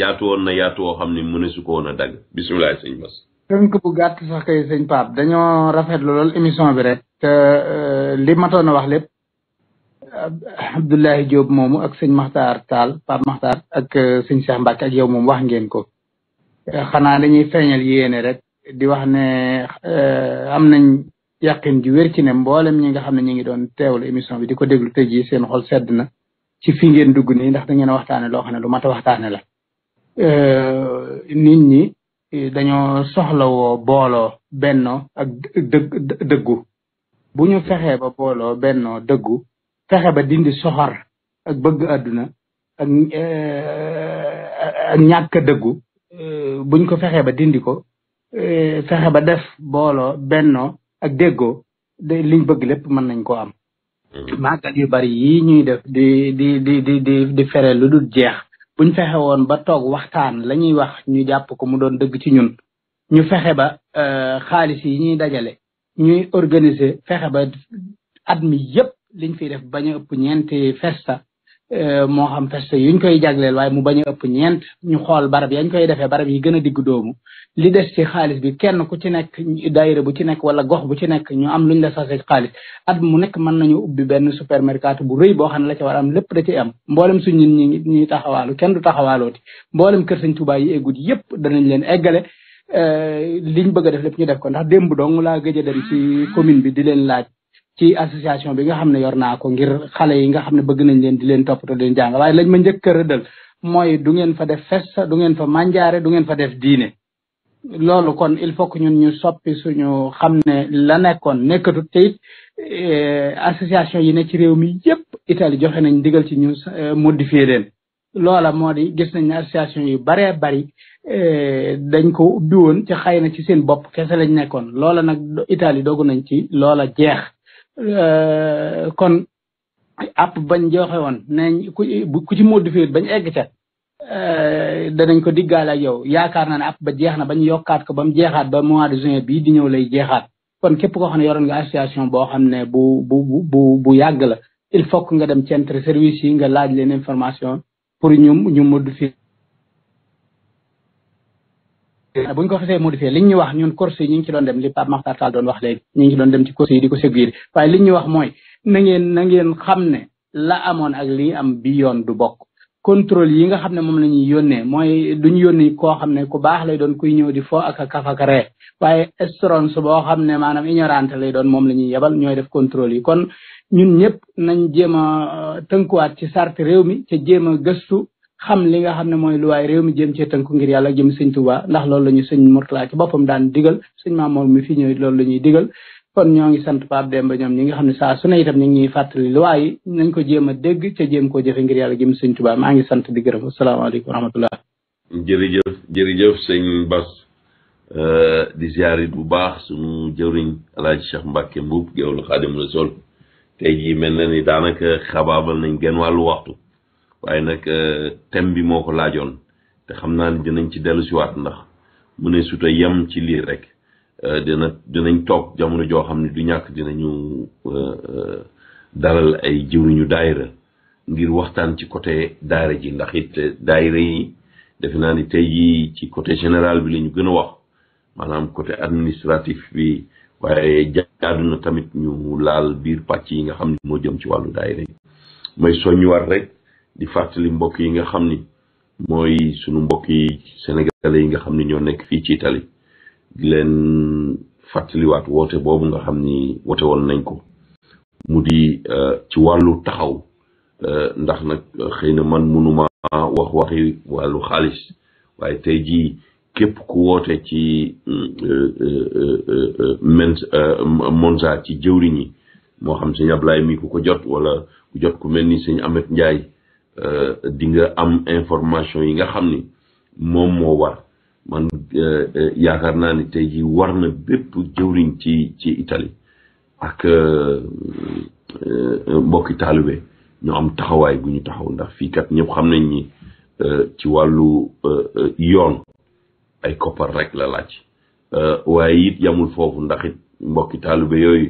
yaatu woon na yaatu woo xam ne mu ne su ko woon a dagg bisimilah sëñ Bass. tënk bu gàtt sax kay sëñ Pape dañoo rafetlu lool émission bi rek. li matoon a wax lépp. Abdoulaye Diop moomu ak sëñ Maxtaar Taal Pape Maxtaar ak euh, sëñ seex Mbacke ak yow moom wax ngeen ko xanaa dañuy feeñal yéene rek di wax ne euh, am nañ yàqin ju wér ci ne mboolem ñi nga xam ne ñu ngi doon teewlu émission bi di ko déglu tey seen xol sedd na ci fi ngeen dugg nii ndax da ngeen a waxtaane loo xam ne lu mat a waxtaane la euh, nit ñi dañoo soxlawoo booloo bennoo ak dëgg dëggu bu ñu ba booloo bennoo dëggu fexe ba dindi soxor ak bëgg àdduna ak eh, ak ñàkk a dëggu eh, buñ ko fexe ba dindi ko eh, fexe ba def booloo bennoo ak déggoo de liñ bëgg lépp mën nañ koo am. Mm-hmm. màggal yu bari yi ñuy def di di di di di di fere lu dul jeex buñ fexe woon ba toog waxtaan la ñuy wax ñu jàpp ko mu doon dëgg ci ñun ñu fexe ba xaalis yi ñuy dajale ñuy organiser fexe ba at mi yëpp. liñ fiy def bañ a ëpp ñeenti festa euh, moo xam festa yuñ koy jagleel waaye mu bañ a ëpp ñeent ñu xool barab yañ koy defee barab yi gën a diggu doomu li des ci xaalis bi kenn ku ci nekk daayira bu ci nekk wala gox bu ci nekk ñu am luñ la sase xaalis at mu nekk mën nañu ubbi benn supermercato bu rëy boo xam ne la ca war am lépp da ci am mboolem suñ ñun ñi ñuy taxawaalu kenn du taxawaalooti mboolem kër sañ Tuubaa yi eggut yépp danañ leen eggale euh, liñ bëgg a def lépp ñu def ko ndax démb dong laa gëj a bi di leen laaj ci association bi nga xam ne yor naa ko ngir xale yi nga xam ne bëgg nañ leen di leen toppatoo leen jàng waaye lañ ma njëkk a rëddal mooy du ngeen fa def festa du ngeen fa manjaare du ngeen fa def diine loolu kon il faut que ñun ñu soppi suñu xam ne la nekkoon nekkatut te it eh, association yi ne ci réew mi yëpp Italie joxe nañ digal ci ñu eh, modifier leen loola moo di gis nañ ne association yu baree bari eh, dañ ko ubbi ci xëy na ci seen bopp kese lañ nekkoon loola nag Italie dogu nañ ci loola jeex Euh, kon app bañ joxe woon nañ ku ci modifié bañ egg ca euh, danañ ko diggaale ak yow yaakaar naa ne app ba jeexna na bañ yokkaat ko ba mu jeexaat ba mois de juin bii di ñëw lay jeexaat kon képp koo xam ne yoroon nga association boo xam ne bu bu bu bu yàgg la il faut que nga dem centre services yi nga laaj leen information pour ñu ñu modifié bu ñu ko xasee modifié liñ ñu wax ñun course yi ñu dem li Pape Makhtar Tall doon wax léegi ñu ngi dem ci course di ko séguir waaye liñ ñu wax mooy na ngeen na ngeen xam ne la amoon ak lii am bi yoon du bokk contrôle yi nga xam ne moom la ñuy yónnee mooy duñ yónni koo xam ne ku baax lay doon kuy ñëw di fo ak a kaf ak ree boo xam ne maanaam ignorante lay doon moom la ñuy yebal ñooy def contrôle yi kon ñun ñëpp nañ jéem a euh, tënkuwaat ci sart réew mi te jéem a gëstu xam li nga xam ne mooy luwaay réew mi jëm cee tënku ngir yàlla jëm sëñ Tuubaa ndax loolu la ñu sëñ Murtala ci boppam daan digal sëñ Maamoor mi fi ñëw loolu la ñuy digal kon ñoo ngi sant Pape Demba ñoom ñi nga xam ne saa su ne itam ñu ngi ñuy fàttali luwaay yi nañ ko jéem a dégg ca jéem koo jëfe ngir yàlla jëm sëñ Tuubaa maa ngi sant di gërëm asalaamaaleykum wa rahmatullah jërëjëf jërëjëf sëñ Bas euh, di bu baax suñu jëwriñ Alaaji Cheikh Mbacke Mbuub géwlu Xaadimu Rasuul te jii mel na ni daanaka xabaabal nañ genn wàllu waxtu waaye nag euh, thème bi moo ko laajoon te xam naa ne dinañ ci dellu siwaat ndax mu ne suta yem ci liir rek euh, dina dinañ toog jamono joo xam ne du ñàkk dinañu euh, dalal ay jiw jëwriñu daayira ngir waxtaan ci côté daayira ji ndax it daayira yi defe naa ni tey jii ci côté général bi la ñu gën a wax maanaam côté administratif bi waaye jaadu na tamit ñu laal biir pàcc yi nga xam ne moo jëm ci wàllu daayira yi may war rek di fàttali mbokk yi nga xam ni mooy sunu mbokk yi sénégalais yi nga xam ni ñoo nekk fii ci Italie di leen fàttaliwaat woote boobu nga xam ni woote woon nañ ko mu di euh, ci wàllu taxaw euh, ndax nag euh, xëy na man mënuma wax waxi wàllu xaalis waaye tey jii képp ku woote ci men Monza ci jëwriñ yi moo xam sëñ Ablaye mi ku ko jot wala ku jot ku mel ni sëñ Amet Njaay Euh, di nga am information yi nga xam ni moom moo war man euh, euh, yaakaar naa ni tey ji war na bépp jëwriñ ci ci Italie ak mbokki taalibe ñu am taxawaay gu ñu taxaw ndax fii kat ñëpp xam nañ ni ci wàllu yoon ay koppar rek la laaj waaye it yamul foofu ndax it mbokki taalibe yooyu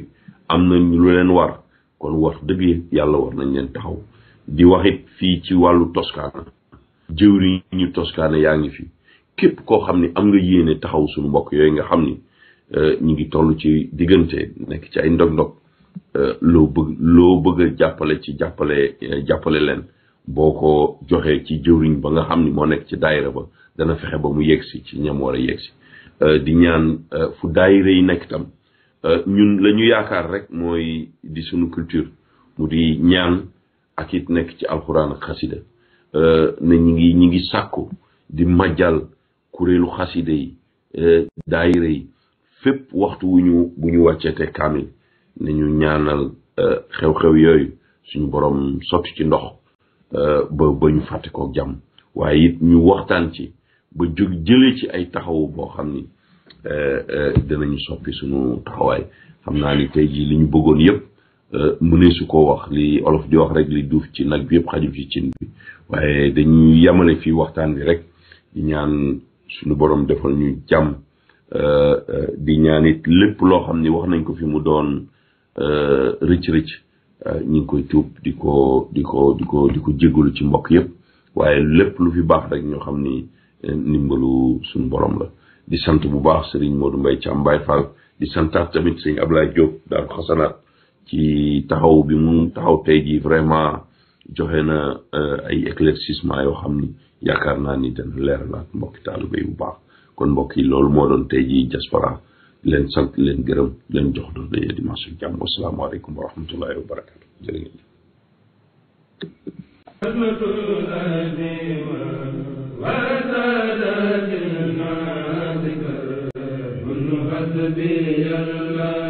am nañ lu leen war kon wax dëgg yàlla war nañ leen taxaw di waxit fii ci wàllu toskaana jëwriñ ñu toskaana yaa ngi fi képp koo xam ni am nga yéene taxaw suñu mbokk yooyu nga xam ni euh, ñu ngi toll ci diggante nekk ci ay ndog-ndog euh, loo bëgg loo bëgg jàppale ci jàppale euh, jàppale leen boo ko joxee ci jëwriñ ba nga xam ni moo nekk ci daayira ba dana fexe ba mu yegg si ci ñam war a yegg si di ñaan fu daayira yi nekk tam ñun lañu yaakaar rek mooy di sunu culture mu di ñaan ak it nekk ci alxuraan ak xasida euh, ne ñi ngi ñi ngi sàkku di majjal kuréelu xasida yi euh, daayira yi fépp waxtu wu ñu bu ñu wàcceete kaamil ne ñu ñaanal euh, xew-xew yooyu suñu borom sotti ci ndox ba ba ñu fàtte ko jàmm waaye it ñu waxtaan ci ba jóg jëlee ci ay taxawu boo xam ni dinañu soppi suñu taxawaay xam naa ni tey jii li ñu bëggoon yëpp Euh, mu ne su ko wax li olof di wax rek li duuf ci nag bi yëpp xajul ci cin bi waaye dañuy yamale fii waxtaan bi rek di ñaan suñu borom defal ñu jàmm euh, euh, di ñaan it lépp loo xam ni wax nañ ko fi mu doon rëcc rëcc ñu ngi koy tuub di ko di ko di ko di ko jégalu ci mbokk yëpp waaye lépp lu fi baax rek ñoo xam ni ndimbalu suñu borom la di sant bu baax Serigne Modou Mbaye Thiam Baye Fall di santaat tamit Serigne Ablaye Diop daaru xasanaat ci taxaw bi mu taxaw tey ji vraiment joxe na ay eh, éclaircissement yoo xam ni yaakaar naa ni dana la mbokki taalibe bu baax kon mbokk yi loolu moo doon tey ji diaspora leen sant leen gërëm leen jox dox daje dimanche ak jàmm wasalaamaaleykum wa rahmatullahi wa barakatu jërë ngeen وسادتنا ذكر كل حسبي الله